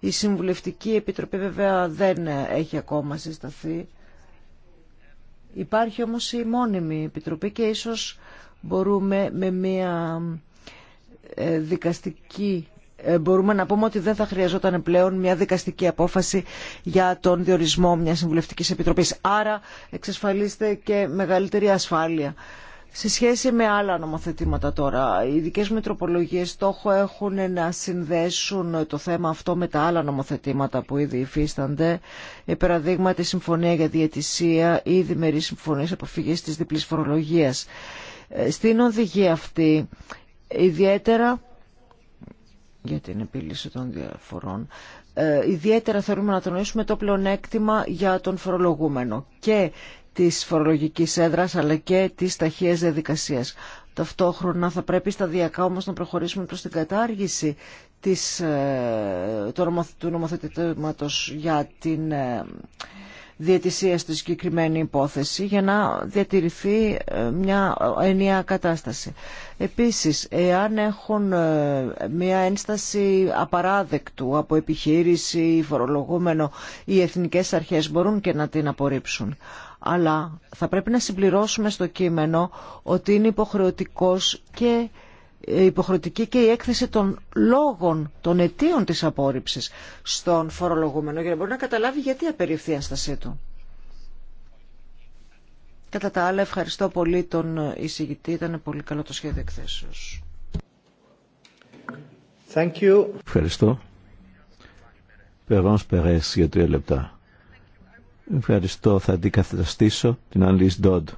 Speaker 1: Η Συμβουλευτική Επιτροπή βέβαια δεν έχει ακόμα συσταθεί. Υπάρχει όμως η μόνιμη επιτροπή και ίσως μπορούμε με μια ε, δικαστική ε, μπορούμε να πούμε ότι δεν θα χρειαζόταν πλέον μια δικαστική απόφαση για τον διορισμό μιας συμβουλευτικής επιτροπής. Άρα εξασφαλίστε και μεγαλύτερη ασφάλεια. Σε σχέση με άλλα νομοθετήματα τώρα, οι ειδικέ τροπολογίε στόχο έχουν να συνδέσουν το θέμα αυτό με τα άλλα νομοθετήματα που ήδη υφίστανται. Ε, παραδείγματι, συμφωνία για διαιτησία ή διμερή συμφωνίε αποφυγή τη διπλή φορολογία στην οδηγία αυτή, ιδιαίτερα για την επίλυση των διαφορών, ε, ιδιαίτερα θέλουμε να τονίσουμε το πλεονέκτημα για τον φορολογούμενο και της φορολογικής έδρας αλλά και της ταχείας διαδικασίας. Ταυτόχρονα θα πρέπει σταδιακά όμως να προχωρήσουμε προς την κατάργηση της, ε, του νομοθετήματος για την ε, διαιτησία στη συγκεκριμένη υπόθεση για να διατηρηθεί ε, μια ενιαία κατάσταση. Επίσης, εάν έχουν ε, μια ένσταση απαράδεκτου από επιχείρηση ή φορολογούμενο, οι εθνικές αρχές μπορούν και να την απορρίψουν αλλά θα πρέπει να συμπληρώσουμε στο κείμενο ότι είναι υποχρεωτικός και υποχρεωτική και η έκθεση των λόγων, των αιτίων της απόρριψης στον φορολογούμενο για να μπορεί να καταλάβει γιατί απεριφθεί η ανστασία του. Κατά τα άλλα ευχαριστώ πολύ τον εισηγητή, ήταν πολύ καλό το σχέδιο εκθέσεως. Thank
Speaker 2: you. Ευχαριστώ. Περόν Περές για τρία λεπτά. Ευχαριστώ, θα αντικαταστήσω την Ανλής Ντόντ.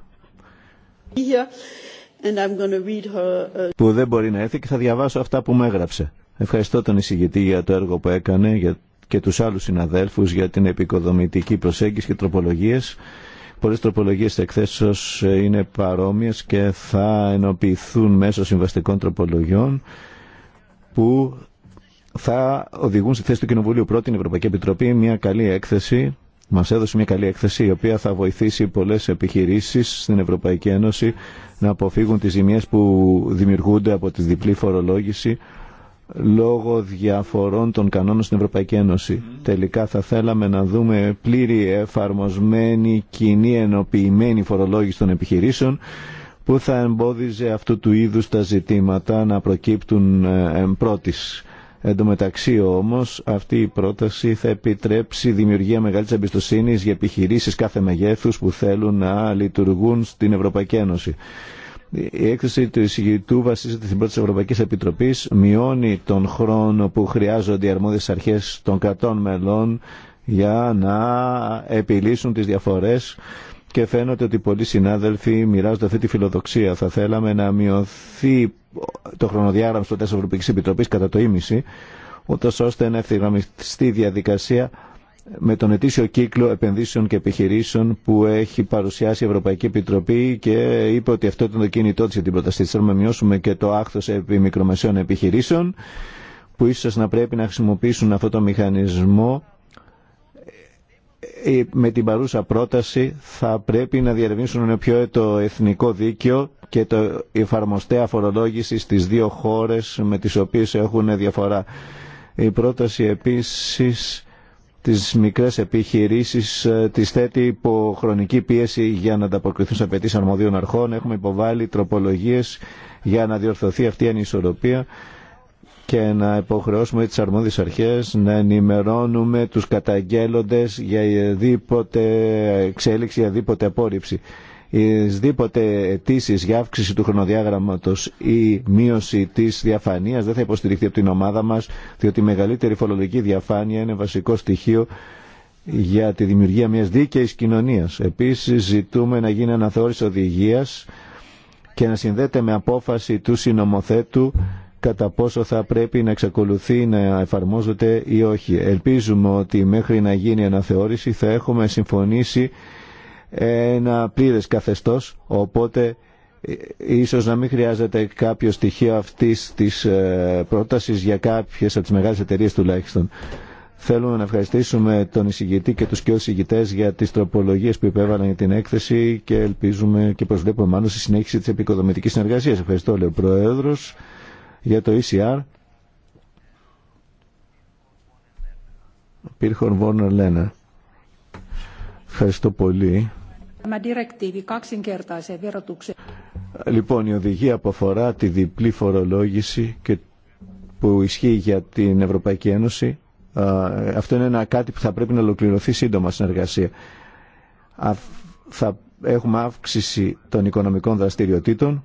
Speaker 1: Uh,
Speaker 2: που δεν μπορεί να έρθει και θα διαβάσω αυτά που μου έγραψε. Ευχαριστώ τον εισηγητή για το έργο που έκανε και τους άλλους συναδέλφους για την επικοδομητική προσέγγιση και τροπολογίες. Πολλές τροπολογίες εκθέσεως ε, είναι παρόμοιες και θα ενοποιηθούν μέσω συμβαστικών τροπολογιών που θα οδηγούν στη θέση του Κοινοβουλίου πρώτη Ευρωπαϊκή Επιτροπή μια καλή έκθεση Μα έδωσε μια καλή έκθεση η οποία θα βοηθήσει πολλές επιχειρήσεις στην Ευρωπαϊκή Ένωση να αποφύγουν τις ζημίες που δημιουργούνται από τη διπλή φορολόγηση λόγω διαφορών των κανόνων στην Ευρωπαϊκή Ένωση. Τελικά θα θέλαμε να δούμε πλήρη εφαρμοσμένη κοινή ενοποιημένη φορολόγηση των επιχειρήσεων που θα εμπόδιζε αυτού του είδους τα ζητήματα να προκύπτουν εμπρότης. Εν τω μεταξύ όμως αυτή η πρόταση θα επιτρέψει δημιουργία μεγάλη εμπιστοσύνη για επιχειρήσεις κάθε μεγέθους που θέλουν να λειτουργούν στην Ευρωπαϊκή Ένωση. Η έκθεση του εισηγητού βασίζεται στην πρώτη Ευρωπαϊκή Επιτροπή, μειώνει τον χρόνο που χρειάζονται οι αρμόδιε αρχέ των κρατών μελών για να επιλύσουν τι διαφορέ και φαίνεται ότι πολλοί συνάδελφοι μοιράζονται αυτή τη φιλοδοξία. Θα θέλαμε να μειωθεί το χρονοδιάγραμμα στο Ευρωπαϊκή Επιτροπή κατά το ίμιση, ούτω ώστε να ευθυγραμμιστεί η διαδικασία με τον ετήσιο κύκλο επενδύσεων και επιχειρήσεων που έχει παρουσιάσει η Ευρωπαϊκή Επιτροπή και είπε ότι αυτό ήταν το κίνητό τη για την πρόταση. Θέλουμε να μειώσουμε και το άκθος επί μικρομεσαίων επιχειρήσεων που ίσως να πρέπει να χρησιμοποιήσουν αυτό το μηχανισμό ε, με την παρούσα πρόταση θα πρέπει να διερευνήσουν πιο το εθνικό δίκαιο και το εφαρμοστέα φορολόγηση στις δύο χώρες με τις οποίες έχουν διαφορά. Η πρόταση επίσης τις μικρές επιχειρήσεις ε, τις θέτει υπό χρονική πίεση για να ανταποκριθούν σε απαιτήσεις αρμοδίων αρχών. Έχουμε υποβάλει τροπολογίες για να διορθωθεί αυτή η ανισορροπία και να υποχρεώσουμε τις αρμόδιες αρχές να ενημερώνουμε τους καταγγέλλοντες για δίποτε εξέλιξη, για δίποτε απόρριψη. Ισδήποτε αιτήσει για αύξηση του χρονοδιάγραμματος ή μείωση της διαφανείας δεν θα υποστηριχθεί από την ομάδα μας, διότι η μεγαλύτερη φορολογική διαφάνεια είναι βασικό στοιχείο για τη δημιουργία μιας δίκαιης κοινωνίας. Επίση, ζητούμε να γίνει αναθεώρηση οδηγίας και να συνδέεται με απόφαση του συνομοθέτου κατά πόσο θα πρέπει να εξακολουθεί να εφαρμόζεται ή όχι. Ελπίζουμε ότι μέχρι να γίνει αναθεώρηση θα έχουμε συμφωνήσει ένα πλήρες καθεστώς, οπότε ε, ίσως να μην χρειάζεται κάποιο στοιχείο αυτής της ε, πρότασης για κάποιες από τις μεγάλες εταιρείες τουλάχιστον. Θέλουμε να ευχαριστήσουμε τον εισηγητή και τους και εισηγητές για τις τροπολογίες που υπέβαλαν για την έκθεση και ελπίζουμε και προσβλέπουμε μάλλον στη συνέχιση της επικοδομητικής συνεργασία. Ευχαριστώ, λέει ο Πρόεδρος για το ECR. Πύρχον Βόρνερ Λένα. Ευχαριστώ πολύ. Λοιπόν, η οδηγία που αφορά τη διπλή φορολόγηση και που ισχύει για την Ευρωπαϊκή Ένωση, αυτό είναι ένα κάτι που θα πρέπει να ολοκληρωθεί σύντομα στην εργασία. Θα έχουμε αύξηση των οικονομικών δραστηριοτήτων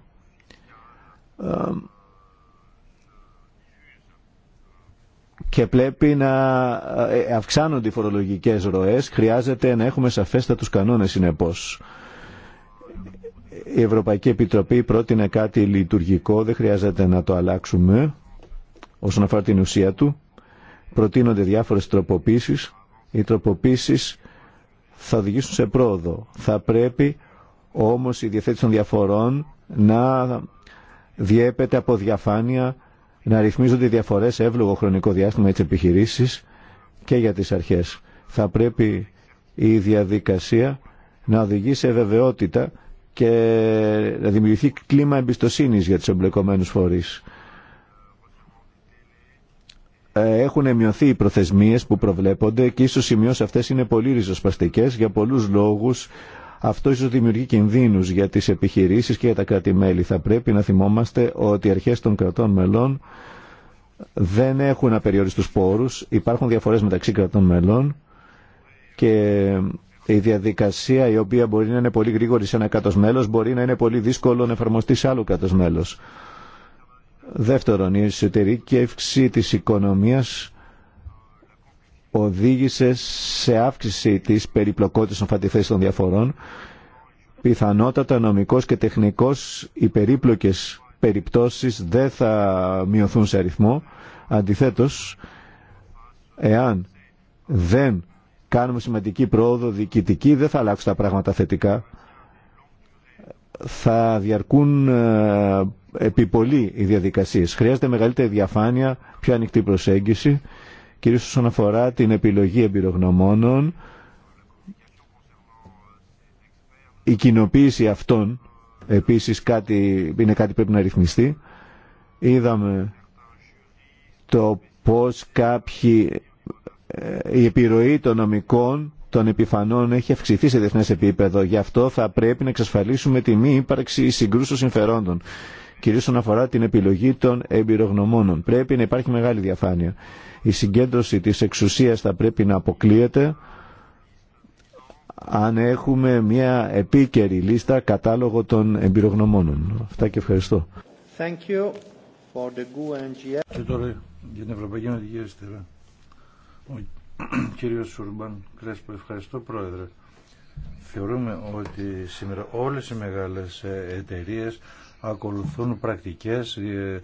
Speaker 2: και πρέπει να ε, ε, αυξάνονται οι φορολογικές ροές, χρειάζεται να έχουμε σαφέστατους κανόνες συνεπώς. Η Ευρωπαϊκή Επιτροπή πρότεινε κάτι λειτουργικό, δεν χρειάζεται να το αλλάξουμε όσον αφορά την ουσία του. Προτείνονται διάφορες τροποποίησεις. Οι τροποποίησεις θα οδηγήσουν σε πρόοδο. Θα πρέπει όμως η διαθέτηση των διαφορών να διέπεται από διαφάνεια να ρυθμίζονται οι διαφορές σε εύλογο χρονικό διάστημα για τις και για τις αρχές. Θα πρέπει η διαδικασία να οδηγεί σε βεβαιότητα και να δημιουργηθεί κλίμα εμπιστοσύνης για τις εμπλεκομένους φορείς. Ε, έχουν μειωθεί οι προθεσμίες που προβλέπονται και ίσως οι αυτές είναι πολύ ριζοσπαστικές για πολλούς λόγους αυτό ίσω δημιουργεί κινδύνους για τις επιχειρήσεις και για τα κράτη-μέλη. Θα πρέπει να θυμόμαστε ότι οι αρχές των κρατών μελών δεν έχουν απεριόριστους πόρου. υπάρχουν διαφορές μεταξύ κρατών μελών και η διαδικασία η οποία μπορεί να είναι πολύ γρήγορη σε ένα κράτος μέλο, μπορεί να είναι πολύ δύσκολο να εφαρμοστεί σε άλλο κράτος μέλος. Δεύτερον, η εσωτερική εύξη της οικονομίας οδήγησε σε αύξηση της περιπλοκότητας των φατιθέσεων των διαφορών. Πιθανότατα νομικός και τεχνικός οι περίπλοκες περιπτώσεις δεν θα μειωθούν σε αριθμό. Αντιθέτως, εάν δεν κάνουμε σημαντική πρόοδο διοικητική, δεν θα αλλάξουν τα πράγματα θετικά. Θα διαρκούν ε, επί πολύ οι διαδικασίες. Χρειάζεται μεγαλύτερη διαφάνεια, πιο ανοιχτή προσέγγιση κυρίως όσον αφορά την επιλογή εμπειρογνωμόνων, η κοινοποίηση αυτών επίσης κάτι, είναι κάτι που πρέπει να ρυθμιστεί. Είδαμε το πώς κάποιοι, ε, η επιρροή των νομικών των επιφανών έχει αυξηθεί σε διεθνές επίπεδο. Γι' αυτό θα πρέπει να εξασφαλίσουμε τη μη ύπαρξη συγκρούσεων συμφερόντων κυρίως όσον αφορά την επιλογή των εμπειρογνωμόνων. Πρέπει να υπάρχει μεγάλη διαφάνεια. Η συγκέντρωση της εξουσίας θα πρέπει να αποκλείεται αν έχουμε μια επίκαιρη λίστα κατάλογο των εμπειρογνωμόνων. Αυτά και ευχαριστώ.
Speaker 3: Thank you for the e και τώρα για την Ευρωπαϊκή Νοτική Αριστερά. Ο κύριος Σουρμπάν Κρέσπο, ευχαριστώ πρόεδρε. Θεωρούμε ότι σήμερα όλες οι μεγάλες ε, εταιρείες ακολουθούν πρακτικές ε,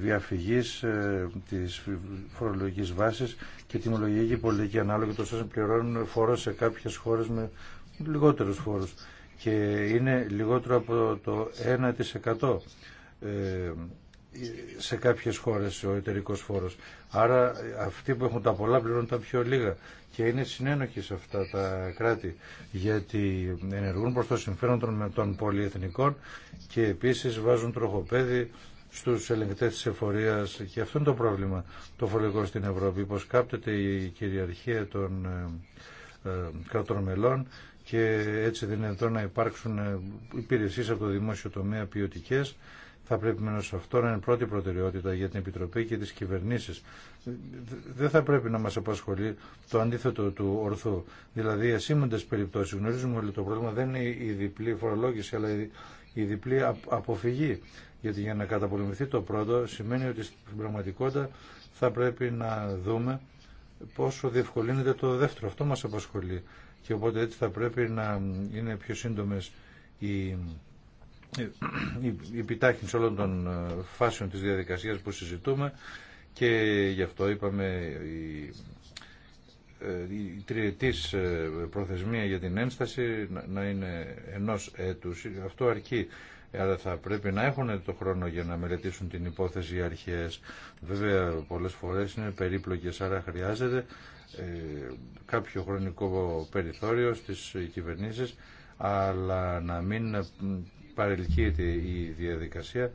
Speaker 3: διαφυγής ε, της φορολογικής βάσης και τιμολογική πολιτική ανάλογη τόσο να πληρώνουν φόρο σε κάποιες χώρες με λιγότερους φόρους και είναι λιγότερο από το 1% σε κάποιες χώρες ο εταιρικός φόρος. Άρα αυτοί που έχουν τα πολλά πληρώνουν τα πιο λίγα και είναι συνένοχοι σε αυτά τα κράτη γιατί ενεργούν προς το συμφέρον των, των και επίσης βάζουν τροχοπέδι στους ελεγκτές της εφορίας και αυτό είναι το πρόβλημα το φορολογικό στην Ευρώπη πως κάπτεται η κυριαρχία των ε, ε κρατών μελών και έτσι δυνατόν να υπάρξουν ε, υπηρεσίες από το δημόσιο τομέα ποιοτικές θα πρέπει μένω αυτό να είναι πρώτη προτεραιότητα για την Επιτροπή και τις κυβερνήσεις. Δεν θα πρέπει να μας απασχολεί το αντίθετο του ορθού. Δηλαδή, ασήμαντες περιπτώσεις γνωρίζουμε ότι το πρόβλημα δεν είναι η διπλή φορολόγηση, αλλά η διπλή αποφυγή. Γιατί για να καταπολεμηθεί το πρώτο σημαίνει ότι στην πραγματικότητα θα πρέπει να δούμε πόσο διευκολύνεται το δεύτερο. Αυτό μας απασχολεί. Και οπότε έτσι θα πρέπει να είναι πιο σύντομες οι η επιτάχυνση όλων των ε, φάσεων της διαδικασίας που συζητούμε και γι' αυτό είπαμε η, ε, η τριετής ε, προθεσμία για την ένσταση να είναι ενός έτους. Αυτό αρκεί. Άρα θα πρέπει να έχουν το χρόνο για να μελετήσουν την υπόθεση οι αρχές. Βέβαια πολλές φορές είναι περίπλοκες, άρα χρειάζεται κάποιο χρονικό περιθώριο στις κυβερνήσεις αλλά να μην παρελκύεται η διαδικασία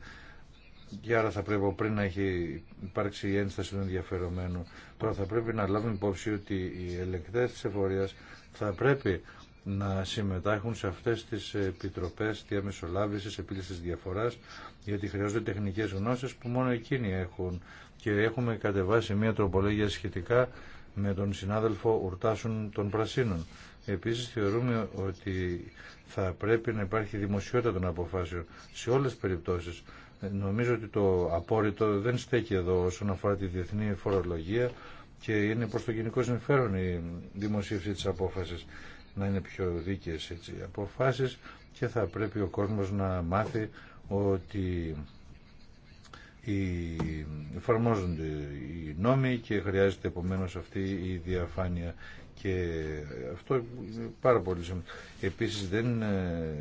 Speaker 3: και άρα θα πρέπει πριν να έχει υπάρξει η ένσταση του ενδιαφερομένου. Τώρα θα πρέπει να λάβουμε υπόψη ότι οι ελεγκτές της εφορίας θα πρέπει να συμμετάχουν σε αυτές τις επιτροπές διαμεσολάβησης, επίλυσης διαφοράς, γιατί χρειάζονται τεχνικές γνώσεις που μόνο εκείνοι έχουν. Και έχουμε κατεβάσει μια τροπολόγια σχετικά με τον συνάδελφο Ουρτάσουν των Πρασίνων. Επίσης θεωρούμε ότι θα πρέπει να υπάρχει δημοσιότητα των αποφάσεων σε όλες τις περιπτώσεις. Νομίζω ότι το απόρριτο δεν στέκει εδώ όσον αφορά τη διεθνή φορολογία και είναι προς το γενικό συμφέρον η δημοσίευση της απόφασης να είναι πιο δίκαιες έτσι, οι αποφάσεις και θα πρέπει ο κόσμος να μάθει ότι εφαρμόζονται οι νόμοι και χρειάζεται επομένως αυτή η διαφάνεια. Και αυτό είναι πάρα πολύ σημαντικό. Επίσης δεν ε,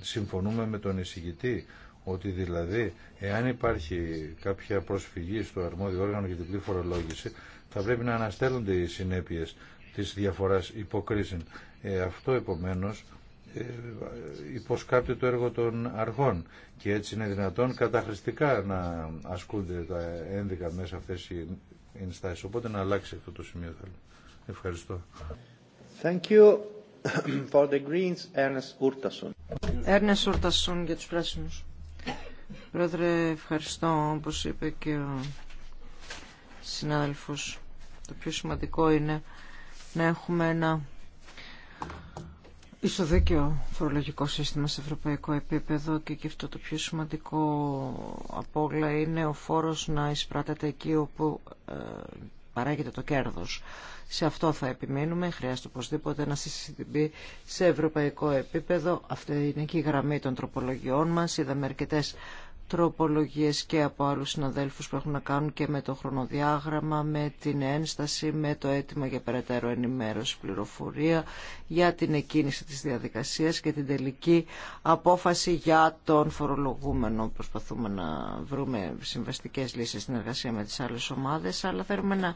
Speaker 3: συμφωνούμε με τον εισηγητή ότι δηλαδή εάν υπάρχει κάποια προσφυγή στο αρμόδιο όργανο για την φορολόγηση θα πρέπει να αναστέλλονται οι συνέπειες της διαφοράς υποκρίσεων. Ε, αυτό επομένως ε, υποσκάπτει το έργο των αρχών και έτσι είναι δυνατόν καταχρηστικά να ασκούνται τα ένδικα μέσα αυτές οι ενστάσεις. Οπότε να αλλάξει αυτό το σημείο θέλω. Ευχαριστώ.
Speaker 1: Thank you
Speaker 2: for the Greens, Ernest Urtasun.
Speaker 1: Ernest Urtasun για τους πράσινους. Πρόεδρε, ευχαριστώ, όπως είπε και ο συνάδελφος. Το πιο σημαντικό είναι να έχουμε ένα ισοδίκαιο φορολογικό σύστημα σε ευρωπαϊκό επίπεδο και και αυτό το πιο σημαντικό από όλα είναι ο φόρος να εισπράτεται εκεί όπου ε, παράγεται το κέρδος. Σε αυτό θα επιμείνουμε, χρειάζεται οπωσδήποτε να CCTV σε ευρωπαϊκό επίπεδο. Αυτή είναι και η γραμμή των τροπολογιών μας. Είδαμε αρκετές τροπολογίες και από άλλους συναδέλφους που έχουν να κάνουν και με το χρονοδιάγραμμα, με την ένσταση, με το αίτημα για περαιτέρω ενημέρωση πληροφορία, για την εκκίνηση της διαδικασίας και την τελική απόφαση για τον φορολογούμενο. Προσπαθούμε να βρούμε συμβαστικές λύσεις στην εργασία με τις άλλες ομάδες, αλλά θέλουμε να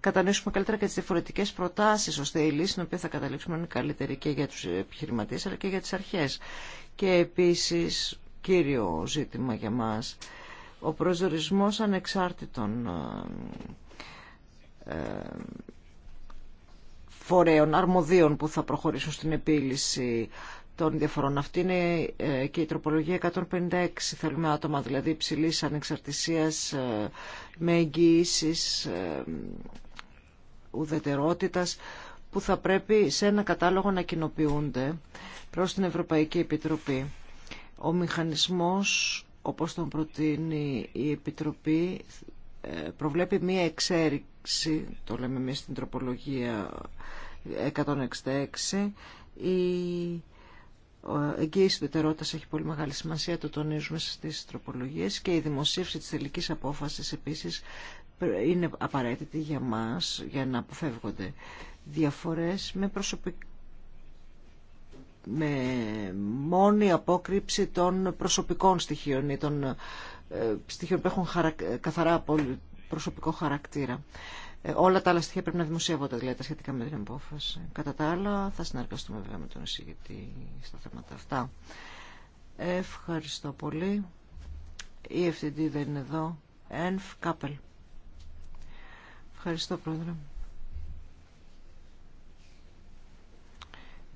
Speaker 1: κατανοήσουμε καλύτερα και τις διαφορετικές προτάσεις, ώστε η λύση στην οποία θα καταλήξουμε είναι καλύτερη και για τους επιχειρηματίες, αλλά και για τις αρχές. Και επίσης κύριο ζήτημα για μας. Ο προσδιορισμός ανεξάρτητων ε, ε, φορέων, αρμοδίων που θα προχωρήσουν στην επίλυση των διαφορών. Αυτή είναι ε, και η τροπολογία 156. Θέλουμε άτομα δηλαδή υψηλή ανεξαρτησίας με εγγυήσει ουδετερότητας που θα πρέπει σε ένα κατάλογο να κοινοποιούνται προς την Ευρωπαϊκή Επιτροπή. Ο μηχανισμός, όπως τον προτείνει η Επιτροπή, ε, προβλέπει μία εξέριξη, το λέμε εμείς στην τροπολογία 166, η εγγύηση του έχει πολύ μεγάλη σημασία, το τονίζουμε στις τροπολογίες και η δημοσίευση της τελικής απόφασης επίσης είναι απαραίτητη για μας για να αποφεύγονται διαφορές με προσωπικό με μόνη απόκρυψη των προσωπικών στοιχείων ή των ε, στοιχείων που έχουν καθαρά προσωπικό χαρακτήρα. Ε, όλα τα άλλα στοιχεία πρέπει να δημοσιεύονται, δηλαδή τα σχετικά με την απόφαση. Κατά τα άλλα, θα συνεργαστούμε βέβαια με τον εισηγητή στα θέματα αυτά. Ευχαριστώ πολύ. Η ευθυντή δεν είναι εδώ. Ενφ Κάπελ. Ευχαριστώ, Πρόεδρε.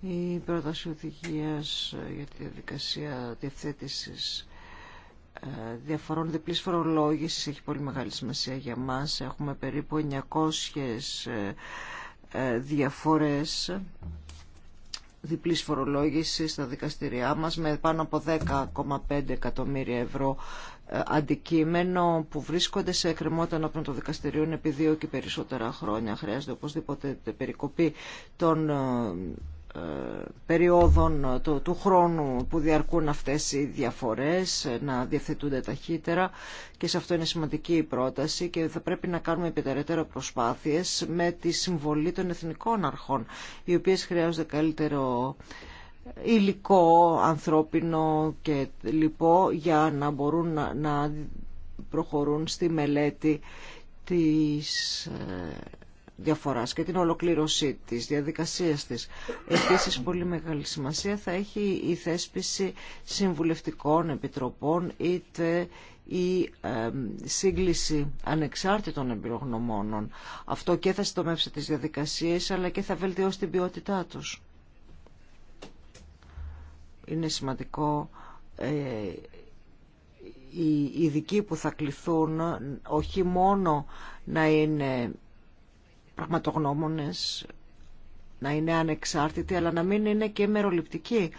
Speaker 1: Η πρόταση οδηγία για τη διαδικασία διευθέτησης ε, διαφορών διπλής φορολόγησης έχει πολύ μεγάλη σημασία για μας. Έχουμε περίπου 900 ε, ε, διαφορές διπλής φορολόγησης στα δικαστηριά μας με πάνω από 10,5 εκατομμύρια ευρώ αντικείμενο που βρίσκονται σε εκκρεμότητα από το δικαστηρίων επί δύο και περισσότερα χρόνια. Χρειάζεται οπωσδήποτε περικοπή των ε, περιόδων ε, του, χρόνου που διαρκούν αυτές οι διαφορές ε, να διευθετούνται ταχύτερα και σε αυτό είναι σημαντική η πρόταση και θα πρέπει να κάνουμε επιτερετέρα προσπάθειες με τη συμβολή των εθνικών αρχών οι οποίες χρειάζονται καλύτερο υλικό, ανθρώπινο και λοιπό για να μπορούν να προχωρούν στη μελέτη της διαφοράς και την ολοκλήρωσή της, διαδικασίας της. Επίσης πολύ μεγάλη σημασία θα έχει η θέσπιση συμβουλευτικών επιτροπών είτε η σύγκληση ανεξάρτητων εμπειρογνωμόνων. Αυτό και θα συντομεύσει τις διαδικασίες αλλά και θα βελτιώσει την ποιότητά τους. Είναι σημαντικό ε, οι ειδικοί που θα κληθούν όχι μόνο να είναι πραγματογνώμονες, να είναι ανεξάρτητοι, αλλά να μην είναι και μεροληπτικοί.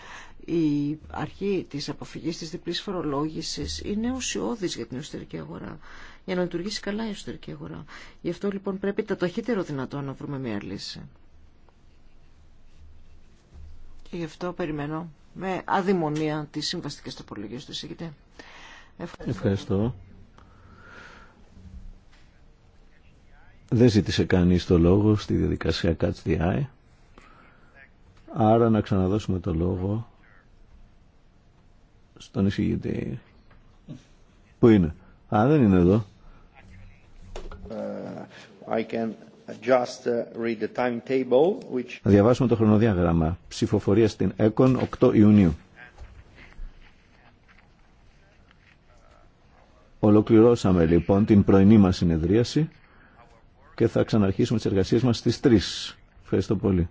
Speaker 1: Η αρχή της αποφυγής της διπλής φορολόγησης είναι ουσιώδης για την εσωτερική αγορά, για να λειτουργήσει καλά η εσωτερική αγορά. Γι' αυτό λοιπόν πρέπει τα ταχύτερο δυνατό να βρούμε μια λύση. Και γι' αυτό περιμένω με αδημονία τις συμβαστικές τοπολογίες του εισηγητή.
Speaker 2: Ευχαριστώ. Δεν ζήτησε κανείς το λόγο στη διαδικασία Catch the Άρα να ξαναδώσουμε το λόγο στον εισηγητή. Πού είναι. Α, δεν είναι εδώ. Uh, I can uh, read the which... διαβάσουμε το χρονοδιάγραμμα. Ψηφοφορία στην ΕΚΟΝ 8 Ιουνίου. Ολοκληρώσαμε λοιπόν την πρωινή μας συνεδρίαση και θα ξαναρχίσουμε τις εργασίες μας στις 3. Ευχαριστώ πολύ.